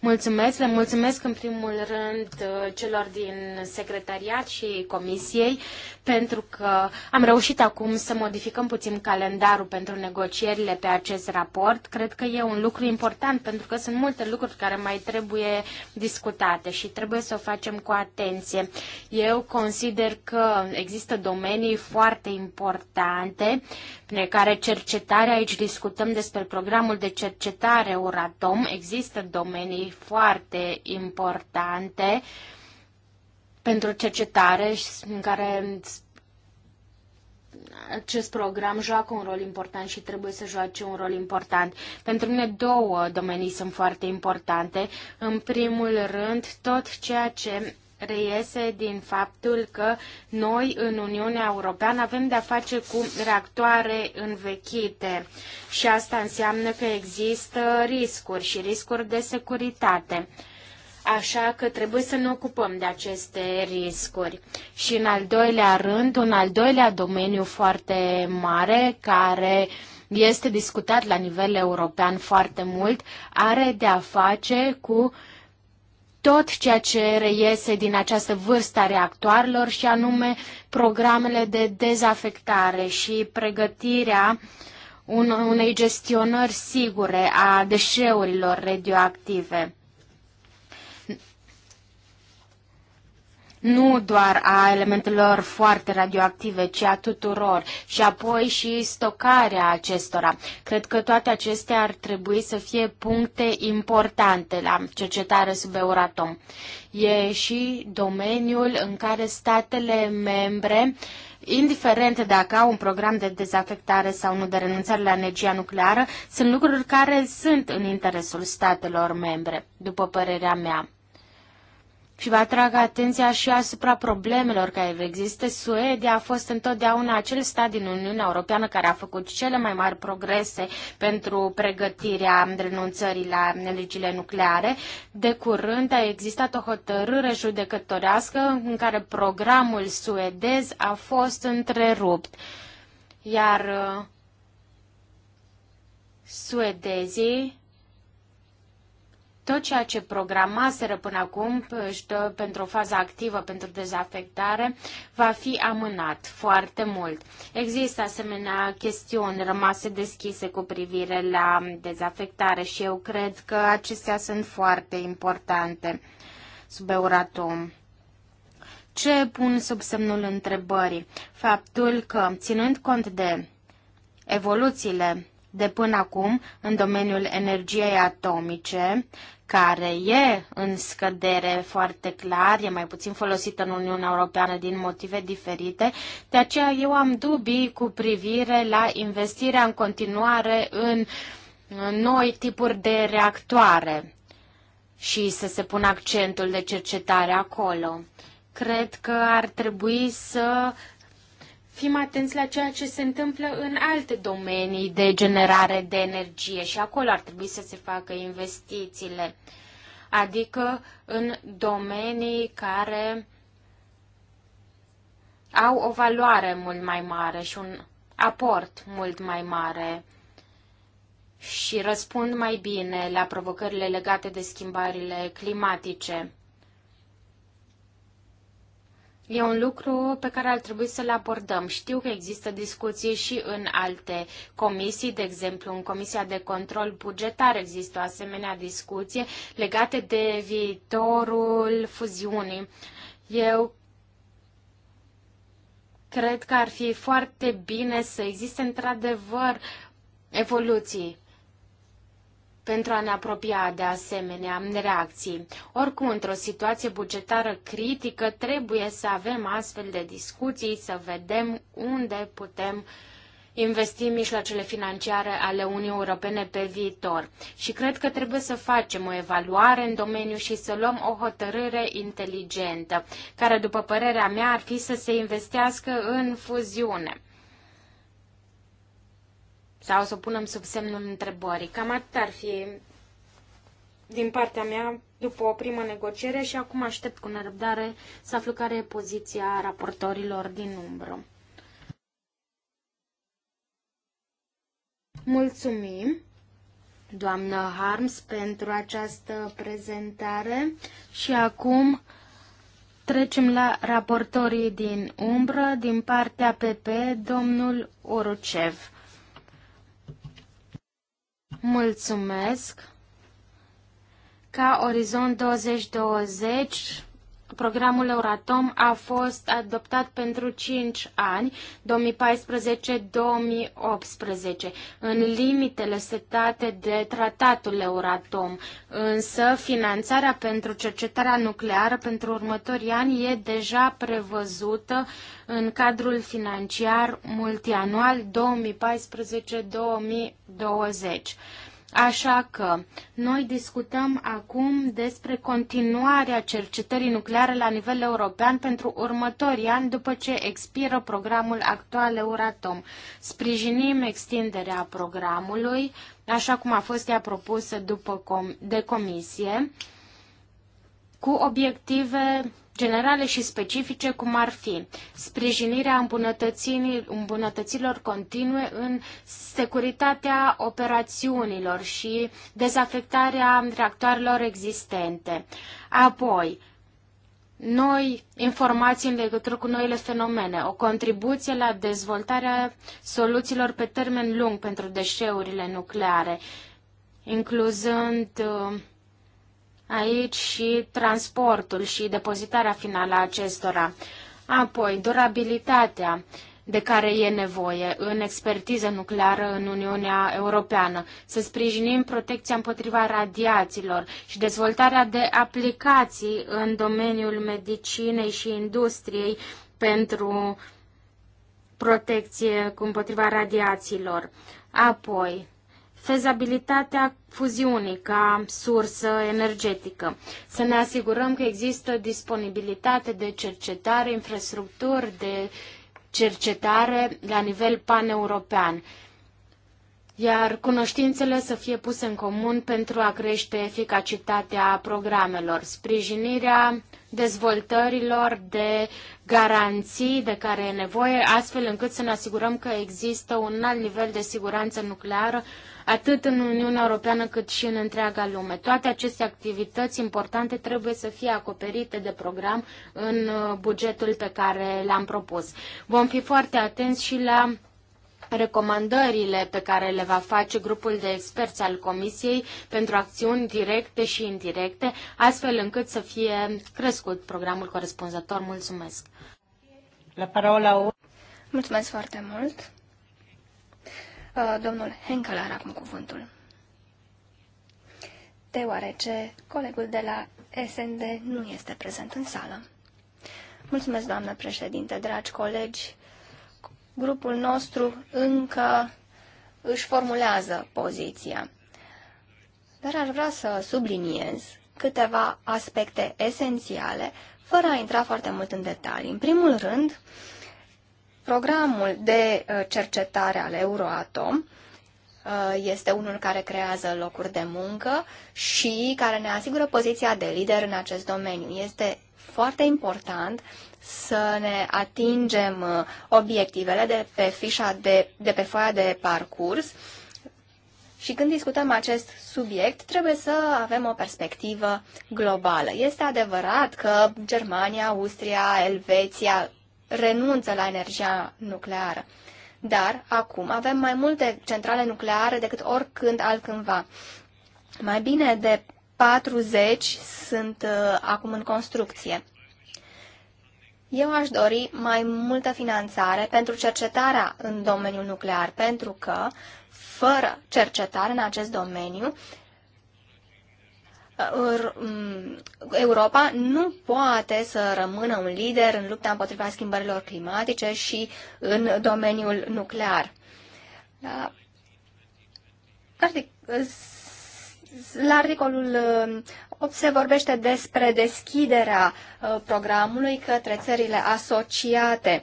Mulțumesc, le mulțumesc în primul rând uh, celor din secretariat și comisiei pentru că am reușit acum să modificăm puțin calendarul pentru negocierile pe acest raport. Cred că e un lucru important pentru că sunt multe lucruri care mai trebuie discutate și trebuie să o facem cu atenție. Eu consider că există domenii foarte importante prin care cercetarea, aici discutăm despre programul de cercetare uratom, există domenii foarte importante pentru cercetare în care acest program joacă un rol important și trebuie să joace un rol important. Pentru mine două domenii sunt foarte importante. În primul rând, tot ceea ce reiese din faptul că noi în Uniunea Europeană avem de-a face cu reactoare învechite și asta înseamnă că există riscuri și riscuri de securitate. Așa că trebuie să ne ocupăm de aceste riscuri. Și în al doilea rând, un al doilea domeniu foarte mare care este discutat la nivel european foarte mult are de a face cu tot ceea ce reiese din această vârstă a reactoarelor și anume programele de dezafectare și pregătirea unei gestionări sigure a deșeurilor radioactive. nu doar a elementelor foarte radioactive, ci a tuturor și apoi și stocarea acestora. Cred că toate acestea ar trebui să fie puncte importante la cercetare sub Euratom. E și domeniul în care statele membre indiferent dacă au un program de dezafectare sau nu de renunțare la energia nucleară, sunt lucruri care sunt în interesul statelor membre, după părerea mea. Și vă atrag atenția și asupra problemelor care există. Suedia a fost întotdeauna acel stat din Uniunea Europeană care a făcut cele mai mari progrese pentru pregătirea renunțării la energiile nucleare. De curând a existat o hotărâre judecătorească în care programul suedez a fost întrerupt. Iar uh, suedezii tot ceea ce programaseră până acum pentru o fază activă, pentru dezafectare, va fi amânat foarte mult. Există asemenea chestiuni rămase deschise cu privire la dezafectare și eu cred că acestea sunt foarte importante sub Euratom ce pun sub semnul întrebării? Faptul că, ținând cont de evoluțiile de până acum în domeniul energiei atomice, care e în scădere foarte clar, e mai puțin folosită în Uniunea Europeană din motive diferite, de aceea eu am dubii cu privire la investirea în continuare în noi tipuri de reactoare și să se pună accentul de cercetare acolo. Cred că ar trebui să uh, fim atenți la ceea ce se întâmplă în alte domenii de generare de energie și acolo ar trebui să se facă investițiile, adică în domenii care au o valoare mult mai mare și un aport mult mai mare și răspund mai bine la provocările legate de schimbările climatice. E un lucru pe care ar trebui să-l abordăm. Știu că există discuții și în alte comisii, de exemplu în Comisia de Control Bugetar există o asemenea discuție legate de viitorul fuziunii. Eu cred că ar fi foarte bine să existe într-adevăr evoluții pentru a ne apropia de asemenea reacții. Oricum, într-o situație bugetară critică, trebuie să avem astfel de discuții, să vedem unde putem investi mijloacele financiare ale Uniunii Europene pe viitor. Și cred că trebuie să facem o evaluare în domeniu și să luăm o hotărâre inteligentă, care, după părerea mea, ar fi să se investească în fuziune sau să o punem sub semnul întrebării. Cam atât ar fi din partea mea după o primă negociere și acum aștept cu nerăbdare să aflu care e poziția raportorilor din umbră. Mulțumim, doamnă Harms, pentru această prezentare și acum trecem la raportorii din umbră din partea PP, domnul Orucev. Mulțumesc! Ca Orizont 2020 programul Euratom a fost adoptat pentru 5 ani, 2014-2018, în limitele setate de tratatul Euratom. Însă, finanțarea pentru cercetarea nucleară pentru următorii ani e deja prevăzută în cadrul financiar multianual 2014-2020. Așa că noi discutăm acum despre continuarea cercetării nucleare la nivel european pentru următorii ani după ce expiră programul actual Euratom. Sprijinim extinderea programului, așa cum a fost ea propusă după com- de comisie, cu obiective generale și specifice, cum ar fi sprijinirea îmbunătăților continue în securitatea operațiunilor și dezafectarea reactoarelor existente. Apoi, noi informații în legătură cu noile fenomene, o contribuție la dezvoltarea soluțiilor pe termen lung pentru deșeurile nucleare, incluzând uh, aici și transportul și depozitarea finală a acestora. Apoi, durabilitatea de care e nevoie în expertiză nucleară în Uniunea Europeană, să sprijinim protecția împotriva radiațiilor și dezvoltarea de aplicații în domeniul medicinei și industriei pentru protecție împotriva radiațiilor. Apoi, fezabilitatea fuziunii ca sursă energetică, să ne asigurăm că există disponibilitate de cercetare, infrastructuri de cercetare la nivel paneuropean, iar cunoștințele să fie puse în comun pentru a crește eficacitatea programelor, sprijinirea dezvoltărilor de garanții de care e nevoie, astfel încât să ne asigurăm că există un alt nivel de siguranță nucleară atât în Uniunea Europeană cât și în întreaga lume. Toate aceste activități importante trebuie să fie acoperite de program în uh, bugetul pe care l-am propus. Vom fi foarte atenți și la recomandările pe care le va face grupul de experți al Comisiei pentru acțiuni directe și indirecte, astfel încât să fie crescut programul corespunzător. Mulțumesc! La parola Mulțumesc foarte mult! Uh, domnul Henkel are acum cuvântul. Deoarece colegul de la SND nu este prezent în sală. Mulțumesc, doamnă președinte, dragi colegi. Grupul nostru încă își formulează poziția. Dar aș vrea să subliniez câteva aspecte esențiale, fără a intra foarte mult în detalii. În primul rând, uh, Programul de uh, cercetare al Euroatom uh, este unul care creează locuri de muncă și care ne asigură poziția de lider în acest domeniu. Este foarte important să ne atingem uh, obiectivele de pe fișa de, de pe foaia de parcurs și când discutăm acest subiect, trebuie să avem o perspectivă globală. Este adevărat că Germania, Austria, Elveția, renunță la energia nucleară. Dar acum avem mai multe centrale nucleare decât oricând altcândva. Mai bine de 40 sunt uh, acum în construcție. Eu aș dori mai multă finanțare pentru cercetarea în domeniul nuclear, pentru că fără cercetare în acest domeniu Mm, Europa nu poate să rămână un lider în lupta împotriva schimbărilor climatice și în domeniul nuclear. Da. La, articolul 8 um, se vorbește despre deschiderea uh, programului către țările asociate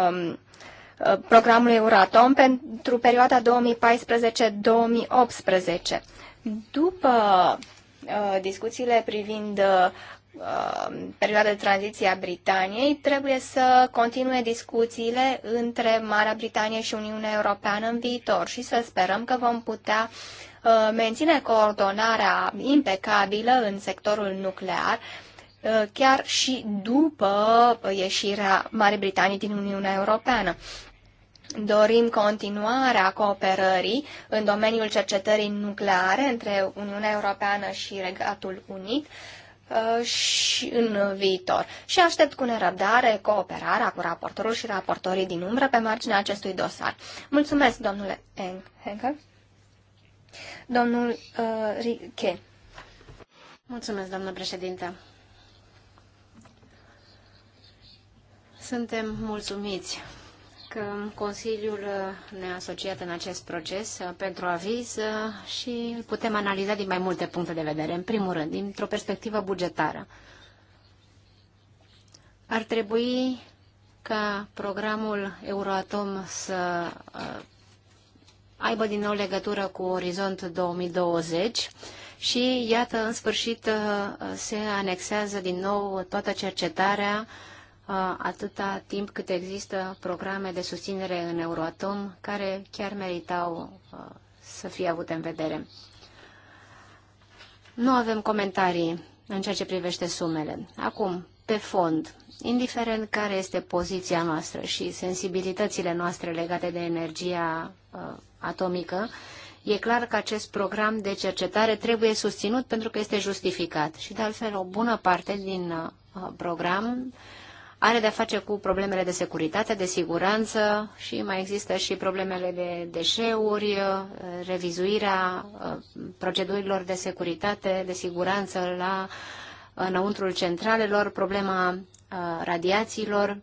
um, uh, programului Euratom pentru perioada 2014-2018. După Uh, discuțiile privind uh, uh, perioada de tranziție a Britaniei, trebuie să continue discuțiile între Marea Britanie și Uniunea Europeană în viitor și să sperăm că vom putea menține coordonarea impecabilă în sectorul nuclear, chiar și după ieșirea Marii Britanii din Uniunea Europeană. Dorim continuarea cooperării în domeniul cercetării nucleare între Uniunea Europeană și Regatul Unit uh, și în viitor. Și aștept cu nerăbdare cooperarea cu raportorul și raportorii din umbră pe marginea acestui dosar. Mulțumesc, domnule Henkel. Domnul uh, Riche. Mulțumesc, doamnă președinte. Suntem mulțumiți că Consiliul uh, ne-a asociat în acest proces uh, pentru aviz uh, și îl putem analiza din mai multe puncte de vedere. În primul rând, dintr-o perspectivă bugetară. Ar trebui ca programul Euroatom să aibă din nou legătură cu Orizont 2020 și, iată, în sfârșit se anexează din nou toată cercetarea uh, Uh, atâta timp cât există programe de susținere în Euroatom care chiar meritau uh, să fie avute în vedere. Nu avem comentarii în ceea ce privește sumele. Acum, pe fond, indiferent care este poziția noastră și sensibilitățile noastre legate de energia uh, atomică, e clar că acest program de cercetare trebuie susținut pentru că este justificat. Și, de altfel, o bună parte din uh, program uh, are de-a face cu problemele de securitate, de siguranță și mai există și problemele de deșeuri, uh, revizuirea uh, procedurilor de securitate, de siguranță la uh, înăuntrul centralelor, problema radiațiilor.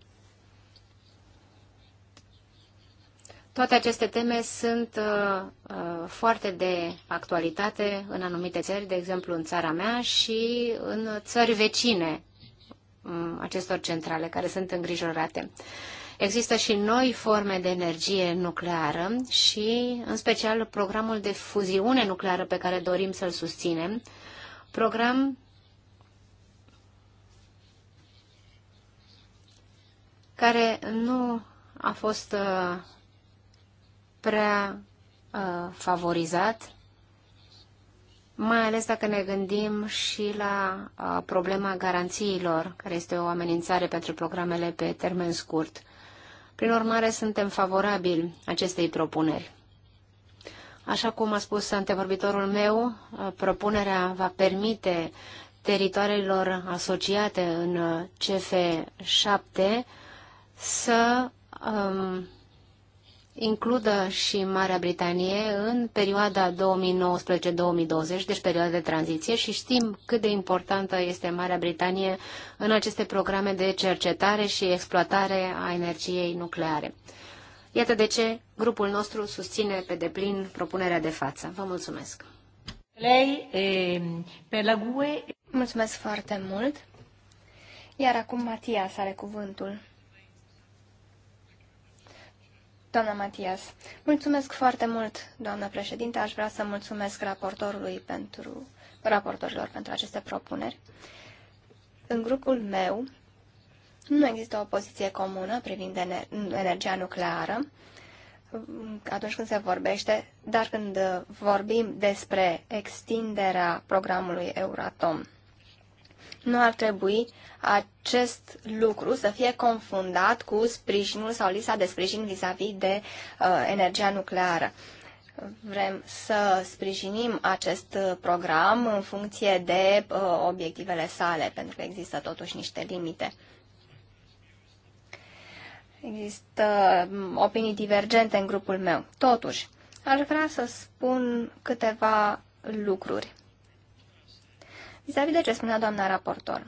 Toate aceste teme sunt uh, foarte de actualitate în anumite țări, de exemplu în țara mea și în țări vecine Uh, acestor centrale care sunt îngrijorate. Există și noi forme de energie nucleară și, în special, programul de fuziune nucleară pe care dorim să-l susținem, program care nu a fost uh, prea uh, favorizat mai ales dacă ne gândim și la problema garanțiilor, care este o amenințare pentru programele pe termen scurt. Prin urmare, suntem favorabili acestei propuneri. Așa cum a spus antevorbitorul meu, propunerea va permite teritoriilor asociate în CF7 să um, includă și Marea Britanie în perioada 2019-2020, deci perioada de tranziție și știm cât de importantă este Marea Britanie în aceste programe de cercetare și exploatare a energiei nucleare. Iată de ce grupul nostru susține pe deplin propunerea de față. Vă mulțumesc! Lei, pe la Mulțumesc foarte mult! Iar acum Matias are cuvântul. Doamna Matias, mulțumesc foarte mult, doamna președinte. Aș vrea să mulțumesc raportorului pentru, raportorilor pentru aceste propuneri. În grupul meu nu există o poziție comună privind energia nucleară atunci când se vorbește, dar când vorbim despre extinderea programului Euratom nu ar trebui acest lucru să fie confundat cu sprijinul sau lista de sprijin vis-a-vis -vis de uh, energia nucleară. Vrem să sprijinim acest program în funcție de uh, obiectivele sale, pentru că există totuși niște limite. Există um, opinii divergente în grupul meu. Totuși, aș vrea să spun câteva lucruri. Vis-a-vis de ce spunea doamna raportor,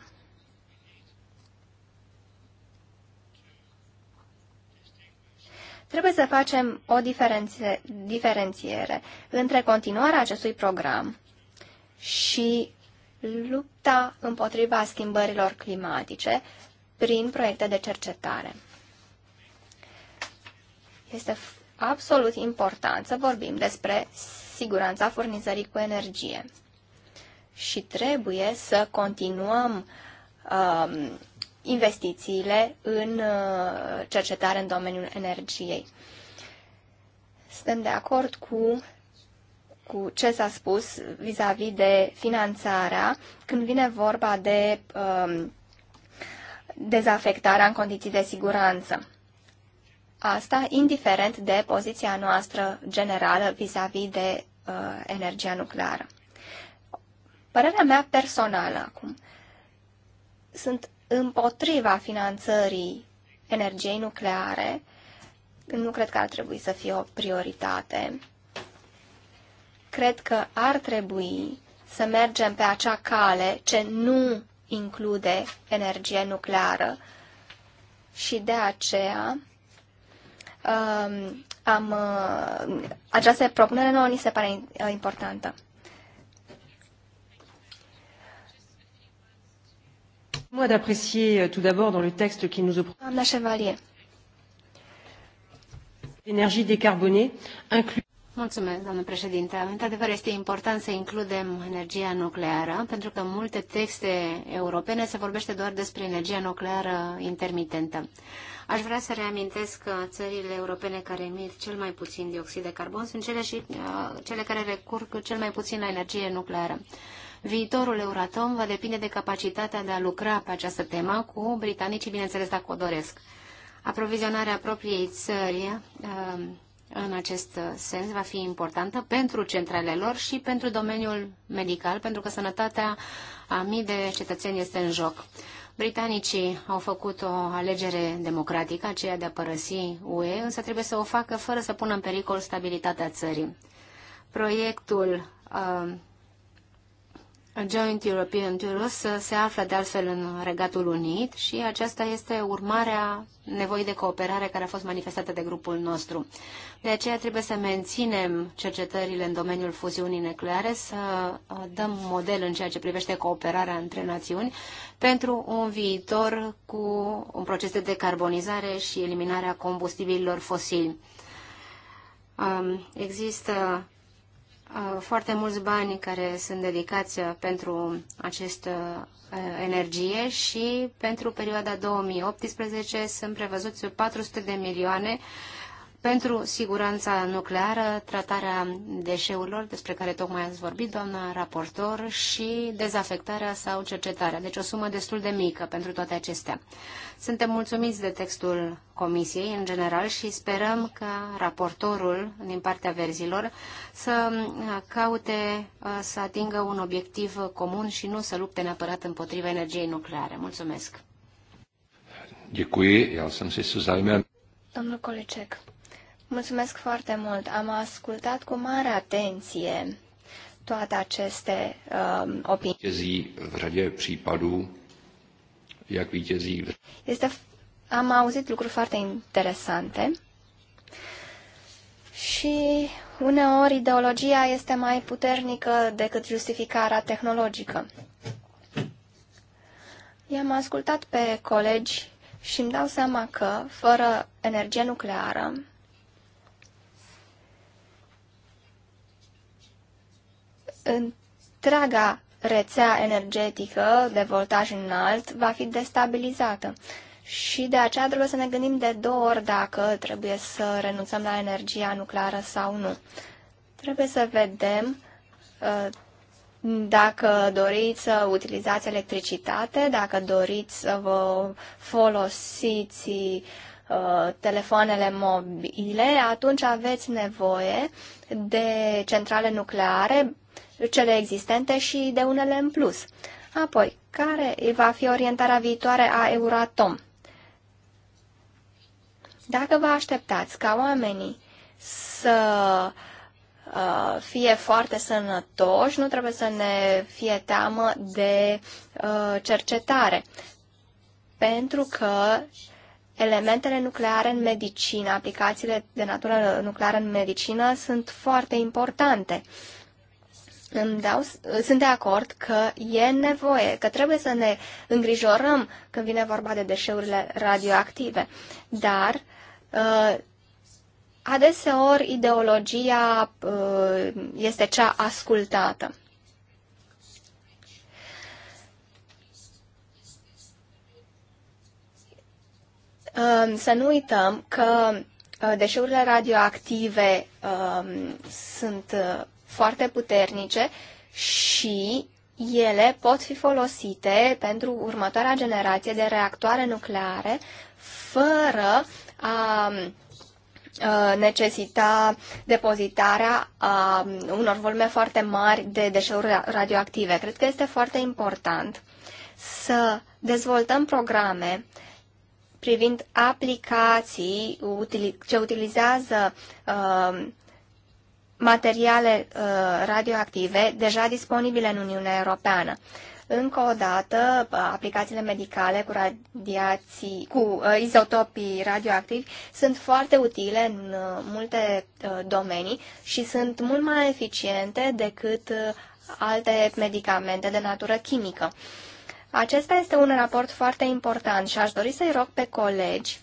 trebuie să facem o diferenție, diferențiere între continuarea acestui program și lupta împotriva schimbărilor climatice prin proiecte de cercetare. Este absolut important să vorbim despre siguranța furnizării cu energie și trebuie să continuăm um, investițiile în uh, cercetare în domeniul energiei. Suntem de acord cu, cu ce s-a spus vis-a-vis -vis de finanțarea când vine vorba de um, dezafectarea în condiții de siguranță. Asta indiferent de poziția noastră generală vis-a-vis -vis de uh, energia nucleară. Părerea mea personală acum. Sunt împotriva finanțării energiei nucleare. Nu cred că ar trebui să fie o prioritate. Cred că ar trebui să mergem pe acea cale ce nu include energie nucleară. Și de aceea um, am, uh, această propunere nouă ni se pare importantă. Moi d'apprécier euh, tout d'abord dans le texte qui nous Chevalier. L'énergie décarbonée inclut Mulțumesc, doamnă președinte. Într-adevăr, este important să includem energia nucleară, pentru că în multe texte europene se vorbește doar despre energia nucleară intermitentă. Aș vrea să reamintesc că țările europene care emit cel mai puțin dioxid de carbon sunt cele, și, uh, cele care recurg cel mai puțin la energie nucleară. Viitorul Euratom va depinde de capacitatea de a lucra pe această temă cu britanicii, bineînțeles, dacă o doresc. Aprovizionarea propriei țări um, în acest sens va fi importantă pentru centralele lor și pentru domeniul medical, pentru că sănătatea a mii de cetățeni este în joc. Britanicii au făcut o alegere democratică, aceea de a părăsi UE, însă trebuie să o facă fără să pună în pericol stabilitatea țării. Proiectul uh, Joint European Tourist se află de altfel în Regatul Unit și aceasta este urmarea nevoii de cooperare care a fost manifestată de grupul nostru. De aceea trebuie să menținem cercetările în domeniul fuziunii nucleare, să uh, dăm model în ceea ce privește cooperarea între națiuni pentru un viitor cu un proces de decarbonizare și eliminarea combustibililor fosili. Um, există Uh, foarte mulți bani care sunt dedicați uh, pentru acest uh, energie și pentru perioada 2018 sunt prevăzuți 400 de milioane uh, pentru siguranța nucleară, tratarea deșeurilor, despre care tocmai ați vorbit, doamna raportor, și dezafectarea sau cercetarea. Deci o sumă destul de mică pentru toate acestea. Suntem mulțumiți de textul Comisiei în general și sperăm ca raportorul din partea verzilor să caute să atingă un obiectiv comun și nu să lupte neapărat împotriva energiei nucleare. Mulțumesc! Děkuji, já jsem si se zájmem. Domnul Kolicek. Mulțumesc foarte mult. Am ascultat cu mare atenție toate aceste uh, opinii. Vítězí v řadě případů, jak vítězí... Este, am auzit lucruri foarte interesante și uneori ideologia este mai puternică decât justificarea tehnologică. I-am ascultat pe colegi și îmi dau seama că, fără energie nucleară, întreaga rețea energetică de voltaj înalt va fi destabilizată. Și de aceea trebuie să ne gândim de două ori dacă trebuie să renunțăm la energia nucleară sau nu. Trebuie să vedem uh, dacă doriți să utilizați electricitate, dacă doriți să vă folosiți uh, telefoanele mobile, atunci aveți nevoie de centrale nucleare cele existente și de unele în plus. Apoi, care va fi orientarea viitoare a Euratom? Dacă vă așteptați ca oamenii să uh, fie foarte sănătoși, nu trebuie să ne fie teamă de uh, cercetare, pentru că elementele nucleare în medicină, aplicațiile de natură nucleară în medicină sunt foarte importante. Uh, îmi dau, sunt de acord că e nevoie, că trebuie să ne îngrijorăm când vine vorba de deșeurile radioactive. Dar uh, adeseori ideologia uh, este cea ascultată. Uh, să nu uităm că deșeurile radioactive sunt foarte puternice și ele pot fi folosite pentru următoarea generație de reactoare nucleare fără a necesita depozitarea a unor volume foarte mari de deșeuri radioactive. Cred că este foarte important să dezvoltăm programe privind aplicații ce utilizează uh, materiale uh, radioactive deja disponibile în Uniunea Europeană. Încă o dată, uh, aplicațiile medicale cu, radiații, cu uh, izotopii radioactivi sunt foarte utile în multe domenii și sunt mult mai eficiente decât alte medicamente de natură chimică. Acesta este un raport foarte important și aș dori să-i rog pe colegi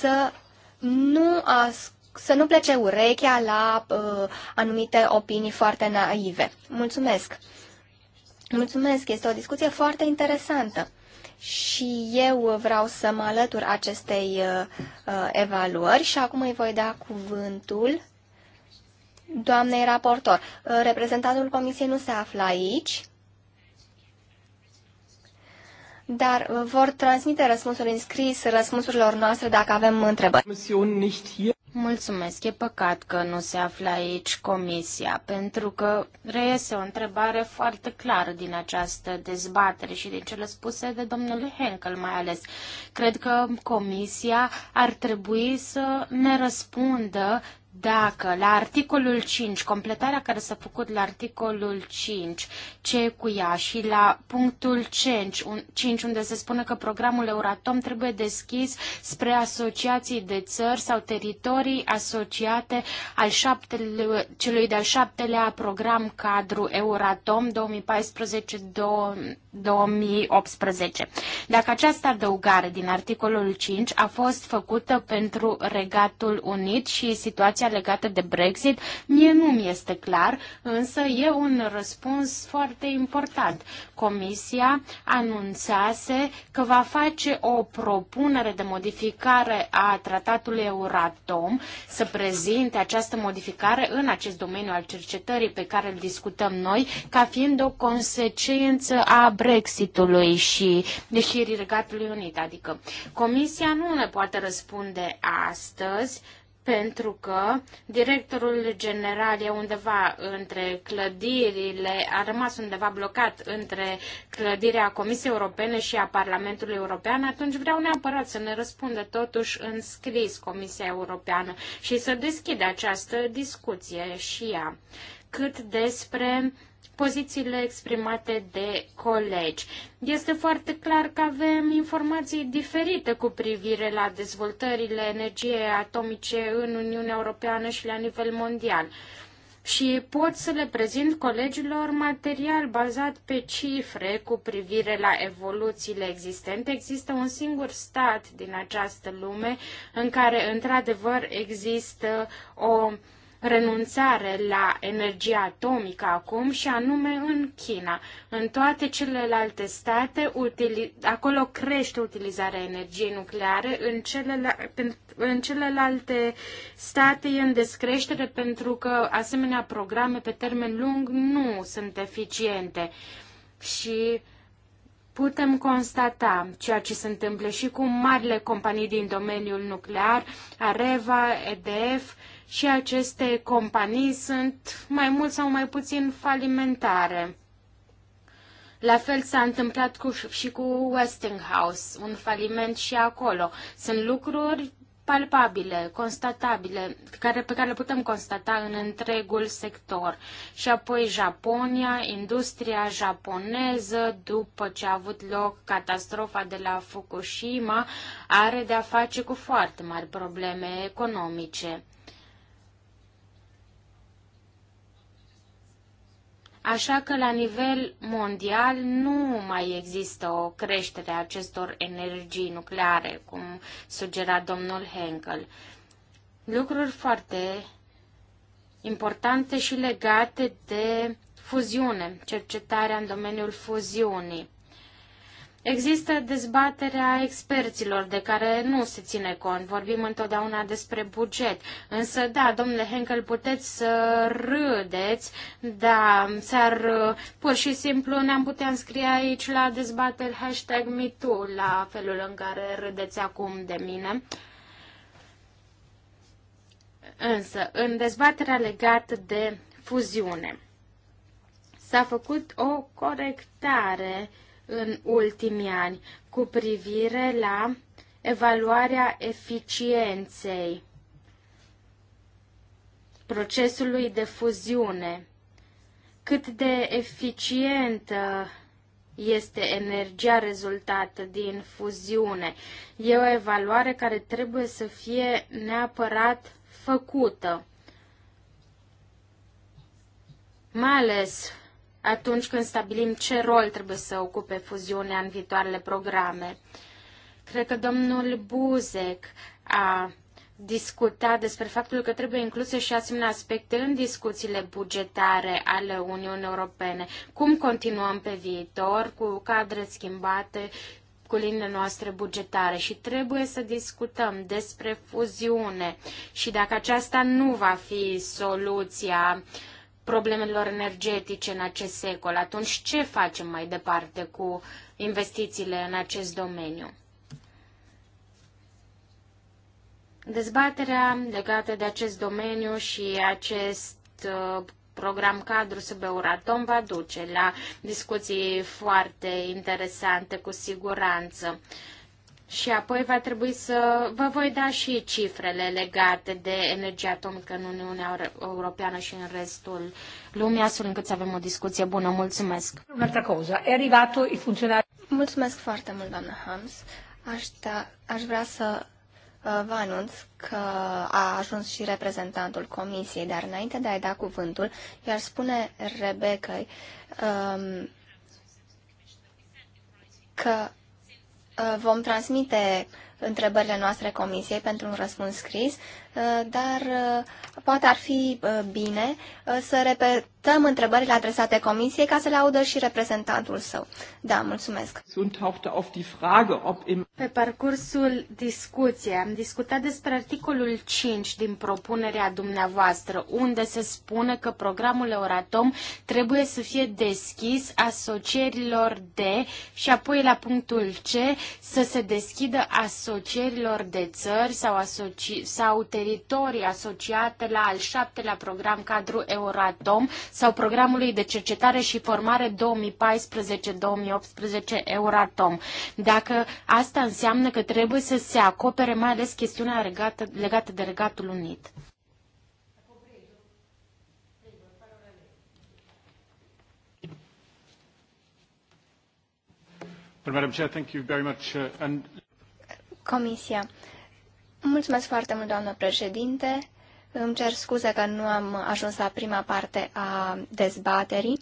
să nu ascultă să nu plece urechea la uh, anumite opinii foarte naive. Mulțumesc! Mulțumesc! Este o discuție foarte interesantă și eu vreau să mă alătur acestei uh, uh, evaluări și acum îi voi da cuvântul doamnei raportor. Uh, reprezentantul comisiei nu se află aici, dar uh, vor transmite răspunsul în scris răspunsurilor noastre dacă avem întrebări. Mulțumesc, e păcat că nu se află aici comisia, pentru că reiese o întrebare foarte clară din această dezbatere și din cele spuse de domnul Henkel mai ales. Cred că comisia ar trebui să ne răspundă dacă la articolul 5, completarea care s-a făcut la articolul 5, ce cu ea și la punctul 5, un, 5 unde se spune că programul Euratom trebuie deschis spre asociații de țări sau teritorii asociate al șaptele, celui de-al șaptelea program cadru Euratom 2014-2018. Dacă această adăugare din articolul 5 a fost făcută pentru Regatul Unit și situația situația legată de Brexit, mie nu mi este clar, însă e un răspuns foarte important. Comisia anunțase că va face o propunere de modificare a tratatului Euratom, să prezinte această modificare în acest domeniu al cercetării pe care îl discutăm noi, ca fiind o consecință a Brexitului și deșirii Regatului Unit. Adică Comisia nu ne poate răspunde astăzi, pentru că directorul general e undeva între clădirile, a rămas undeva blocat între clădirea Comisiei Europene și a Parlamentului European, atunci vreau neapărat să ne răspundă totuși în scris Comisia Europeană și să deschide această discuție și ea. Cât despre uh, pozițiile exprimate de colegi. Este foarte clar că avem informații diferite cu privire la dezvoltările energiei atomice în Uniunea Europeană și la nivel mondial și pot să le prezint colegilor material bazat pe cifre cu privire la evoluțiile existente. Există un singur stat din această lume în care, într-adevăr, există o uh, renunțare la energia atomică acum și anume în China. În toate celelalte state, acolo crește utilizarea energiei nucleare, în, celelal- în celelalte state e în descreștere pentru că asemenea programe pe termen lung nu sunt eficiente. Și putem constata ceea ce se întâmplă și cu marile companii din domeniul nuclear, Areva, EDF, și aceste companii sunt mai mult sau mai puțin falimentare. La fel s-a întâmplat cu, și cu Westinghouse, un faliment și acolo. Sunt lucruri palpabile, constatabile, care, pe care le putem constata în întregul sector. Și apoi Japonia, industria japoneză, după ce a avut loc catastrofa de la Fukushima, are de-a face cu foarte mari probleme economice. Așa că la nivel mondial nu mai există o creștere a acestor energii nucleare, cum sugera domnul Henkel. Lucruri foarte importante și legate de fuziune, cercetarea în domeniul fuziunii. Există dezbaterea experților de care nu se ține cont. Vorbim întotdeauna despre buget. Însă, da, domnule Henkel, puteți să râdeți, da, s-ar, pur și simplu ne-am putea înscrie aici la dezbateri hashtag MeToo, la felul în care râdeți acum de mine. Însă, în dezbaterea legată de fuziune, s-a făcut o corectare uh, în ultimii ani cu privire la evaluarea eficienței procesului de fuziune. Cât de eficientă este energia rezultată din fuziune. E o evaluare care trebuie să fie neapărat făcută. Mai ales atunci când stabilim ce rol trebuie să ocupe fuziunea în viitoarele programe. Cred că domnul Buzek a discutat despre faptul că trebuie incluse și asemenea aspecte în discuțiile bugetare ale Uniunii Europene. Cum continuăm pe viitor cu cadre schimbate, cu linile noastre bugetare și trebuie să discutăm despre fuziune și dacă aceasta nu va fi soluția uh, problemelor energetice în acest secol, atunci ce facem mai departe cu investițiile în acest domeniu? Dezbaterea legată de acest domeniu și acest uh, program cadru sub Euratom va duce la discuții foarte interesante, cu siguranță. Și apoi va trebui să vă voi da și cifrele legate de energia atomică în Uniunea Europeană și în restul lumii, astfel încât să avem o discuție bună. Mulțumesc! Un'altra cosa, è arrivato il funzionario... Mulțumesc foarte mult, doamna Hams. Aș, da, aș vrea să uh, vă anunț că a ajuns și reprezentantul comisiei, dar înainte de a-i da cuvântul, i-ar spune Rebecca um, că Uh, vom transmite întrebările noastre comisiei pentru un răspuns scris, Uh, dar uh, poate ar fi uh, bine să repetăm întrebările adresate comisiei ca să le audă și reprezentantul său. Da, mulțumesc. Pe parcursul discuției am discutat despre articolul 5 din propunerea dumneavoastră, unde se spune că programul Euratom trebuie să fie deschis asocierilor de și apoi la punctul C să se deschidă asocierilor de țări sau, asoci- sau te teritorii asociate la al șaptelea program cadru Euratom sau programului de cercetare și formare 2014-2018 Euratom. Dacă asta înseamnă că trebuie să se acopere mai ales chestiunea legată, legată de Regatul Unit. Uh, Comisia, Mulțumesc foarte mult, doamnă președinte. Îmi cer scuze că nu am ajuns la prima parte a dezbaterii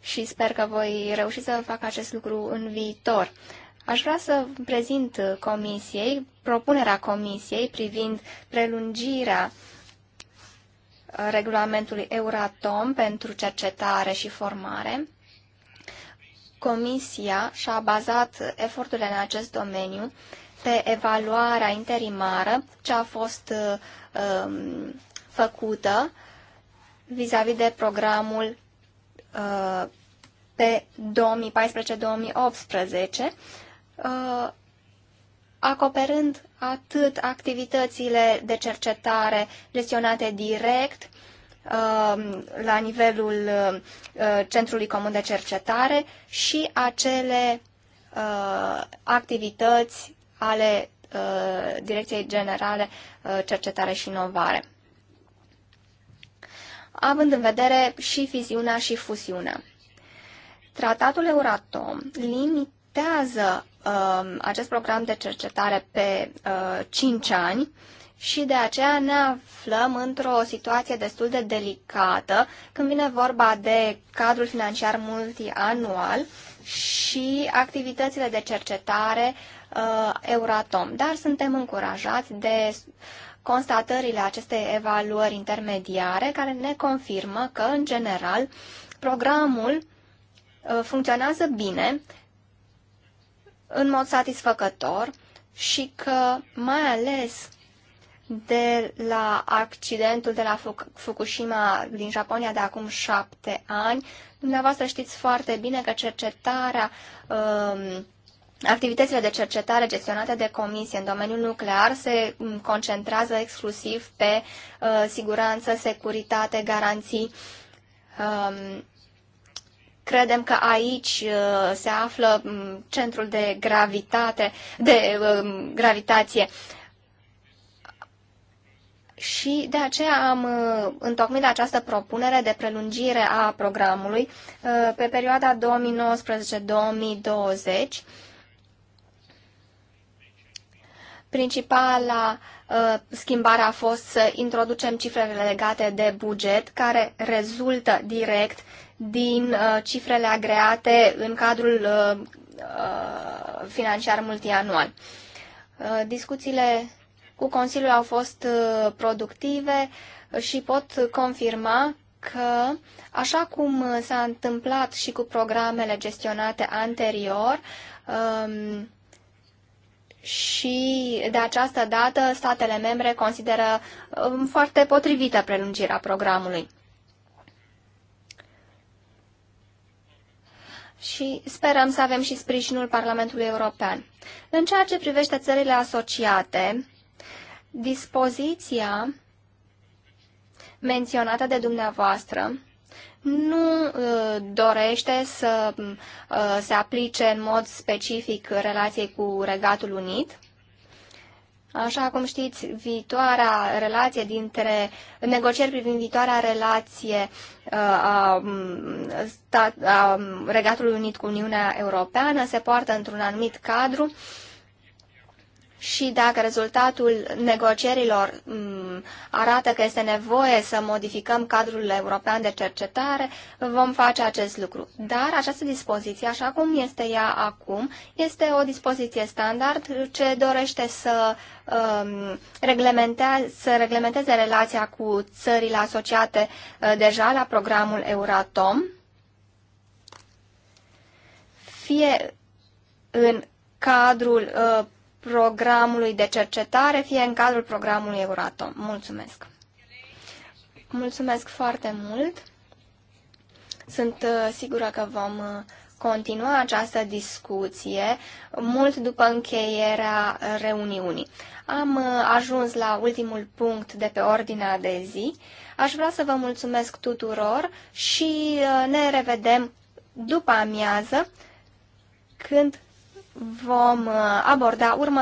și sper că voi reuși să fac acest lucru în viitor. Aș vrea să prezint comisiei, propunerea comisiei privind prelungirea regulamentului Euratom pentru cercetare și formare. Comisia și-a bazat eforturile în acest domeniu este evaluarea interimară, ce a fost um, făcută vis-a-vis -vis de programul uh, pe 2014-2018, uh, acoperând atât activitățile de cercetare gestionate direct uh, la nivelul uh, Centrului Comun de Cercetare și acele uh, activități ale uh, Direcției Generale uh, Cercetare și Inovare, având în vedere și fiziunea și fuziunea. Tratatul Euratom limitează uh, acest program de cercetare pe uh, 5 ani și de aceea ne aflăm într-o situație destul de delicată când vine vorba de cadrul financiar multianual și activitățile de cercetare uh, Euratom, dar suntem încurajați de constatările acestei evaluări intermediare care ne confirmă că, în general, programul uh, funcționează bine, în mod satisfăcător și că, mai ales de la accidentul de la Fukushima din Japonia de acum șapte ani. Dumneavoastră știți foarte bine că cercetarea uh, Activitățile de cercetare gestionate de comisie în domeniul nuclear se concentrează exclusiv pe uh, siguranță, securitate, garanții. Um, credem că aici uh, se află um, centrul de gravitate, de um, gravitație. Și de aceea am uh, întocmit această propunere de prelungire a programului uh, pe perioada 2019-2020 Principala uh, schimbare a fost să introducem cifrele legate de buget, care rezultă direct din uh, cifrele agreate în cadrul uh, uh, financiar multianual. Uh, discuțiile cu Consiliul au fost uh, productive și pot confirma că, așa cum s-a întâmplat și cu programele gestionate anterior, um, și de această dată statele membre consideră um, foarte potrivită prelungirea programului. și sperăm să avem și sprijinul Parlamentului European. În ceea ce privește țările asociate, dispoziția menționată de dumneavoastră nu uh, dorește să uh, se aplice în mod specific relației cu Regatul Unit. Așa cum știți, viitoarea relație dintre negocieri privind viitoarea relație uh, a, stat, a Regatului Unit cu Uniunea Europeană se poartă într-un anumit cadru și dacă rezultatul negocierilor mm, arată că este nevoie să modificăm cadrul european de cercetare, vom face acest lucru. Dar această dispoziție, așa cum este ea acum, este o dispoziție standard ce dorește să, um, să reglementeze relația cu țările asociate uh, deja la programul Euratom, fie în cadrul uh, programului de cercetare, fie în cadrul programului Euratom. Mulțumesc! Mulțumesc foarte mult! Sunt uh, sigură că vom uh, continua această discuție mult după încheierea reuniunii. Am uh, ajuns la ultimul punct de pe ordinea de zi. Aș vrea să vă mulțumesc tuturor și ne revedem după amiază când vom uh, aborda următoarea.